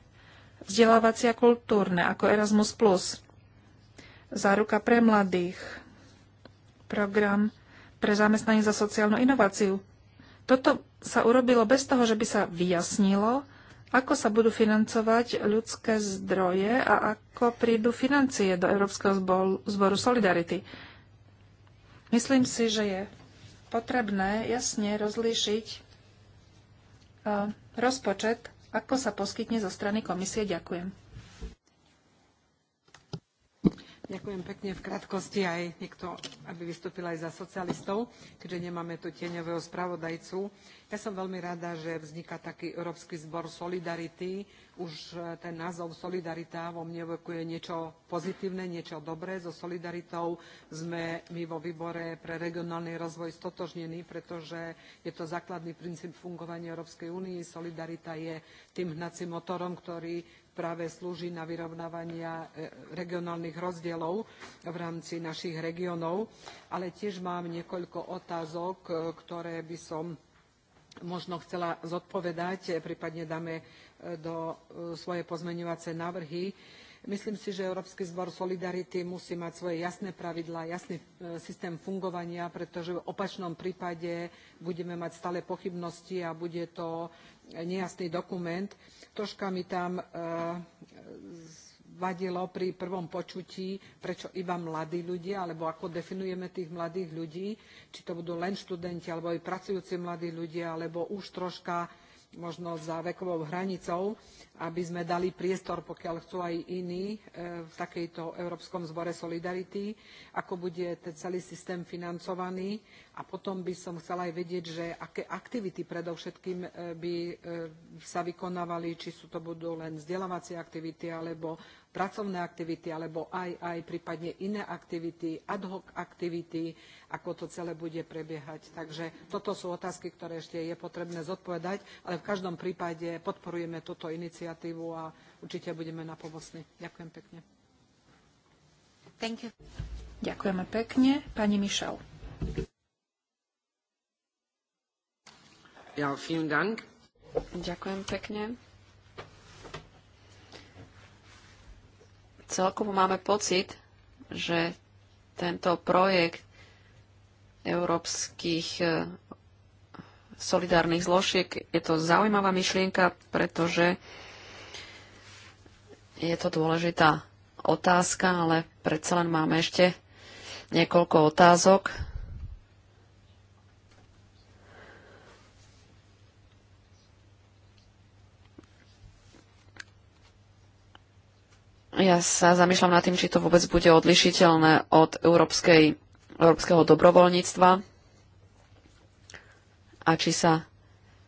vzdelávacia kultúrne, ako Erasmus+, záruka pre mladých, program pre zamestnanie za sociálnu inováciu. Toto sa urobilo bez toho, že by sa vyjasnilo, ako sa budú financovať ľudské zdroje a ako prídu financie do Európskeho zboru Solidarity? Myslím si, že je potrebné jasne rozlíšiť e, rozpočet, ako sa poskytne zo strany komisie. Ďakujem. Ďakujem pekne. V krátkosti aj niekto, aby vystúpil aj za socialistov, keďže nemáme tu tieňového spravodajcu. Ja som veľmi rada, že vzniká taký Európsky zbor Solidarity, už e, ten názov Solidarita vo mne evokuje niečo pozitívne, niečo dobré. So Solidaritou sme my vo výbore pre regionálny rozvoj stotožnení, pretože je to základný princíp fungovania Európskej únie. Solidarita je tým hnacím motorom, ktorý práve slúži na vyrovnávania e, regionálnych rozdielov v rámci našich regiónov. Ale tiež mám niekoľko otázok, e, ktoré by som možno chcela zodpovedať, prípadne dáme do e, svoje pozmeňovacie návrhy. Myslím si, že Európsky zbor Solidarity musí mať svoje jasné pravidlá, jasný e, systém fungovania, pretože v opačnom prípade budeme mať stále pochybnosti a bude to nejasný dokument. Troška mi tam e, vadilo pri prvom počutí, prečo iba mladí ľudia, alebo ako definujeme tých mladých ľudí, či to budú len študenti, alebo aj pracujúci mladí ľudia, alebo už troška možno za vekovou hranicou aby sme dali priestor, pokiaľ chcú aj iní, e, v takejto Európskom zbore Solidarity, ako bude ten celý systém financovaný. A potom by som chcela aj vedieť, že aké aktivity predovšetkým e, by e, sa vykonávali, či sú to budú len vzdelávacie aktivity, alebo pracovné aktivity, alebo aj, aj prípadne iné aktivity, ad hoc aktivity, ako to celé bude prebiehať. Takže toto sú otázky, ktoré ešte je potrebné zodpovedať, ale v každom prípade podporujeme túto iniciatívu iniciatívu a určite budeme na pomocní. Ďakujem pekne. Thank you. Ďakujeme pekne. Pani Mišel. Ja, vielen Dank. Ďakujem pekne. Celkovo máme pocit, že tento projekt európskych e, solidárnych zložiek je to zaujímavá myšlienka, pretože je to dôležitá otázka, ale predsa len máme ešte niekoľko otázok. Ja sa zamýšľam nad tým, či to vôbec bude odlišiteľné od európskej, európskeho dobrovoľníctva a či sa,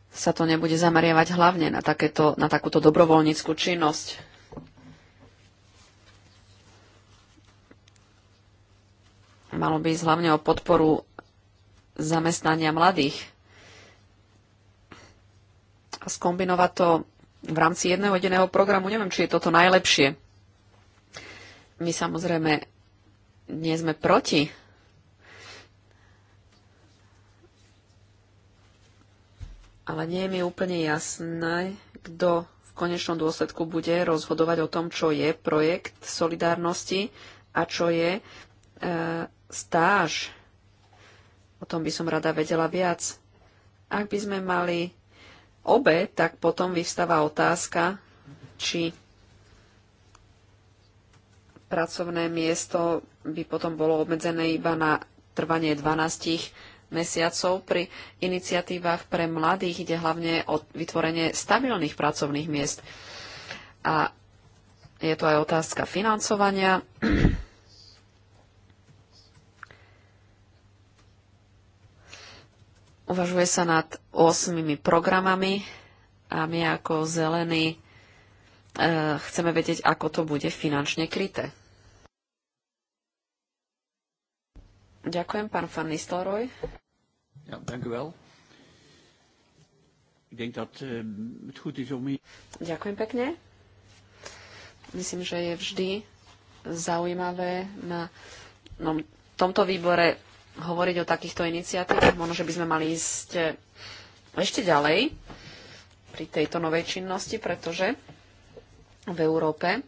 sa to nebude zameriavať hlavne na, takéto, na takúto dobrovoľníckú činnosť. Malo by ísť hlavne o podporu zamestnania mladých. A skombinovať to v rámci jedného jediného programu, neviem, či je toto najlepšie. My samozrejme nie sme proti ale nie je mi úplne jasné, kto v konečnom dôsledku bude rozhodovať o tom, čo je projekt solidárnosti a čo je e, stáž. O tom by som rada vedela viac. Ak by sme mali obe, tak potom vyvstáva otázka, či pracovné miesto by potom bolo obmedzené iba na trvanie 12 mesiacov. Pri iniciatívach pre mladých ide hlavne o vytvorenie stabilných pracovných miest. A je to aj otázka financovania. Uvažuje sa nad 8 programami a my ako zelení e, chceme vedieť, ako to bude finančne kryté. Ďakujem, pán Van Nistelrooy. Ja, dank eh, Ďakujem pekne. Myslím, že je vždy zaujímavé na no, tomto výbore hovoriť o takýchto iniciatívach. Možno, že by sme mali ísť eh, ešte ďalej pri tejto novej činnosti, pretože v Európe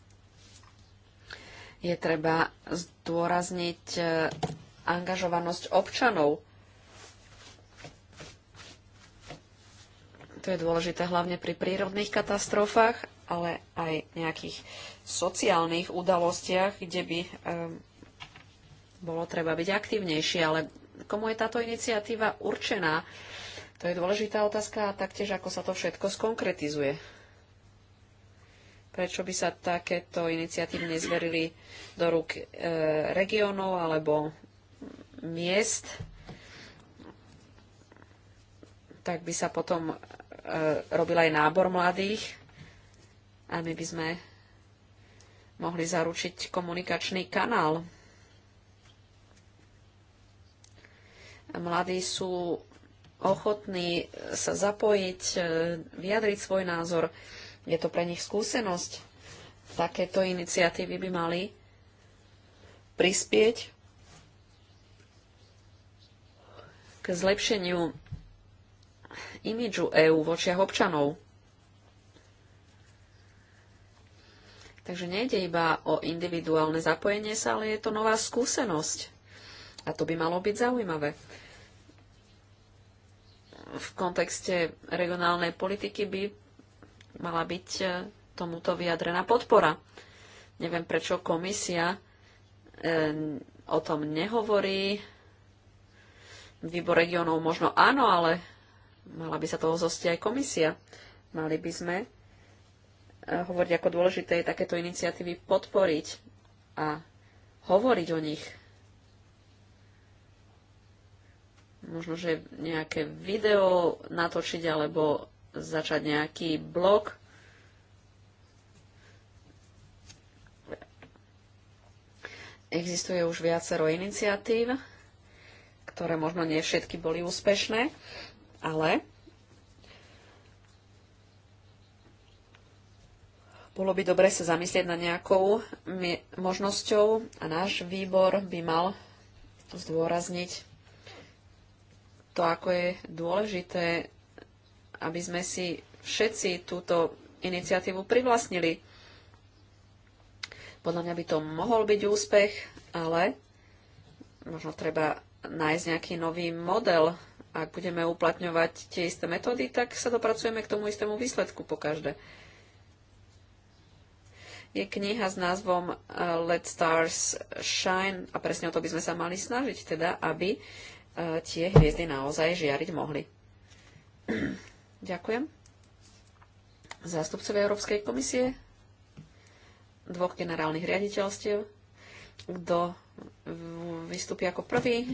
<clears throat> je treba zdôrazniť eh, angažovanosť občanov. To je dôležité hlavne pri prírodných katastrofách, ale aj nejakých sociálnych udalostiach, kde by eh, bolo treba byť aktívnejšie, ale komu je táto iniciatíva určená? To je dôležitá otázka a taktiež, ako sa to všetko skonkretizuje. Prečo by sa takéto iniciatívy nezverili do rúk e, regionov alebo miest? Tak by sa potom e, robil aj nábor mladých a my by sme mohli zaručiť komunikačný kanál Mladí sú ochotní sa zapojiť, e, vyjadriť svoj názor. Je to pre nich skúsenosť. Takéto iniciatívy by mali prispieť k zlepšeniu imidžu EÚ v očiach občanov. Takže nejde iba o individuálne zapojenie sa, ale je to nová skúsenosť. A to by malo byť zaujímavé v kontexte regionálnej politiky by mala byť e, tomuto vyjadrená podpora. Neviem, prečo komisia e, o tom nehovorí. Výbor regionov možno áno, ale mala by sa toho zostiť aj komisia. Mali by sme e, hovoriť, ako dôležité je takéto iniciatívy podporiť a hovoriť o nich možno, že nejaké video natočiť alebo začať nejaký blog. Existuje už viacero iniciatív, ktoré možno nie všetky boli úspešné, ale bolo by dobre sa zamyslieť na nejakou možnosťou a náš výbor by mal zdôrazniť to, ako je dôležité, aby sme si všetci túto iniciatívu privlastnili. Podľa mňa by to mohol byť úspech, ale možno treba nájsť nejaký nový model. Ak budeme uplatňovať tie isté metódy, tak sa dopracujeme k tomu istému výsledku po každé. Je kniha s názvom eh, Let Stars Shine a presne o to by sme sa mali snažiť, teda aby E, tie hviezdy naozaj žiariť mohli. <clears throat> Ďakujem. Zástupcovia Európskej komisie, dvoch generálnych riaditeľstiev, kto vystúpi ako prvý.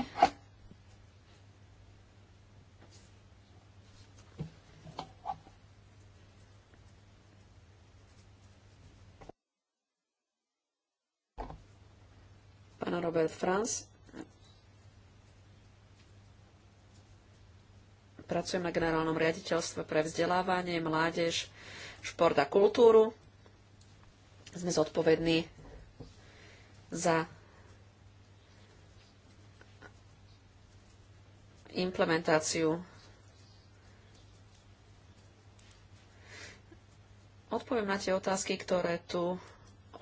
Pán Robert Franz. Pracujem na generálnom riaditeľstve pre vzdelávanie, mládež, šport a kultúru. Sme zodpovední za implementáciu. Odpoviem na tie otázky, ktoré tu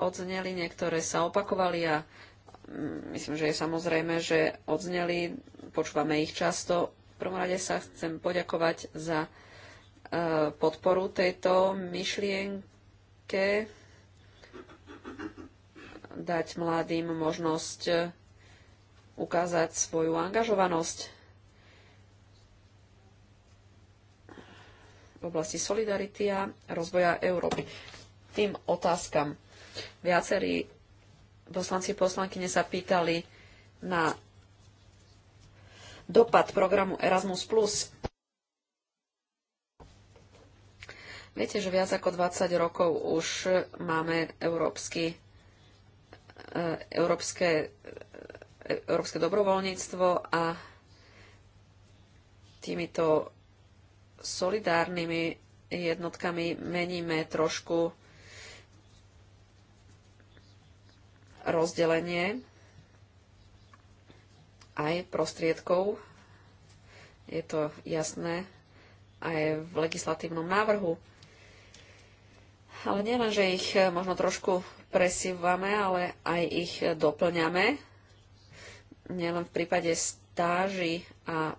odzneli, niektoré sa opakovali a mm, myslím, že je samozrejme, že odzneli, počúvame ich často prvom rade sa chcem poďakovať za e, podporu tejto myšlienke dať mladým možnosť e, ukázať svoju angažovanosť v oblasti solidarity a rozvoja Európy. Tým otázkam. Viacerí poslanci poslankyne sa pýtali na dopad programu Erasmus+. Viete, že viac ako 20 rokov už máme európsky, eh, európske, eh, európske dobrovoľníctvo a týmito solidárnymi jednotkami meníme trošku rozdelenie aj prostriedkov. Je to jasné aj v legislatívnom návrhu. Ale nielen, že ich eh, možno trošku presívame, ale aj ich doplňame. Nielen v prípade stáži a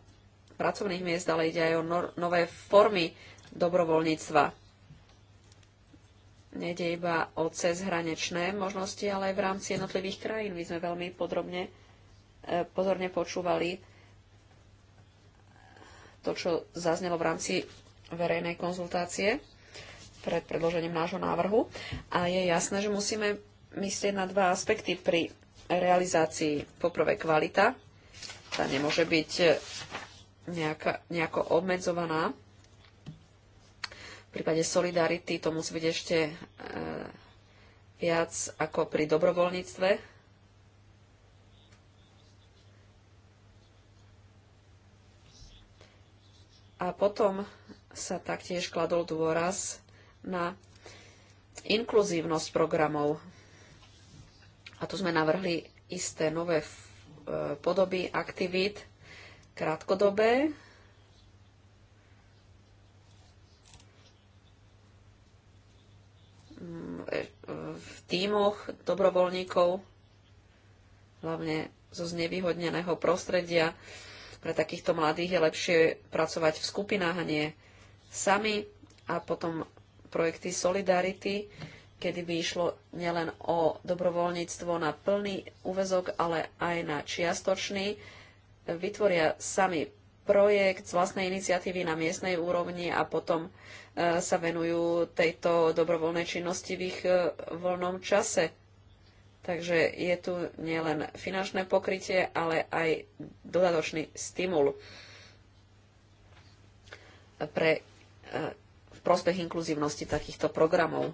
pracovných miest, ale ide aj o no- nové formy dobrovoľníctva. Nejde iba o cezhranečné možnosti, ale aj v rámci jednotlivých krajín. My sme veľmi podrobne E, pozorne počúvali to, čo zaznelo v rámci verejnej konzultácie pred predložením nášho návrhu. A je jasné, že musíme myslieť na dva aspekty pri realizácii. Poprvé kvalita, tá nemôže byť e, nejaká, nejako obmedzovaná. V prípade solidarity to musí byť ešte e, viac ako pri dobrovoľníctve, A potom sa taktiež kladol dôraz na inkluzívnosť programov. A tu sme navrhli isté nové e, podoby aktivít krátkodobé, mm, e, v tímoch dobrovoľníkov, hlavne zo znevýhodneného prostredia. Pre takýchto mladých je lepšie pracovať v skupinách a nie sami. A potom projekty Solidarity, kedy by išlo nielen o dobrovoľníctvo na plný úvezok, ale aj na čiastočný. Vytvoria sami projekt z vlastnej iniciatívy na miestnej úrovni a potom e, sa venujú tejto dobrovoľnej činnosti v ich e, voľnom čase. Takže je tu nielen finančné pokrytie, ale aj dodatočný stimul pre e, v prospech inkluzívnosti takýchto programov.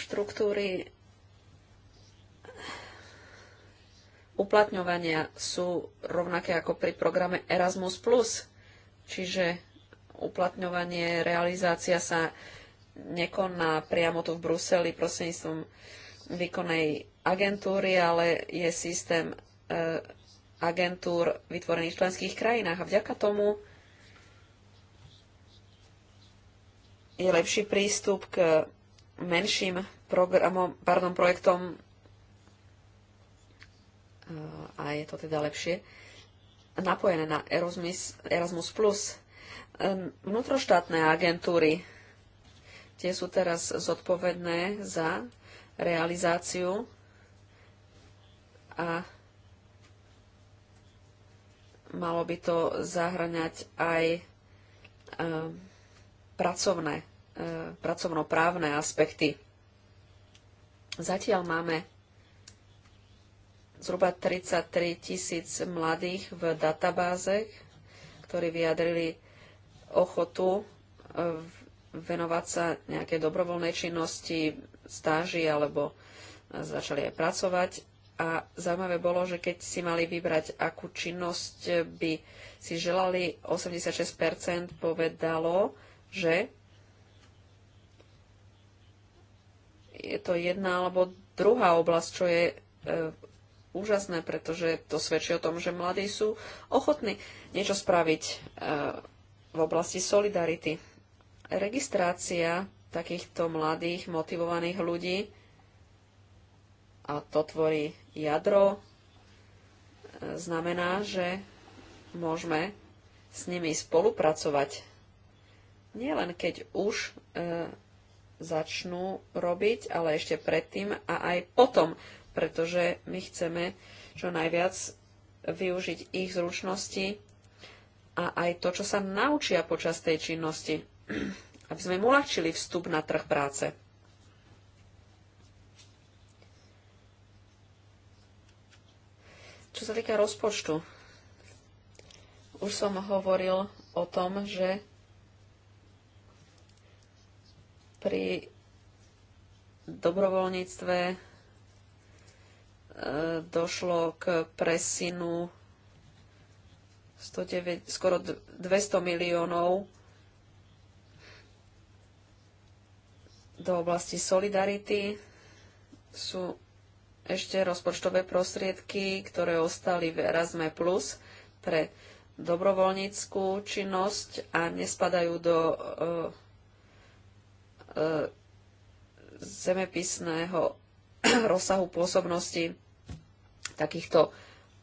Štruktúry uplatňovania sú rovnaké ako pri programe Erasmus+, čiže uplatňovanie, realizácia sa nekoná priamo tu v Bruseli prostredníctvom výkonnej agentúry, ale je systém e, agentúr vytvorených v členských krajinách. A vďaka tomu je lepší prístup k menším programom, pardon, projektom e, a je to teda lepšie napojené na Erasmus, Erasmus+ vnútroštátne agentúry. Tie sú teraz zodpovedné za realizáciu a malo by to zahraňať aj pracovné, e, pracovnoprávne aspekty. Zatiaľ máme zhruba 33 tisíc mladých v databázech, ktorí vyjadrili ochotu e, venovať sa nejakej dobrovoľnej činnosti, stáži alebo e, začali aj pracovať. A zaujímavé bolo, že keď si mali vybrať, akú činnosť by si želali, 86% povedalo, že je to jedna alebo druhá oblasť, čo je e, úžasné, pretože to svedčí o tom, že mladí sú ochotní niečo spraviť e, v oblasti solidarity. Registrácia takýchto mladých, motivovaných ľudí a to tvorí jadro, e, znamená, že môžeme s nimi spolupracovať. Nielen keď už e, začnú robiť, ale ešte predtým a aj potom, pretože my chceme čo najviac využiť ich zručnosti a aj to, čo sa naučia počas tej činnosti, <clears throat> aby sme im uľahčili vstup na trh práce. Čo sa týka rozpočtu, už som hovoril o tom, že pri dobrovoľníctve e, došlo k presinu 109, skoro 200 miliónov do oblasti solidarity sú ešte rozpočtové prostriedky, ktoré ostali v Erasme Plus pre dobrovoľníckú činnosť a nespadajú do e, e, zemepisného <clears throat> rozsahu pôsobnosti takýchto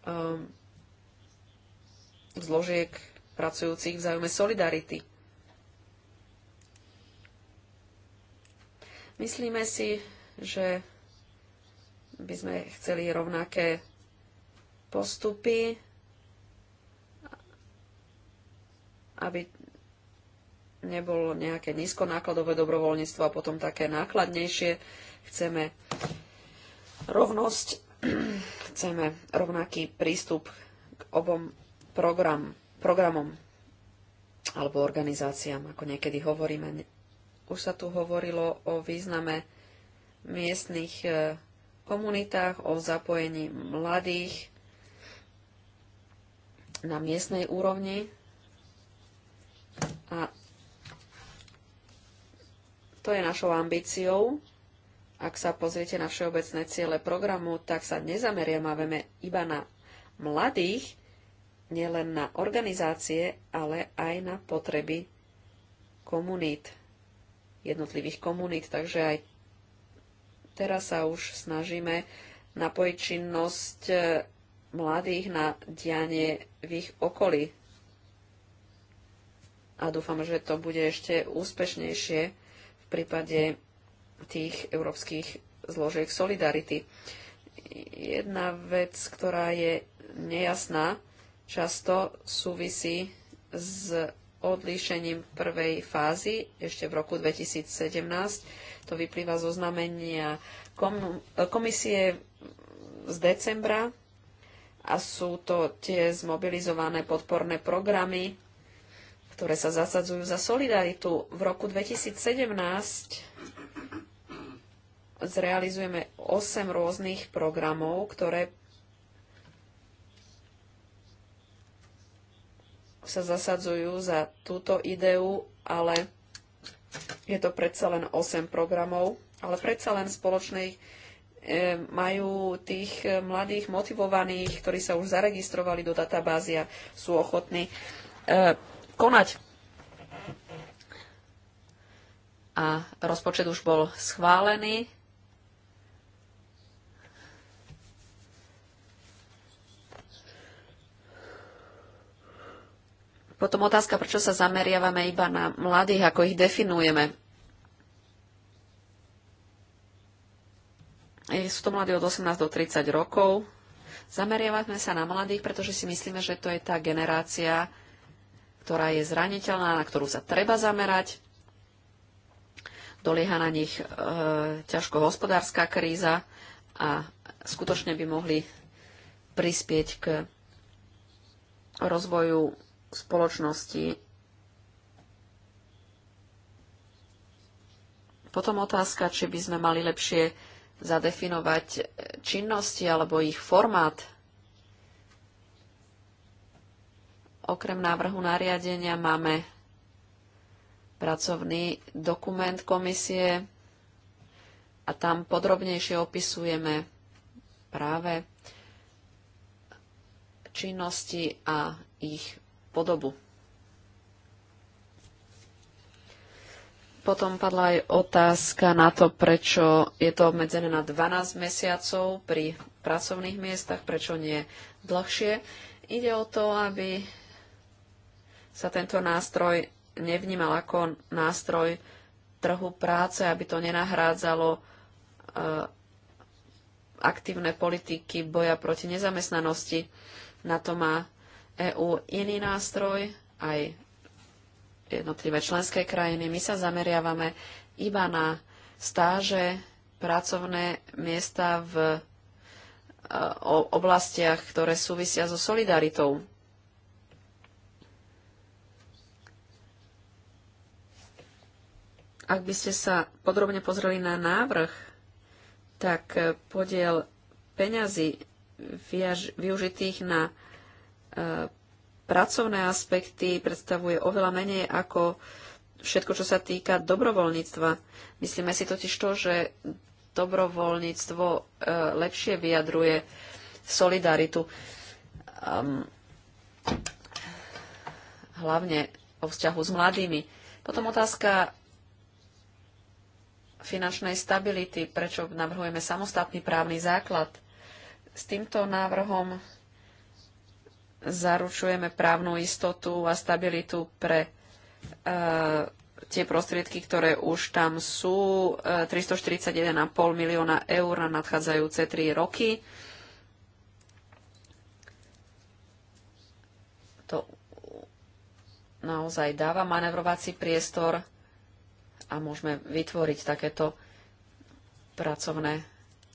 e, zložiek pracujúcich v záujme solidarity. Myslíme si, že by sme chceli rovnaké postupy, aby nebolo nejaké nízkonákladové dobrovoľníctvo a potom také nákladnejšie. Chceme rovnosť, <clears throat> chceme rovnaký prístup k obom program, programom alebo organizáciám, ako niekedy hovoríme. Už sa tu hovorilo o význame miestnych e, komunitách, o zapojení mladých na miestnej úrovni. A to je našou ambíciou. Ak sa pozriete na všeobecné ciele programu, tak sa nezameriavame iba na mladých, nielen na organizácie, ale aj na potreby komunít, jednotlivých komunít. Takže aj teraz sa už snažíme napojiť činnosť e, mladých na dianie v ich okolí. A dúfam, že to bude ešte úspešnejšie v prípade tých európskych zložiek Solidarity. Jedna vec, ktorá je nejasná, často súvisí s odlíšením prvej fázy ešte v roku 2017. To vyplýva zo znamenia komisie z decembra a sú to tie zmobilizované podporné programy, ktoré sa zasadzujú za solidaritu. V roku 2017 zrealizujeme 8 rôznych programov, ktoré sa zasadzujú za túto ideu, ale je to predsa len 8 programov, ale predsa len spoločných e, majú tých e, mladých motivovaných, ktorí sa už zaregistrovali do databázy a sú ochotní e, konať. A rozpočet už bol schválený Potom otázka, prečo sa zameriavame iba na mladých, ako ich definujeme. Sú to mladí od 18 do 30 rokov. Zameriavame sa na mladých, pretože si myslíme, že to je tá generácia, ktorá je zraniteľná, na ktorú sa treba zamerať. Dolieha na nich e, ťažko hospodárska kríza a skutočne by mohli prispieť k rozvoju spoločnosti. Potom otázka, či by sme mali lepšie zadefinovať činnosti alebo ich formát. Okrem návrhu nariadenia máme pracovný dokument komisie a tam podrobnejšie opisujeme práve činnosti a ich podobu. Potom padla aj otázka na to, prečo je to obmedzené na 12 mesiacov pri pracovných miestach, prečo nie dlhšie. Ide o to, aby sa tento nástroj nevnímal ako nástroj trhu práce, aby to nenahrádzalo e, aktívne politiky boja proti nezamestnanosti. Na to má EÚ iný nástroj, aj jednotlivé členské krajiny. My sa zameriavame iba na stáže, pracovné miesta v e, oblastiach, ktoré súvisia so solidaritou. Ak by ste sa podrobne pozreli na návrh, tak e, podiel peňazí využitých na pracovné aspekty predstavuje oveľa menej ako všetko, čo sa týka dobrovoľníctva. Myslíme si totiž to, že dobrovoľníctvo e, lepšie vyjadruje solidaritu. hlavne o vzťahu s mladými. Potom otázka finančnej stability, prečo navrhujeme samostatný právny základ. S týmto návrhom zaručujeme právnu istotu a stabilitu pre e, tie prostriedky, ktoré už tam sú, 341,5 e, milióna eur na nadchádzajúce 3 roky. To naozaj dáva manevrovací priestor a môžeme vytvoriť takéto pracovné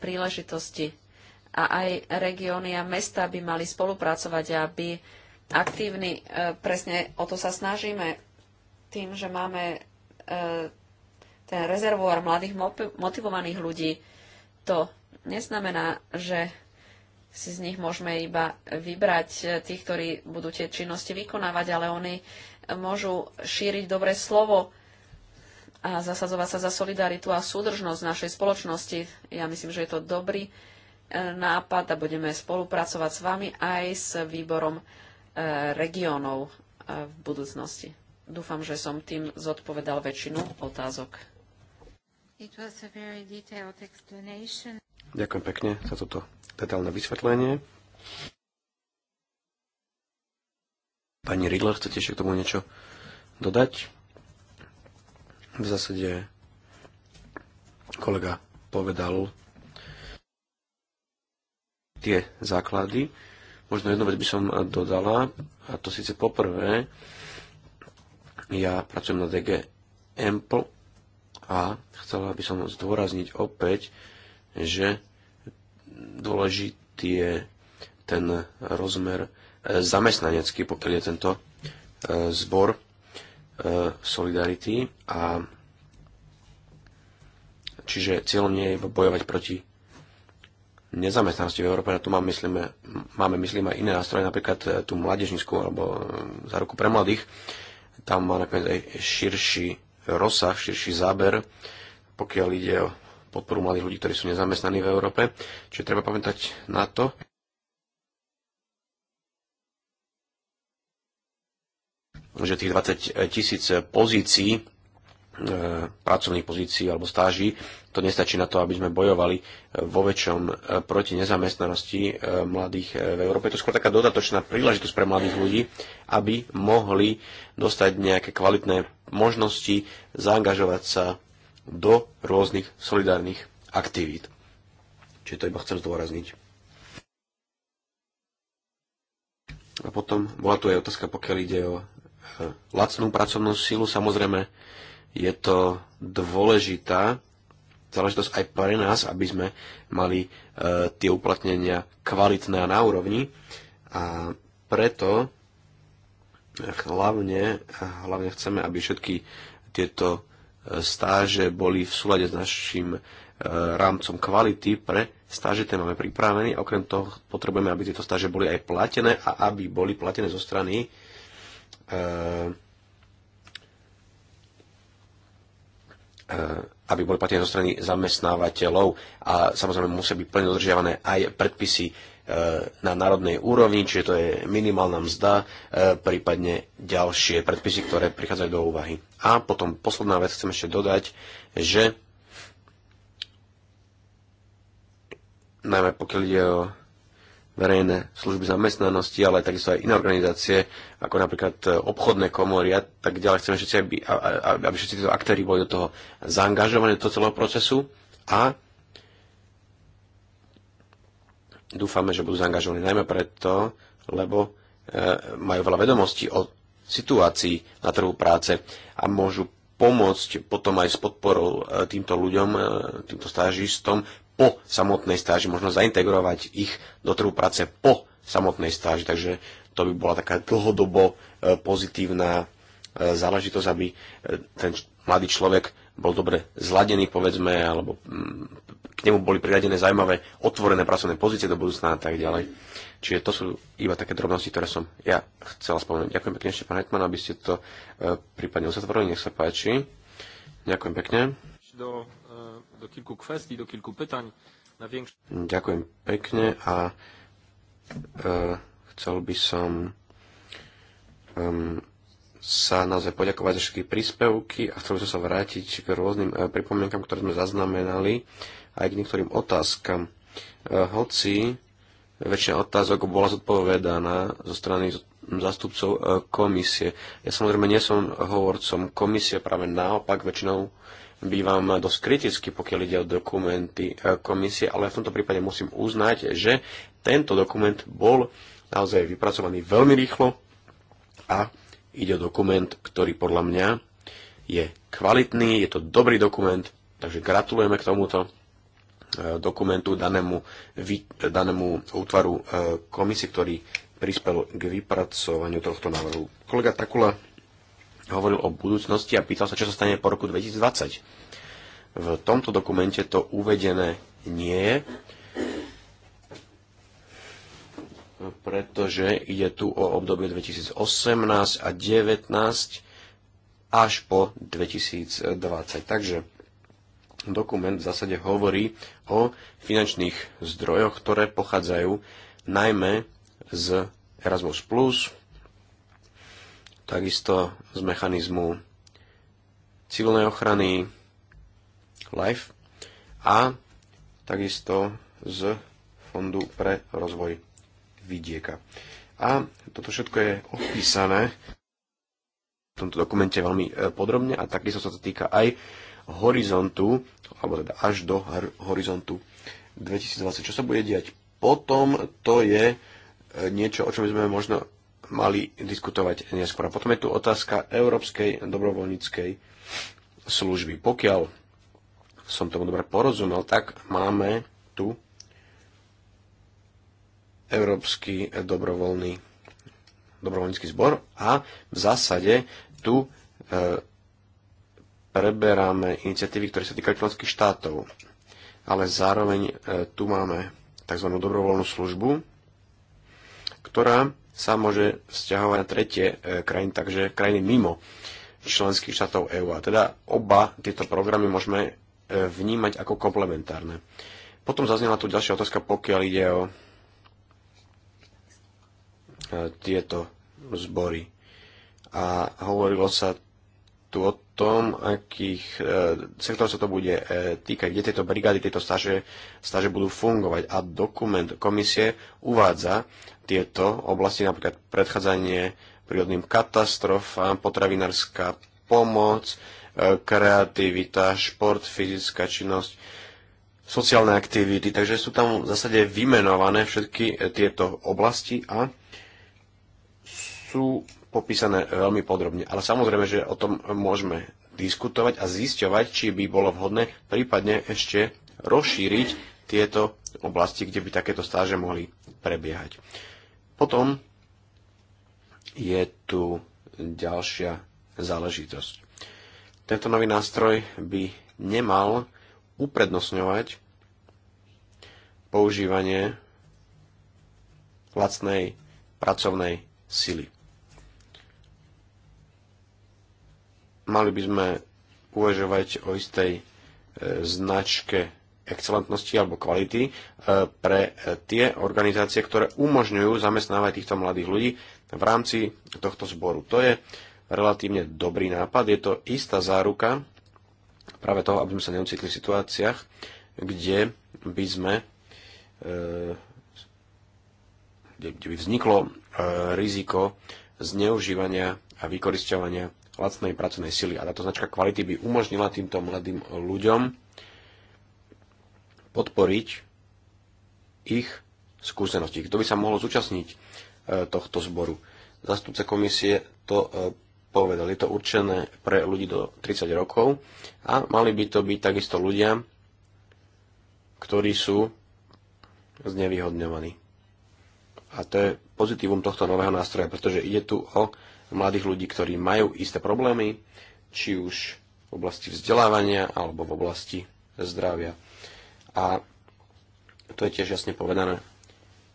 príležitosti a aj regióny a mesta by mali spolupracovať a aktívni. E, presne o to sa snažíme tým, že máme e, ten rezervuár mladých motivovaných ľudí. To neznamená, že si z nich môžeme iba vybrať e, tých, ktorí budú tie činnosti vykonávať, ale oni môžu šíriť dobré slovo, a zasadzovať sa za solidaritu a súdržnosť našej spoločnosti. Ja myslím, že je to dobrý nápad a budeme spolupracovať s vami aj s výborom e, regiónov e, v budúcnosti. Dúfam, že som tým zodpovedal väčšinu otázok. Ďakujem pekne za toto detálne vysvetlenie. Pani Riedler, chcete ešte k tomu niečo dodať? V zásade kolega povedal tie základy. Možno jednu vec by som dodala, a to síce poprvé, ja pracujem na DG Ample a chcela by som zdôrazniť opäť, že dôležitý je ten rozmer e, zamestnanecký, pokiaľ je tento e, zbor e, Solidarity a čiže cieľom nie je bojovať proti nezamestnanosti v Európe, na tu máme, myslíme, máme myslím aj iné nástroje, napríklad e, tú mládežnickú alebo e, za ruku pre mladých, tam má nakoniec aj širší rozsah, širší záber, pokiaľ ide o podporu mladých ľudí, ktorí sú nezamestnaní v Európe. Čiže treba pamätať na to. že tých 20 tisíc pozícií E, pracovných pozícií alebo stáží. To nestačí na to, aby sme bojovali e, vo väčšom e, proti nezamestnanosti mladých v Európe. To je skôr taká dodatočná príležitosť pre mladých ľudí, aby mohli dostať nejaké kvalitné možnosti zaangažovať sa do rôznych solidárnych aktivít. Čiže to iba chcem zdôrazniť. A potom bola tu aj otázka, pokiaľ ide o lacnú pracovnú silu. Samozrejme, je to dôležitá záležitosť aj pre nás, aby sme mali e, tie uplatnenia kvalitné a na úrovni. A preto e, hlavne, e, hlavne chceme, aby všetky tieto e, stáže boli v súlade s našim e, rámcom kvality pre stáže, ten máme pripravený. Okrem toho potrebujeme, aby tieto stáže boli aj platené a aby boli platené zo strany e, Eh, aby boli platené zo strany zamestnávateľov a samozrejme musia byť plne dodržiavané aj predpisy eh, na národnej úrovni, čiže to je minimálna mzda, eh, prípadne ďalšie predpisy, ktoré prichádzajú do úvahy. A potom posledná vec chcem ešte dodať, že najmä pokiaľ ide o verejné služby zamestnanosti, ale takisto aj iné organizácie, ako napríklad e, obchodné komory a tak ďalej. Chceme všetci, aby, aby všetci títo aktéry boli do toho zaangažovaní do celého procesu a dúfame, že budú zaangažovaní najmä preto, lebo e, majú veľa vedomostí o situácii na trhu práce a môžu pomôcť potom aj s podporou e, týmto ľuďom, týmto stážistom po samotnej stáži, možno zaintegrovať ich do trhu práce po samotnej stáži, takže to by bola taká dlhodobo e, pozitívna e, záležitosť, aby e, ten mladý človek bol dobre zladený, povedzme, alebo mm, k nemu boli priradené zaujímavé otvorené pracovné pozície do budúcna a tak ďalej. Čiže to sú iba také drobnosti, ktoré som ja chcela spomenúť. Ďakujem pekne ešte, pán Hetman, aby ste to prípadne uzatvorili. Nech sa páči. Ďakujem pekne. Do do kilku kwestii, do kilku pytań. Na większy... Ďakujem pekne a e, chcel by som um, sa naozaj poďakovať za všetky príspevky a chcel by som sa vrátiť k rôznym e, pripomienkam, ktoré sme zaznamenali aj k niektorým otázkam. E, hoci väčšina otázok bola zodpovedaná zo strany zastupcov e, komisie. Ja samozrejme nie som hovorcom komisie, práve naopak väčšinou bývam dosť kriticky, pokiaľ ide o dokumenty e, komisie, ale v tomto prípade musím uznať, že tento dokument bol naozaj vypracovaný veľmi rýchlo a ide o dokument, ktorý podľa mňa je kvalitný, je to dobrý dokument, takže gratulujeme k tomuto e, dokumentu danému, danému útvaru e, komisie, ktorý prispel k vypracovaniu tohto návrhu. Kolega Takula hovoril o budúcnosti a pýtal sa, čo sa stane po roku 2020. V tomto dokumente to uvedené nie je, pretože ide tu o obdobie 2018 a 2019 až po 2020. Takže dokument v zásade hovorí o finančných zdrojoch, ktoré pochádzajú najmä z Erasmus+, takisto z mechanizmu civilnej ochrany LIFE a takisto z Fondu pre rozvoj vidieka. A toto všetko je opísané v tomto dokumente veľmi e, podrobne a takisto sa to týka aj horizontu, alebo teda až do horizontu 2020. Čo sa bude diať potom, to je e, niečo, o čom sme možno mali diskutovať neskôr. potom je tu otázka Európskej dobrovoľníckej služby. Pokiaľ som tomu dobre porozumel, tak máme tu Európsky dobrovoľný dobrovoľnícky zbor a v zásade tu e, preberáme iniciatívy, ktoré sa týkajú členských štátov. Ale zároveň e, tu máme tzv. dobrovoľnú službu, ktorá sa môže vzťahovať na tretie e, krajiny, takže krajiny mimo členských štátov EÚ. A teda oba tieto programy môžeme e, vnímať ako komplementárne. Potom zaznela tu ďalšia otázka, pokiaľ ide o e, tieto zbory. A hovorilo sa tu o tom, akých sektorov sa to bude týkať, kde tieto brigády, tieto staže, staže budú fungovať. A dokument komisie uvádza, tieto oblasti, napríklad predchádzanie prírodným katastrofám, potravinárska pomoc, e, kreativita, šport, fyzická činnosť, sociálne aktivity. Takže sú tam v zásade vymenované všetky e, tieto oblasti a sú popísané e, veľmi podrobne. Ale samozrejme, že o tom môžeme diskutovať a zisťovať, či by bolo vhodné prípadne ešte rozšíriť tieto oblasti, kde by takéto stáže mohli prebiehať. Potom je tu ďalšia záležitosť. Tento nový nástroj by nemal uprednostňovať používanie lacnej pracovnej sily. Mali by sme uvažovať o istej e, značke excelentnosti alebo kvality e, pre e, tie organizácie, ktoré umožňujú zamestnávať týchto mladých ľudí v rámci tohto zboru. To je relatívne dobrý nápad, je to istá záruka práve toho, aby sme sa neocitli v situáciách, kde by sme e, kde by vzniklo riziko zneužívania a vykoristovania lacnej pracovnej sily. A táto značka kvality by umožnila týmto mladým ľuďom podporiť ich skúsenosti. Kto by sa mohol zúčastniť e, tohto zboru? Zastupce komisie to e, povedal. Je to určené pre ľudí do 30 rokov a mali by to byť takisto ľudia, ktorí sú znevýhodňovaní. A to je pozitívum tohto nového nástroja, pretože ide tu o mladých ľudí, ktorí majú isté problémy, či už v oblasti vzdelávania alebo v oblasti zdravia a to je tiež jasne povedané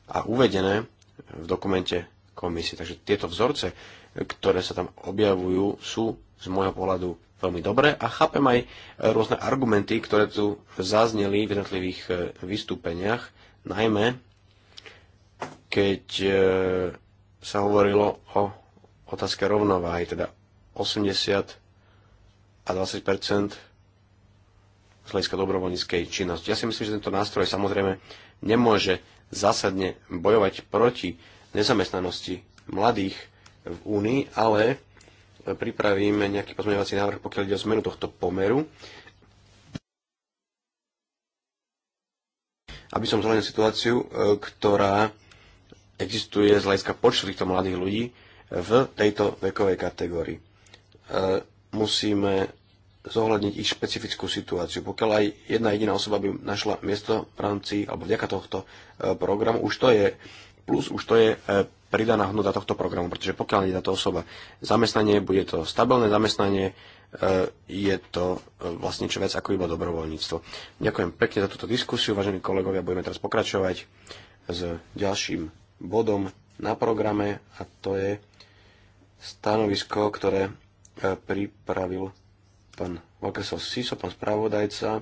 a uvedené v dokumente komisie. Takže tieto vzorce, ktoré sa tam objavujú, sú z môjho pohľadu veľmi dobré a chápem aj rôzne argumenty, ktoré tu zazneli v jednotlivých e, vystúpeniach, najmä keď e, sa hovorilo o otázke rovnováhy, teda 80 a 20 z hľadiska dobrovoľníckej činnosti. Ja si myslím, že tento nástroj samozrejme nemôže zásadne bojovať proti nezamestnanosti mladých v Únii, ale pripravíme nejaký pozmeňovací návrh, pokiaľ ide o zmenu tohto pomeru. Aby som zhľadil situáciu, e, ktorá existuje z hľadiska počtu týchto mladých ľudí v tejto vekovej kategórii. E, musíme zohľadniť ich špecifickú situáciu. Pokiaľ aj jedna jediná osoba by našla miesto v rámci, alebo vďaka tohto e, programu, už to je plus, už to je e, pridaná hodnota tohto programu, pretože pokiaľ nie táto osoba zamestnanie, bude to stabilné zamestnanie, e, je to vlastne čo vec ako iba dobrovoľníctvo. Ďakujem pekne za túto diskusiu, vážení kolegovia, budeme teraz pokračovať s ďalším bodom na programe a to je stanovisko, ktoré pripravil pán Volkresov Siso, pán spravodajca, e,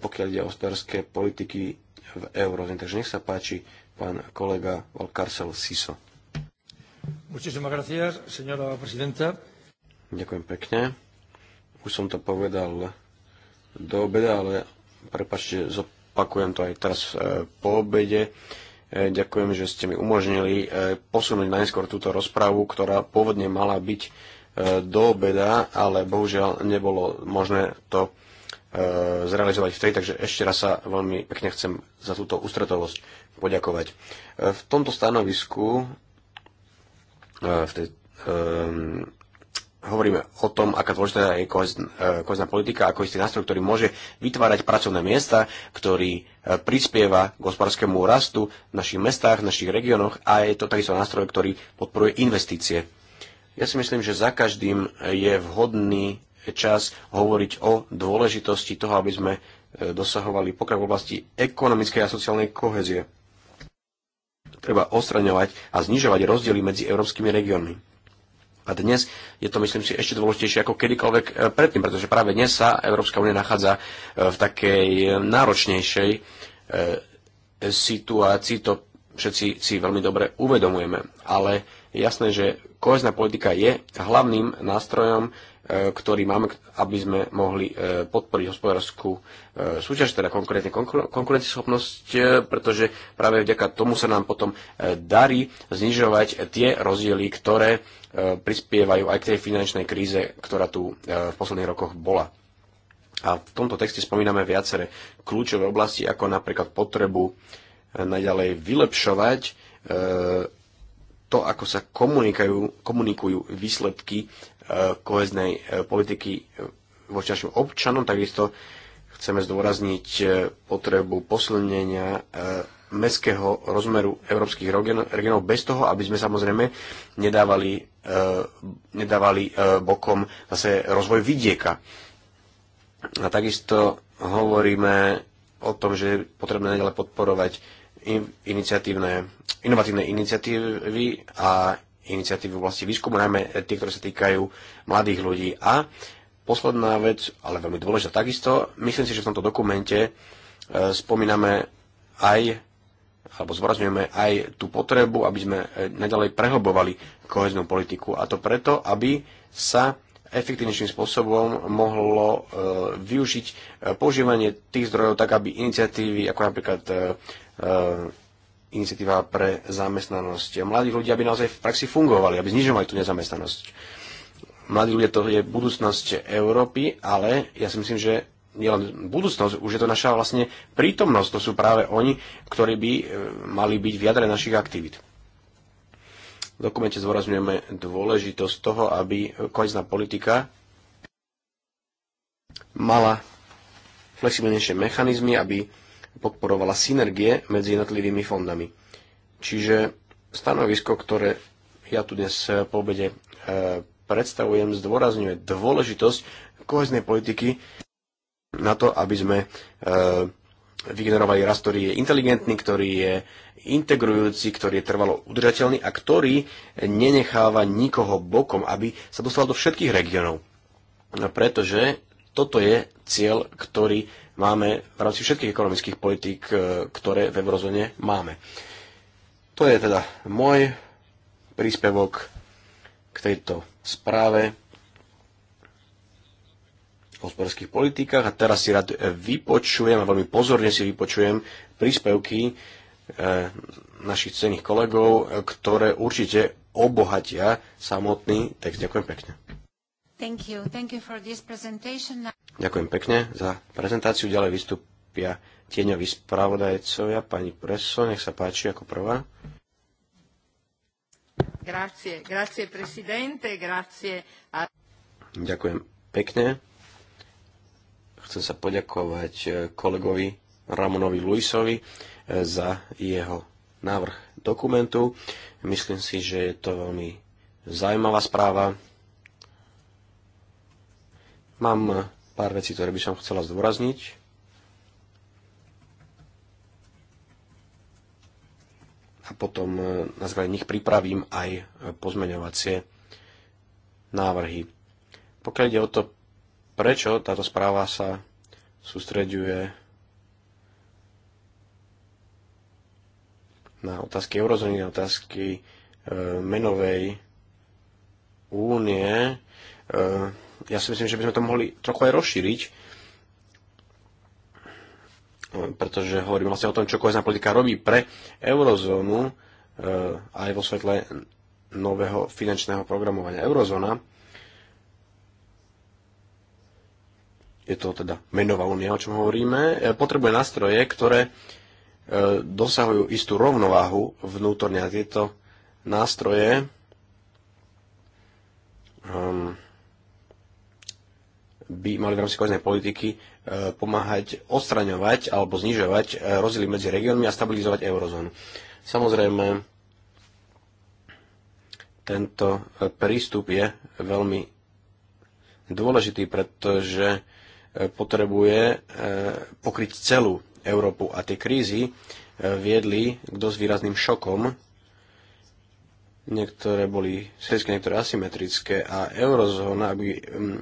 pokiaľ ide o hospodárske politiky v eurozóne. Takže nech sa páči, pán kolega Volkarsel Siso. Gracias, Ďakujem pekne. Už som to povedal do obeda, ale prepačte, zopakujem to aj teraz e, po obede. E, ďakujem, že ste mi umožnili posunúť najskôr túto rozprávu, ktorá pôvodne mala byť E, do obeda, ale bohužiaľ nebolo možné to e, zrealizovať v tej, takže ešte raz sa veľmi pekne chcem za túto ústretovosť poďakovať. E, v tomto stanovisku v tej, um, hovoríme o tom, aká dôležitá je kohezná politika, ako istý nástroj, ktorý môže vytvárať pracovné miesta, ktorý prispieva k hospodárskému rastu v našich mestách, v našich regiónoch a je to takisto nástroj, ktorý podporuje investície ja si myslím, že za každým je vhodný čas hovoriť o dôležitosti toho, aby sme e, dosahovali pokrok v oblasti ekonomickej a sociálnej kohezie. Treba ostraňovať a znižovať rozdiely medzi európskymi regiónmi. A dnes je to, myslím si, ešte dôležitejšie ako kedykoľvek e, predtým, pretože práve dnes sa Európska únia nachádza e, v takej náročnejšej situácii. To všetci si veľmi dobre uvedomujeme. Ale je jasné, že kohezná politika je hlavným nástrojom, e, ktorý máme, aby sme mohli e, podporiť hospodárskú e, súťaž, teda konkrétne konkurencieschopnosť, pretože práve vďaka tomu sa nám potom darí znižovať tie rozdiely, ktoré prispievajú aj k tej finančnej kríze, ktorá tu v posledných rokoch bola. A v tomto texte spomíname viaceré kľúčové oblasti, ako napríklad potrebu najďalej vylepšovať to, ako sa komunikujú, komunikujú výsledky e, koheznej e, politiky e, voči našim občanom, takisto chceme zdôrazniť potrebu posilnenia mestského rozmeru európskych regionov bez toho, aby sme samozrejme nedávali, nedávali bokom zase rozvoj vidieka. A takisto hovoríme o tom, že je potrebné ďalej podporovať iniciatívne, inovatívne iniciatívy a iniciatívy v oblasti výskumu, najmä tie, ktoré sa týkajú mladých ľudí. A posledná vec, ale veľmi dôležitá takisto, myslím si, že v tomto dokumente e, spomíname aj alebo zvorazňujeme aj tú potrebu, aby sme e, nadalej prehlbovali koheznú politiku. A to preto, aby sa efektívnejším spôsobom mohlo e, využiť používanie tých zdrojov tak, aby iniciatívy ako napríklad E, iniciatíva pre zamestnanosť. Mladí ľudia, aby naozaj v praxi fungovali, aby znižovali tú nezamestnanosť. Mladí ľudia, to je budúcnosť Európy, ale ja si myslím, že nielen budúcnosť, už je to naša vlastne prítomnosť. To sú práve oni, ktorí by e, mali byť v jadre našich aktivít. V dokumente zdôrazňujeme dôležitosť toho, aby kohezná politika mala flexibilnejšie mechanizmy, aby podporovala synergie medzi jednotlivými fondami. Čiže stanovisko, ktoré ja tu dnes eh, po obede eh, predstavujem, zdôrazňuje dôležitosť koheznej politiky na to, aby sme eh, vygenerovali rast, ktorý je inteligentný, ktorý je integrujúci, ktorý je trvalo udržateľný a ktorý nenecháva nikoho bokom, aby sa dostal do všetkých regiónov. Pretože toto je cieľ, ktorý máme v rámci všetkých ekonomických politík, e, ktoré v eurozóne máme. To je teda môj príspevok k tejto správe o hospodárských politikách a teraz si rád vypočujem a veľmi pozorne si vypočujem príspevky e, našich cených kolegov, e, ktoré určite obohatia samotný text. Ďakujem pekne. Thank you. Thank you for this presentation. Ďakujem pekne za prezentáciu. Ďalej vystúpia tieňoví spravodajcovia. Pani Preso, nech sa páči ako prvá. Grazie, grazie presidente, grazie. A... Ďakujem pekne. Chcem sa poďakovať eh, kolegovi Ramonovi Luisovi eh, za jeho návrh dokumentu. Myslím si, že je to veľmi zaujímavá správa, Mám pár vecí, ktoré by som chcela zdôrazniť. A potom eh, na základe nich pripravím aj eh, pozmeňovacie návrhy. Pokiaľ ide o to, prečo táto správa sa sústreďuje na otázky eurozóny, na otázky eh, menovej únie, ja si myslím, že by sme to mohli trochu aj rozšíriť, pretože hovoríme vlastne o tom, čo kohezná politika robí pre eurozónu e, aj vo svetle nového finančného programovania. Eurozóna je to teda menová únia, o čom hovoríme, e, potrebuje nástroje, ktoré e, dosahujú istú rovnováhu vnútorne a tieto nástroje um, by mali v rámci koheznej politiky e, pomáhať odstraňovať alebo znižovať e, rozdiely medzi regiónmi a stabilizovať eurozónu. Samozrejme, tento e, prístup je veľmi dôležitý, pretože potrebuje pokryť celú Európu a tie krízy viedli k dosť výrazným šokom niektoré boli sredské, niektoré asymetrické a eurozóna, aby, mm,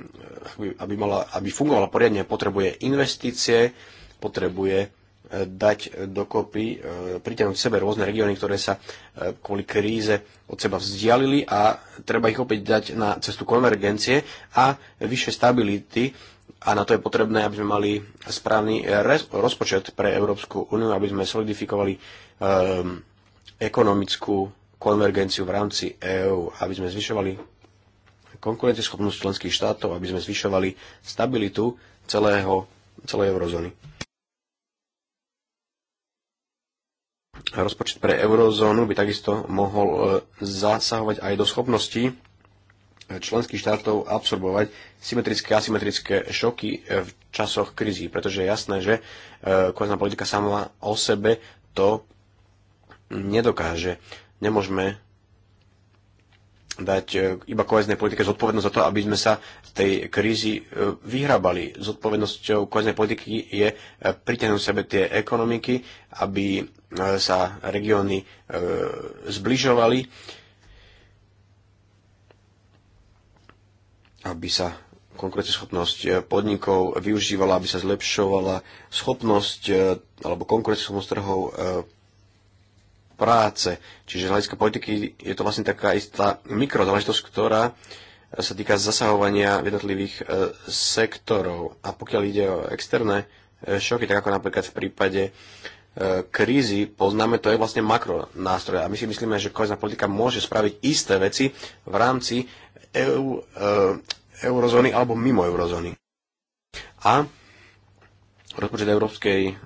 aby, aby, mala, aby fungovala poriadne, potrebuje investície, potrebuje e, dať dokopy, e, priťahnuť sebe rôzne regióny, ktoré sa e, kvôli kríze od seba vzdialili a treba ich opäť dať na cestu konvergencie a vyššie stability a na to je potrebné, aby sme mali správny rozpočet pre Európsku úniu, aby sme solidifikovali um, ekonomickú konvergenciu v rámci EÚ, aby sme zvyšovali konkurencieschopnosť členských štátov, aby sme zvyšovali stabilitu celého, celej eurozóny. Rozpočet pre eurozónu by takisto mohol e, zasahovať aj do schopností e, členských štátov absorbovať symetrické a asymetrické šoky e, v časoch krízy, pretože je jasné, že kohezná politika sama o sebe to nedokáže. Nemôžeme dať e, iba koheznej politike zodpovednosť za to, aby sme sa z tej krízy e, vyhrabali. Zodpovednosťou koheznej politiky je e, pritiahnuť sebe tie ekonomiky, aby sa regióny zbližovali, aby sa schopnosť podnikov využívala, aby sa zlepšovala schopnosť alebo konkurenceschopnosť trhov práce. Čiže z hľadiska politiky je to vlastne taká istá mikrozáležitosť, ktorá sa týka zasahovania jednotlivých e, sektorov. A pokiaľ ide o externé e, šoky, tak ako napríklad v prípade e, krízy, poznáme to je vlastne makronástroj. A my si myslíme, že kohezná politika môže spraviť isté veci v rámci EU, e, eurozóny alebo mimo eurozóny. A rozpočet Európskej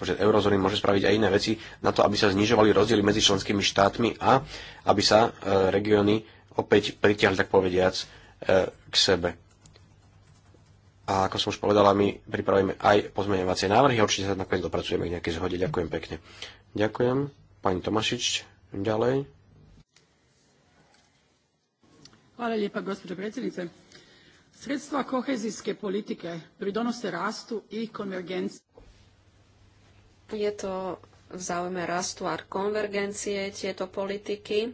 rozpočet eurozóny môže spraviť aj iné veci na to, aby sa znižovali rozdiely medzi členskými štátmi a aby sa e, regióny opäť pritiahli, tak povediac, e, k sebe. A ako som už povedala, my pripravíme aj pozmeňovacie návrhy a určite sa nakoniec dopracujeme k nejakej zhode. Ďakujem pekne. Ďakujem. Pani Tomašič, ďalej. Hvala lijepa, gospođo predsjednice. Sredstva kohezijske politike pridonose rastu i konvergenciji. Je to v záujme rastu a konvergencie tieto politiky.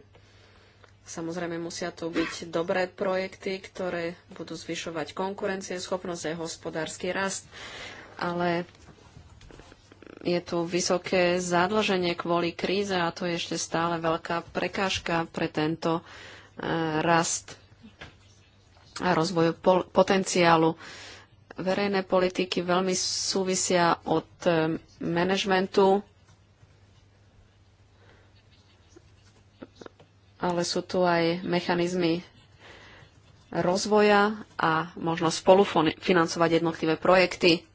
Samozrejme musia to byť dobré projekty, ktoré budú zvyšovať konkurencie, schopnosť a hospodársky rast, ale je tu vysoké zadlženie kvôli kríze a to je ešte stále veľká prekážka pre tento eh, rast a rozvoj potenciálu verejné politiky veľmi súvisia od e, manažmentu, ale sú tu aj mechanizmy rozvoja a možno spolufinancovať jednotlivé projekty.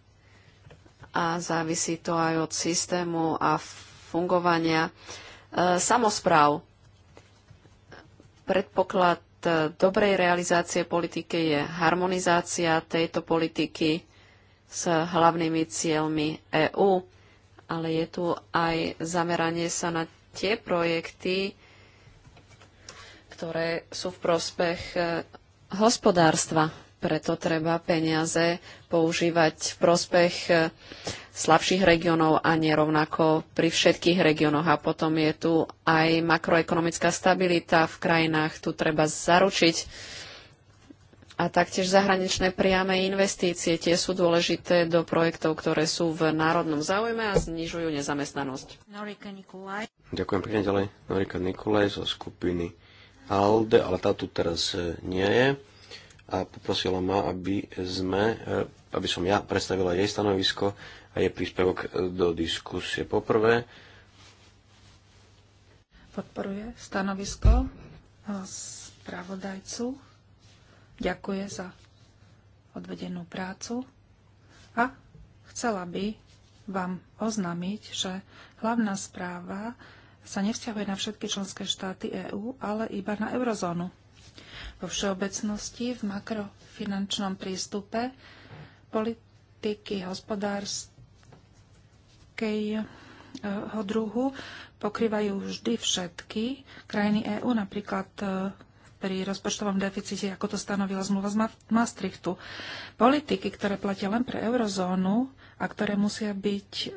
A závisí to aj od systému a fungovania e, samozpráv. Predpoklad Eh, dobrej realizácie politiky je harmonizácia tejto politiky s hlavnými cieľmi EÚ, ale je tu aj zameranie sa na tie projekty, ktoré sú v prospech eh, hospodárstva preto treba peniaze používať v prospech eh, slabších regiónov a nerovnako pri všetkých regiónoch. A potom je tu aj makroekonomická stabilita v krajinách. Tu treba zaručiť a taktiež zahraničné priame investície. Tie sú dôležité do projektov, ktoré sú v národnom záujme a znižujú nezamestnanosť. Ďakujem pekne ďalej. Norika Nikolaj zo skupiny ALDE, ale tá tu teraz eh, nie je a poprosila ma, aby sme, e, aby som ja predstavila jej stanovisko a jej príspevok e, do diskusie. Poprvé, podporuje stanovisko e, spravodajcu, ďakuje za odvedenú prácu a chcela by vám oznámiť, že hlavná správa sa nevzťahuje na všetky členské štáty EÚ, ale iba na eurozónu vo všeobecnosti v makrofinančnom prístupe politiky hospodárskeho eh, druhu pokrývajú vždy všetky krajiny EÚ, napríklad eh, pri rozpočtovom deficite, ako to stanovila zmluva z Maastrichtu. Politiky, ktoré platia len pre eurozónu a ktoré musia byť e,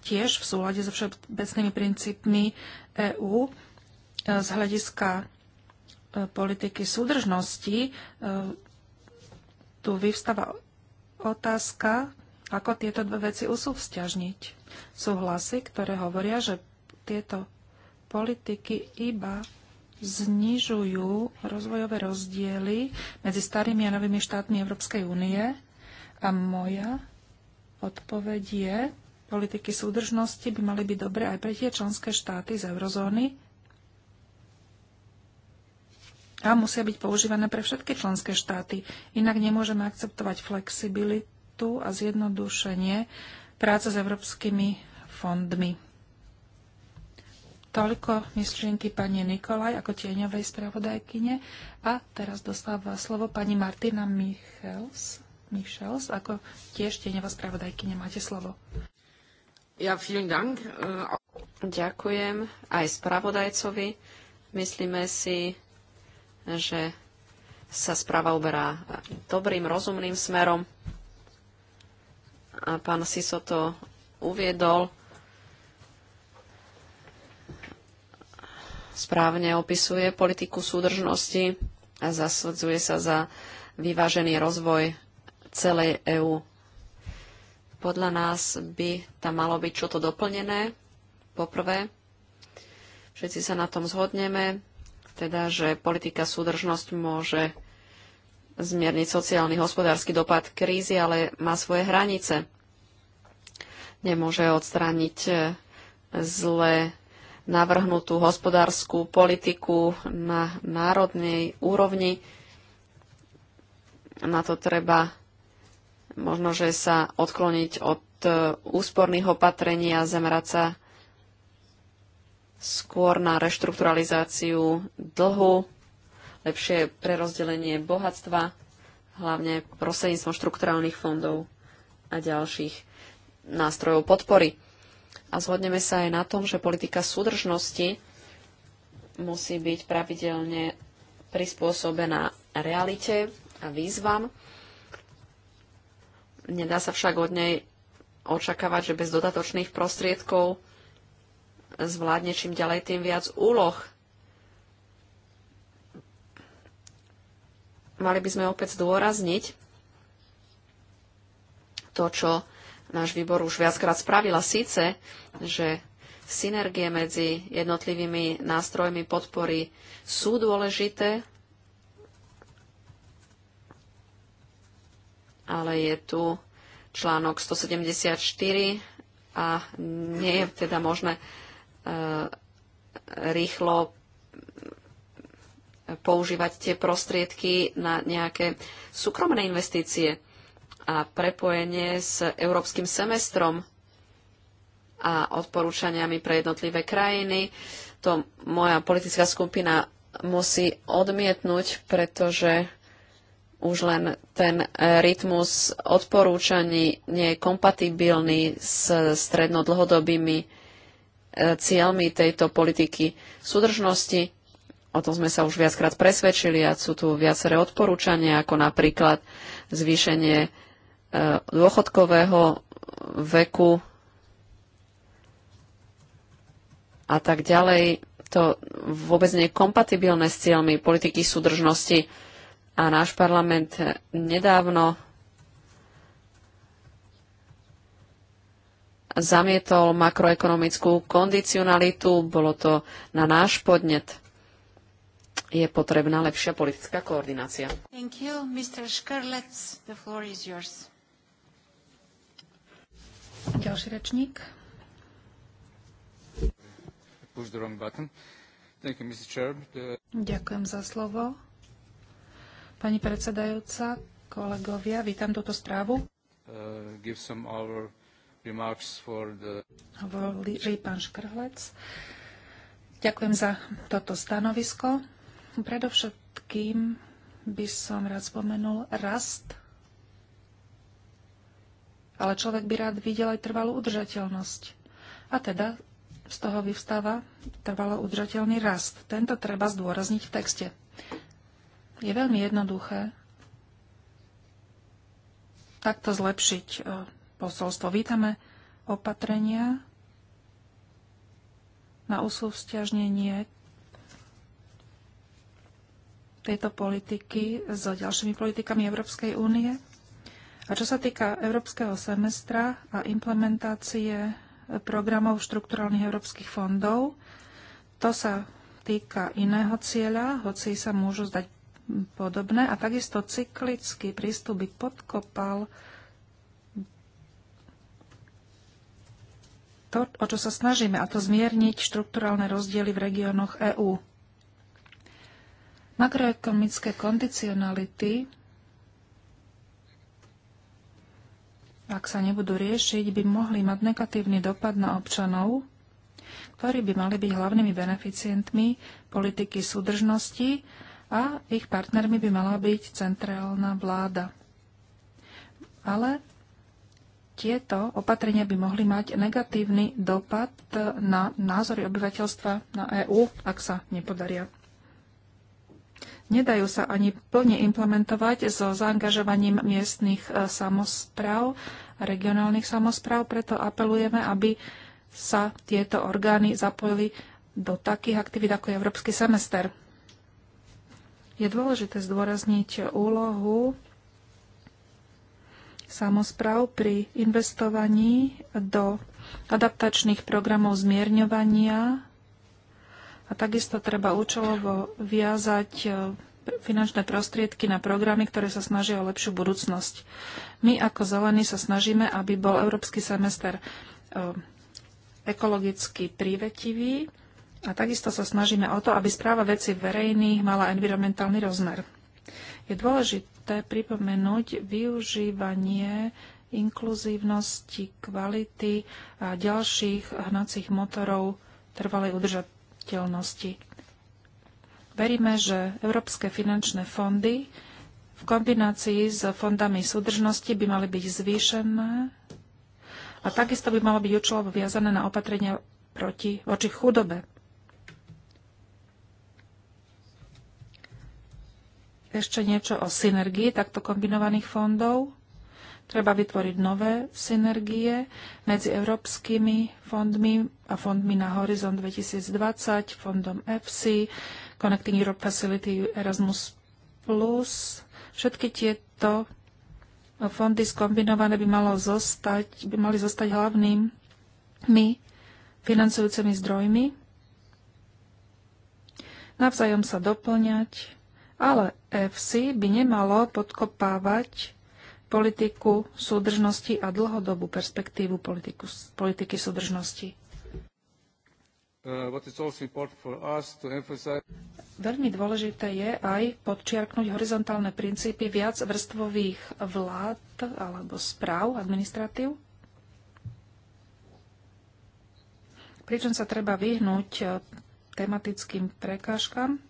tiež v súlade so všeobecnými princípmi EÚ e, z hľadiska politiky súdržnosti e, tu vyvstáva otázka, ako tieto dve veci usúvzťažniť. Sú hlasy, ktoré hovoria, že tieto politiky iba znižujú rozvojové rozdiely medzi starými a novými štátmi Európskej únie. A moja odpoveď je, politiky súdržnosti by mali byť dobré aj pre tie členské štáty z eurozóny, a musia byť používané pre všetky členské štáty. Inak nemôžeme akceptovať flexibilitu a zjednodušenie práce s európskymi fondmi. Toľko myšlienky pani Nikolaj ako tieňovej spravodajkyne. A teraz dostáva slovo pani Martina Michels, Michels ako tiež tieňová spravodajkyne. Máte slovo. Ja, vielen Dank. Ďakujem aj spravodajcovi. Myslíme si, že sa správa uberá dobrým, rozumným smerom. A pán Siso to uviedol. Správne opisuje politiku súdržnosti a zasudzuje sa za vyvážený rozvoj celej EÚ. Podľa nás by tam malo byť čo to doplnené. Poprvé, všetci sa na tom zhodneme, teda, že politika súdržnosť môže zmierniť sociálny hospodársky dopad krízy, ale má svoje hranice. Nemôže odstrániť e, zle navrhnutú hospodárskú politiku na národnej úrovni. Na to treba možno, že sa odkloniť od e, úsporných opatrení a zamerať sa skôr na reštrukturalizáciu dlhu, lepšie prerozdelenie bohatstva, hlavne prostredníctvom štrukturálnych fondov a ďalších nástrojov podpory. A zhodneme sa aj na tom, že politika súdržnosti musí byť pravidelne prispôsobená realite a výzvam. Nedá sa však od nej očakávať, že bez dodatočných prostriedkov zvládne čím ďalej, tým viac úloh. Mali by sme opäť zdôrazniť to, čo náš výbor už viackrát spravila, síce, že synergie medzi jednotlivými nástrojmi podpory sú dôležité, ale je tu článok 174 a nie je teda možné E, rýchlo používať tie prostriedky na nejaké súkromné investície a prepojenie s európskym semestrom a odporúčaniami pre jednotlivé krajiny. To moja politická skupina musí odmietnúť, pretože už len ten rytmus odporúčaní nie je kompatibilný s strednodlhodobými E, cieľmi tejto politiky súdržnosti. O tom sme sa už viackrát presvedčili a sú tu viaceré odporúčania, ako napríklad zvýšenie e, dôchodkového veku a tak ďalej. To vôbec nie je kompatibilné s cieľmi politiky súdržnosti a náš parlament nedávno zamietol makroekonomickú kondicionalitu, bolo to na náš podnet. Je potrebná lepšia politická koordinácia. Thank you, Mr. Škrlec. The floor is yours. Ďalší rečník. Push the wrong button. Thank you, Mr. Chair. The... Ďakujem za slovo. Pani predsedajúca, kolegovia, vítam túto správu. Uh, give some our Hovorí pán Škrhlec. Ďakujem za toto stanovisko. Predovšetkým by som rád spomenul rast, ale človek by rád videl aj trvalú udržateľnosť. A teda z toho vyvstáva trvalo udržateľný rast. Tento treba zdôrazniť v texte. Je veľmi jednoduché takto zlepšiť eh, posolstvo. Vítame opatrenia na usústiažnenie tejto politiky s ďalšími politikami Európskej únie. A čo sa týka Európskeho semestra a implementácie programov štrukturálnych európskych fondov, to sa týka iného cieľa, hoci sa môžu zdať podobné. A takisto cyklický prístup by podkopal to, o čo sa snažíme, a to zmierniť štrukturálne rozdiely v regiónoch EÚ. Makroekonomické kondicionality, ak sa nebudú riešiť, by mohli mať negatívny dopad na občanov, ktorí by mali byť hlavnými beneficientmi politiky súdržnosti a ich partnermi by mala byť centrálna vláda. Ale tieto opatrenia by mohli mať negatívny dopad na názory obyvateľstva na EÚ, ak sa nepodaria. Nedajú sa ani plne implementovať so zaangažovaním miestnych e, samozpráv a regionálnych samozpráv, preto apelujeme, aby sa tieto orgány zapojili do takých aktivít ako je Európsky semester. Je dôležité zdôrazniť úlohu samozpráv pri investovaní do adaptačných programov zmierňovania a takisto treba účelovo viazať e, finančné prostriedky na programy, ktoré sa snažia o lepšiu budúcnosť. My ako zelení sa snažíme, aby bol európsky semester e, ekologicky prívetivý a takisto sa snažíme o to, aby správa veci verejných mala environmentálny rozmer. Je dôležité, dôležité pripomenúť využívanie inkluzívnosti, kvality a ďalších hnacích motorov trvalej udržateľnosti. Veríme, že európske finančné fondy v kombinácii s fondami súdržnosti by mali byť zvýšené a takisto by malo byť účelovo viazané na opatrenia proti, voči chudobe. ešte niečo o synergii takto kombinovaných fondov. Treba vytvoriť nové synergie medzi európskymi fondmi a fondmi na Horizon 2020, fondom FC, Connecting Europe Facility Erasmus+. Plus, Všetky tieto fondy skombinované by, malo zostať, by mali zostať hlavnými financujúcimi zdrojmi, navzájom sa doplňať, ale FC by nemalo podkopávať politiku súdržnosti a dlhodobú perspektívu politiku, politiky súdržnosti. Uh, emphasize... Veľmi dôležité je aj podčiarknúť horizontálne princípy viac vrstvových vlád alebo správ, administratív, pričom sa treba vyhnúť eh, tematickým prekážkam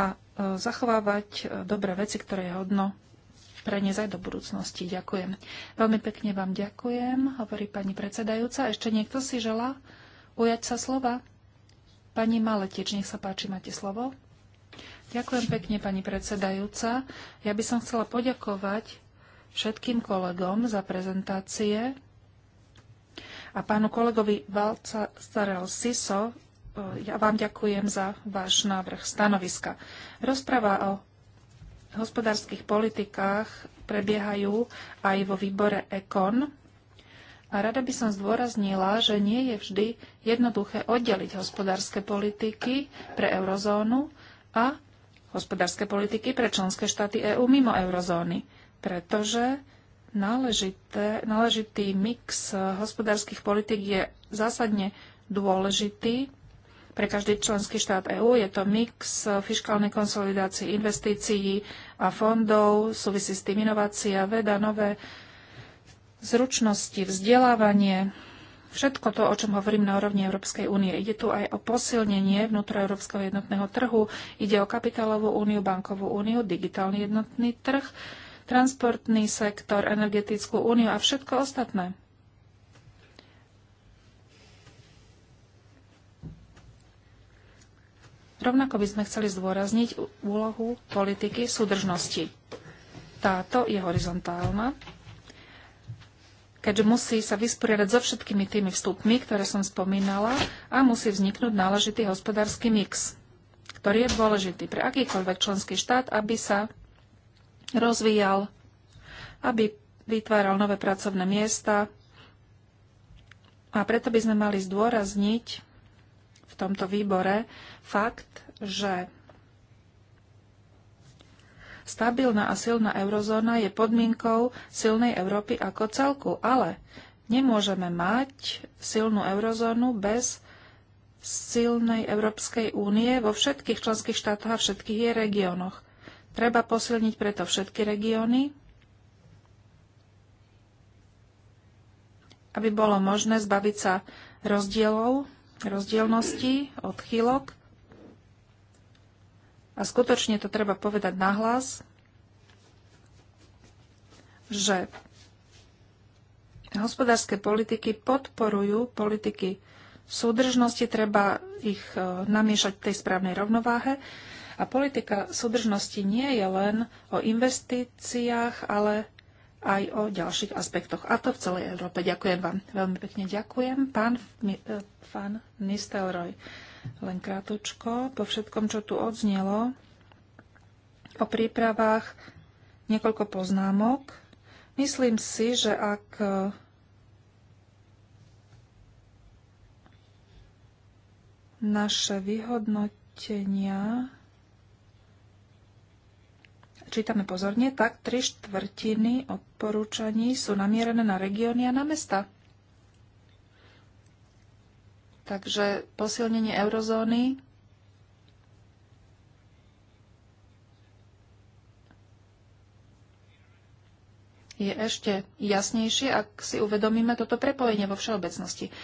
a e, zachovávať e, dobré veci, ktoré je hodno preniesť aj do budúcnosti. Ďakujem. Veľmi pekne vám ďakujem, hovorí pani predsedajúca. Ešte niekto si želá ujať sa slova? Pani Maletič, nech sa páči, máte slovo. Ďakujem pekne, pani predsedajúca. Ja by som chcela poďakovať všetkým kolegom za prezentácie a pánu kolegovi Valca Starel Siso E, ja vám ďakujem za váš návrh stanoviska. Rozpráva o hospodárskych politikách prebiehajú aj vo výbore EKON. A rada by som zdôraznila, že nie je vždy jednoduché oddeliť hospodárske politiky pre eurozónu a hospodárske politiky pre členské štáty EÚ mimo eurozóny, pretože náležité, náležitý mix hospodárskych politik je zásadne dôležitý pre každý členský štát EÚ. Je to mix fiskálnej konsolidácie investícií a fondov, súvisí s tým inovácia, veda, nové zručnosti, vzdelávanie, všetko to, o čom hovorím na úrovni Európskej únie. Ide tu aj o posilnenie vnútroeurópskeho jednotného trhu, ide o kapitálovú úniu, bankovú úniu, digitálny jednotný trh, transportný sektor, energetickú úniu a všetko ostatné. Rovnako by sme chceli zdôrazniť úlohu politiky súdržnosti. Táto je horizontálna, keďže musí sa vysporiadať so všetkými tými vstupmi, ktoré som spomínala, a musí vzniknúť náležitý hospodársky mix, ktorý je dôležitý pre akýkoľvek členský štát, aby sa rozvíjal, aby vytváral nové pracovné miesta. A preto by sme mali zdôrazniť tomto výbore fakt, že stabilná a silná eurozóna je podmienkou silnej Európy ako celku, ale nemôžeme mať silnú eurozónu bez silnej Európskej únie vo všetkých členských štátoch a všetkých jej regiónoch. Treba posilniť preto všetky regióny, aby bolo možné zbaviť sa rozdielov rozdielnosti, odchýlok. A skutočne to treba povedať nahlas, že hospodárske politiky podporujú politiky súdržnosti, treba ich e, namiešať v tej správnej rovnováhe. A politika súdržnosti nie je len o investíciách, ale aj o ďalších aspektoch. A to v celej Európe. Ďakujem vám. Veľmi pekne ďakujem. Pán, eh, pán Nistelroj, len krátko, Po všetkom, čo tu odznelo, o prípravách niekoľko poznámok. Myslím si, že ak eh, naše vyhodnotenia čítame pozorne, tak tri štvrtiny odporúčaní sú namierené na regióny a na mesta. Takže posilnenie eurozóny je ešte jasnejšie, ak si uvedomíme toto prepojenie vo všeobecnosti.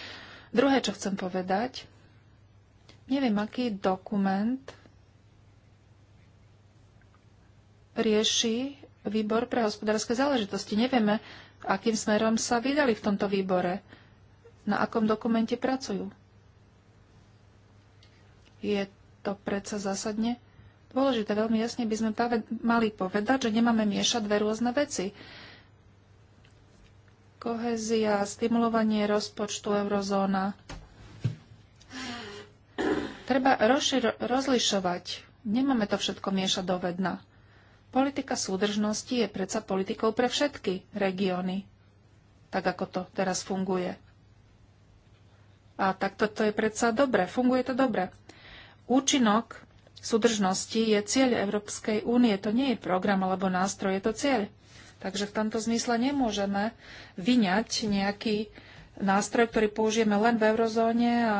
Druhé, čo chcem povedať, neviem, aký dokument rieši výbor pre hospodárske záležitosti. Nevieme, akým smerom sa vydali v tomto výbore, na akom dokumente pracujú. Je to predsa zásadne dôležité. Veľmi jasne by sme mali povedať, že nemáme miešať dve rôzne veci. Kohezia, stimulovanie rozpočtu eurozóna. Treba rozlišovať. Nemáme to všetko miešať do vedna. Politika súdržnosti je predsa politikou pre všetky regióny, tak ako to teraz funguje. A takto to je predsa dobre, funguje to dobre. Účinok súdržnosti je cieľ Európskej únie, to nie je program alebo nástroj, je to cieľ. Takže v tomto zmysle nemôžeme vyňať nejaký nástroj, ktorý použijeme len v eurozóne a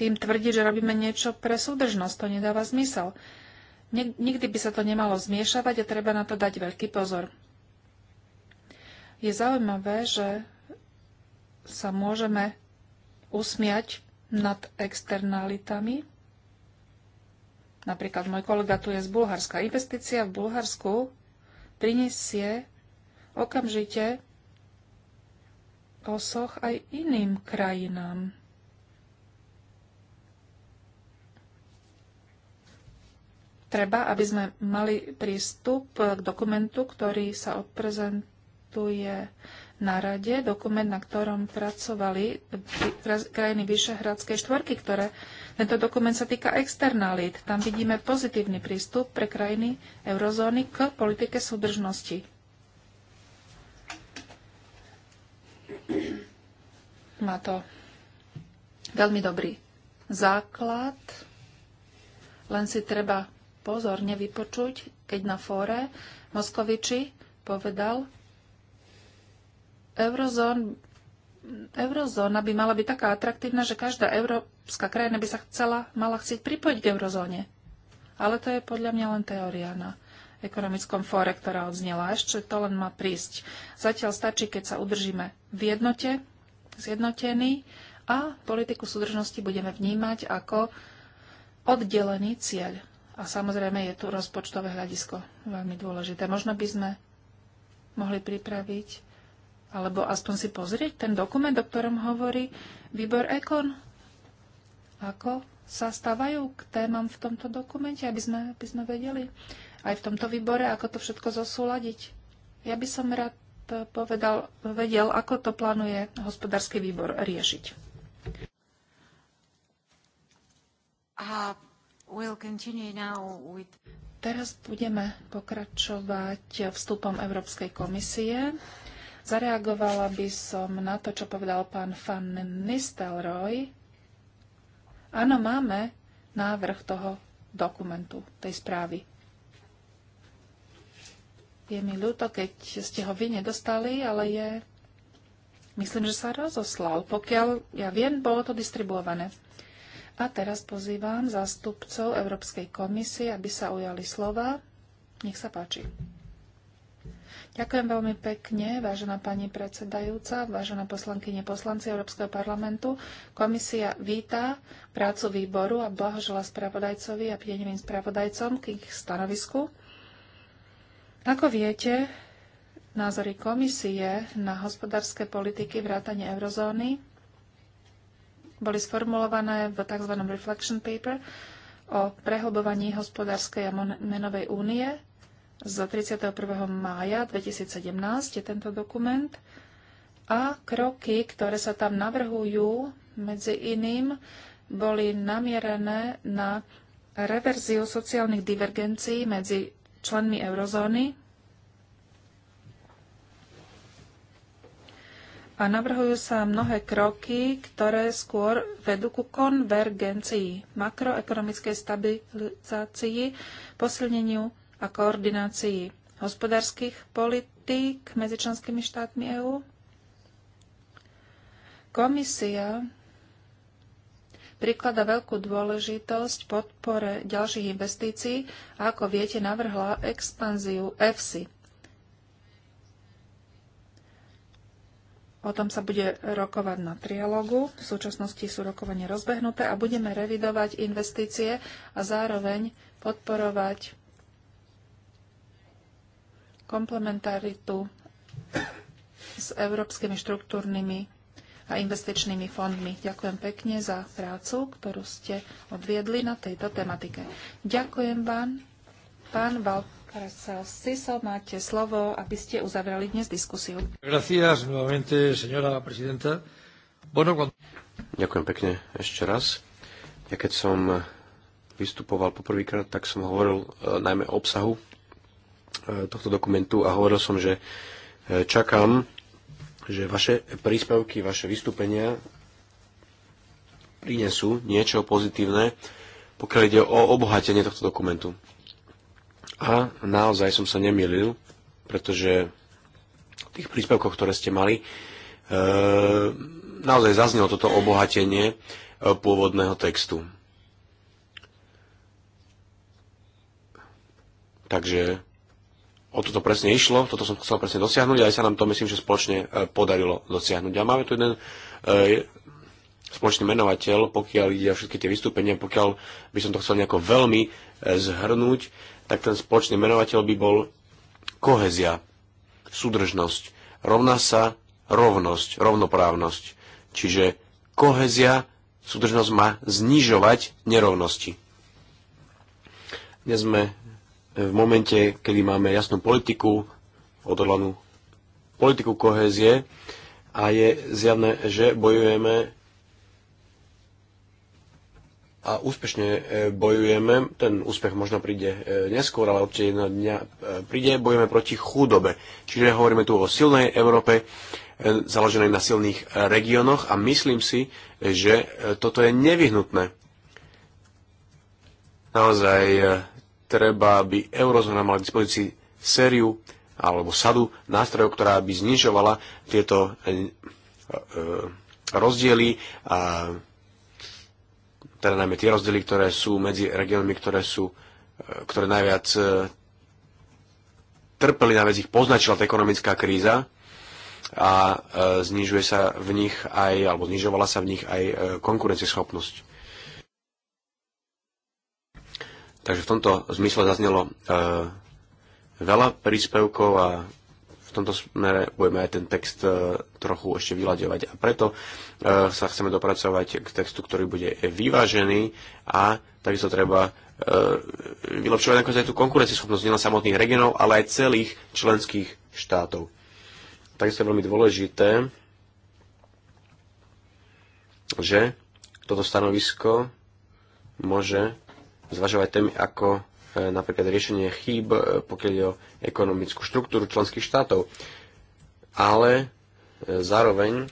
tým tvrdiť, že robíme niečo pre súdržnosť. To nedáva zmysel. Nikdy by sa to nemalo zmiešavať a treba na to dať veľký pozor. Je zaujímavé, že sa môžeme usmiať nad externalitami. Napríklad môj kolega tu je z Bulharska. Investícia v Bulharsku prinesie okamžite osoch aj iným krajinám. treba, aby sme mali prístup k dokumentu, ktorý sa odprezentuje na rade, dokument, na ktorom pracovali krajiny Vyšehradskej štvorky, ktoré tento dokument sa týka externalít. Tam vidíme pozitívny prístup pre krajiny eurozóny k politike súdržnosti. Má to veľmi dobrý základ, len si treba pozorne vypočuť, keď na fóre Moskoviči povedal, eurozón, eurozóna by mala byť taká atraktívna, že každá európska krajina by sa chcela, mala chcieť pripojiť k eurozóne. Ale to je podľa mňa len teória na ekonomickom fóre, ktorá odznela. Ešte to len má prísť. Zatiaľ stačí, keď sa udržíme v jednote, zjednotení a politiku súdržnosti budeme vnímať ako oddelený cieľ. A samozrejme je tu rozpočtové hľadisko veľmi dôležité. Možno by sme mohli pripraviť, alebo aspoň si pozrieť ten dokument, o ktorom hovorí výbor Ekon. Ako sa stávajú k témam v tomto dokumente, aby sme, aby sme vedeli aj v tomto výbore, ako to všetko zosúľadiť. Ja by som rád e, povedal, vedel, ako to plánuje hospodársky výbor riešiť. A Teraz budeme pokračovať vstupom Európskej komisie. Zareagovala by som na to, čo povedal pán Van Nistelrooy. Áno, máme návrh toho dokumentu, tej správy. Je mi ľúto, keď ste ho vy nedostali, ale je... Myslím, že sa rozoslal. Pokiaľ ja viem, bolo to distribuované. A teraz pozývam zástupcov Európskej komisie, aby sa ujali slova. Nech sa páči. Ďakujem veľmi pekne, vážená pani predsedajúca, vážená poslankyne poslanci Európskeho parlamentu. Komisia víta prácu výboru a blahožela spravodajcovi a pieňovým spravodajcom k ich stanovisku. Ako viete, názory komisie na hospodárske politiky vrátane eurozóny boli sformulované v tzv. Reflection Paper o prehlbovaní hospodárskej a menovej únie z 31. mája 2017 je tento dokument a kroky, ktoré sa tam navrhujú, medzi iným boli namierené na reverziu sociálnych divergencií medzi členmi eurozóny a navrhujú sa mnohé kroky, ktoré skôr vedú ku konvergencii, makroekonomickej stabilizácii, posilneniu a koordinácii hospodárskych politík medzi členskými štátmi EÚ. Komisia priklada veľkú dôležitosť podpore ďalších investícií a ako viete navrhla expanziu EFSI O tom sa bude rokovať na trialogu. V súčasnosti sú rokovanie rozbehnuté a budeme revidovať investície a zároveň podporovať komplementaritu s európskymi štruktúrnymi a investičnými fondmi. Ďakujem pekne za prácu, ktorú ste odviedli na tejto tematike. Ďakujem vám, pán Val Presel Siso, máte slovo, aby ste uzavrali dnes diskusiu. Gracias, nuevamente, señora presidenta. Bueno, cuando... Ďakujem pekne ešte raz. Ja keď som vystupoval poprvýkrát, tak som hovoril e, najmä o obsahu e, tohto dokumentu a hovoril som, že e, čakám, že vaše príspevky, vaše vystúpenia prinesú niečo pozitívne, pokiaľ ide o obohatenie tohto dokumentu. A naozaj som sa nemýlil, pretože v tých príspevkoch, ktoré ste mali, e, naozaj zaznelo toto obohatenie e, pôvodného textu. Takže o toto presne išlo, toto som chcel presne dosiahnuť a aj sa nám to myslím, že spoločne e, podarilo dosiahnuť. A máme tu jeden spoločný menovateľ, pokiaľ ide o všetky tie vystúpenia, pokiaľ by som to chcel nejako veľmi zhrnúť, tak ten spoločný menovateľ by bol kohezia, súdržnosť. Rovná sa rovnosť, rovnoprávnosť. Čiže kohezia, súdržnosť má znižovať nerovnosti. Dnes sme v momente, kedy máme jasnú politiku, odhodlanú politiku kohézie a je zjavné, že bojujeme a úspešne e, bojujeme, ten úspech možno príde e, neskôr, ale určite jedno dňa e, príde, bojujeme proti chudobe. Čiže hovoríme tu o silnej Európe, založenej na silných regiónoch a myslím si, že toto je nevyhnutné. Naozaj treba, aby eurozóna mala k dispozícii sériu alebo sadu nástrojov, ktorá by znižovala tieto rozdiely a teda najmä tie rozdiely, ktoré sú medzi regiónmi, ktoré sú, e, ktoré najviac e, trpeli, najviac ich poznačila tá ekonomická kríza a e, znižuje sa v nich aj, alebo znižovala sa v nich aj konkurencieschopnosť. Takže v tomto zmysle zaznelo veľa príspevkov a v tomto smere budeme aj ten text e, trochu ešte vyľaďovať. A preto e, sa chceme dopracovať k textu, ktorý bude vyvážený a takisto treba e, vylepšovať aj tú konkurencieschopnosť nielen samotných regionov, ale aj celých členských štátov. Takisto je veľmi dôležité, že toto stanovisko môže zvažovať témy ako E, napríklad riešenie chýb, e, pokiaľ ide o ekonomickú štruktúru členských štátov. Ale e, zároveň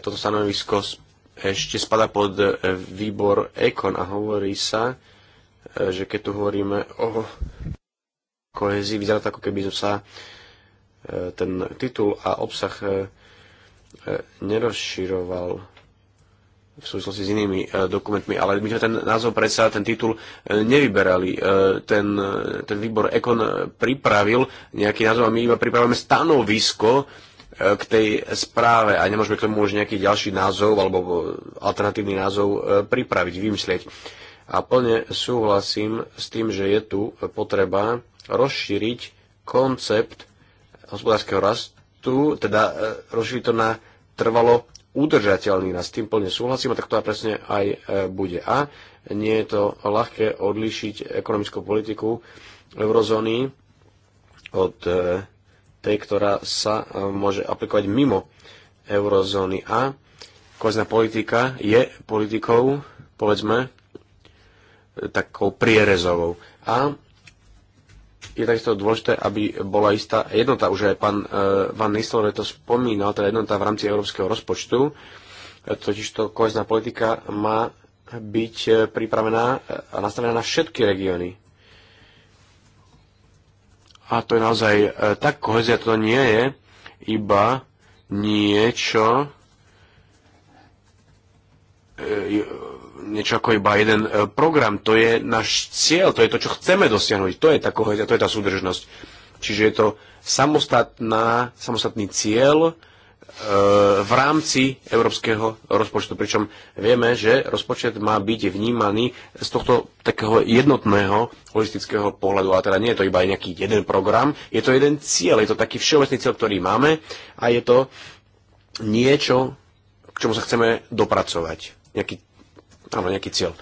toto stanovisko ešte spada pod výbor Ekon a hovorí sa, že keď tu hovoríme o kohezii, vyzerá to ako keby sa ten titul a obsah nerozširoval v súvislosti s inými e, dokumentmi, ale my sme ten názov predsa, ten titul e, nevyberali. E, ten, ten výbor Ekon pripravil nejaký názov a my iba pripravíme stanovisko k tej správe a nemôžeme k tomu už nejaký ďalší názov alebo alternatívny názov pripraviť, vymyslieť. A plne súhlasím s tým, že je tu potreba rozšíriť koncept hospodárskeho rastu, teda rozšíriť to na trvalo udržateľný a s tým plne súhlasím a tak to aj presne aj e, bude. A nie je to ľahké odlíšiť ekonomickú politiku eurozóny od e, tej, ktorá sa e, môže aplikovať mimo eurozóny. A kozná politika je politikou, povedzme, takou prierezovou. A je takisto dôležité, aby bola istá jednota. Už aj pán eh, Van Nistelrooy to spomínal, teda jednota v rámci európskeho rozpočtu. Eh, totiž to kohezná politika má byť eh, pripravená a nastavená na všetky regióny. A to je naozaj, tak kohezia to nie je iba niečo, niečo ako iba jeden e, program. To je náš cieľ, to je to, čo chceme dosiahnuť. To je tá kohezia, to je tá súdržnosť. Čiže je to samostatná, samostatný cieľ e, v rámci európskeho rozpočtu. Pričom vieme, že rozpočet má byť vnímaný z tohto takého jednotného holistického pohľadu. A teda nie je to iba nejaký jeden program, je to jeden cieľ, je to taký všeobecný cieľ, ktorý máme a je to niečo, k čomu sa chceme dopracovať nejaký áno, nejaký cieľ.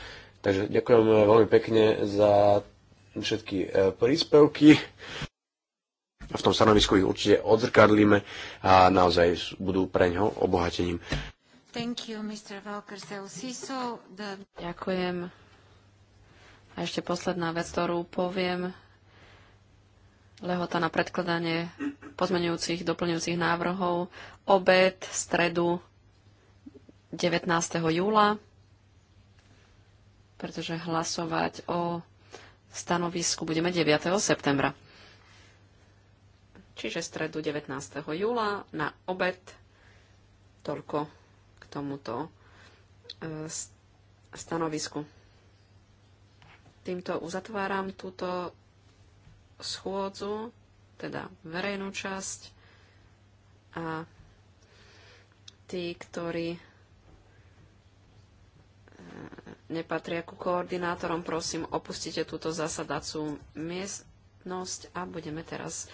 Takže ďakujem eh, veľmi pekne za všetky eh, príspevky. V tom stanovisku ich určite odzrkadlíme a naozaj budú pre ňo obohatením. Thank you, Mr. Walker, so the... Ďakujem. A ešte posledná vec, ktorú poviem. Lehota na predkladanie pozmenujúcich, doplňujúcich návrhov. Obed, stredu 19. júla pretože hlasovať o stanovisku budeme 9. septembra. Čiže stredu 19. júla na obed. Toľko k tomuto e, stanovisku. Týmto uzatváram túto schôdzu, teda verejnú časť a tí, ktorí nepatria ku koordinátorom, prosím, opustite túto zasadacú miestnosť a budeme teraz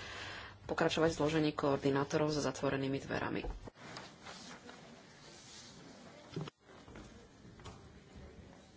pokračovať v zložení koordinátorov za so zatvorenými dverami.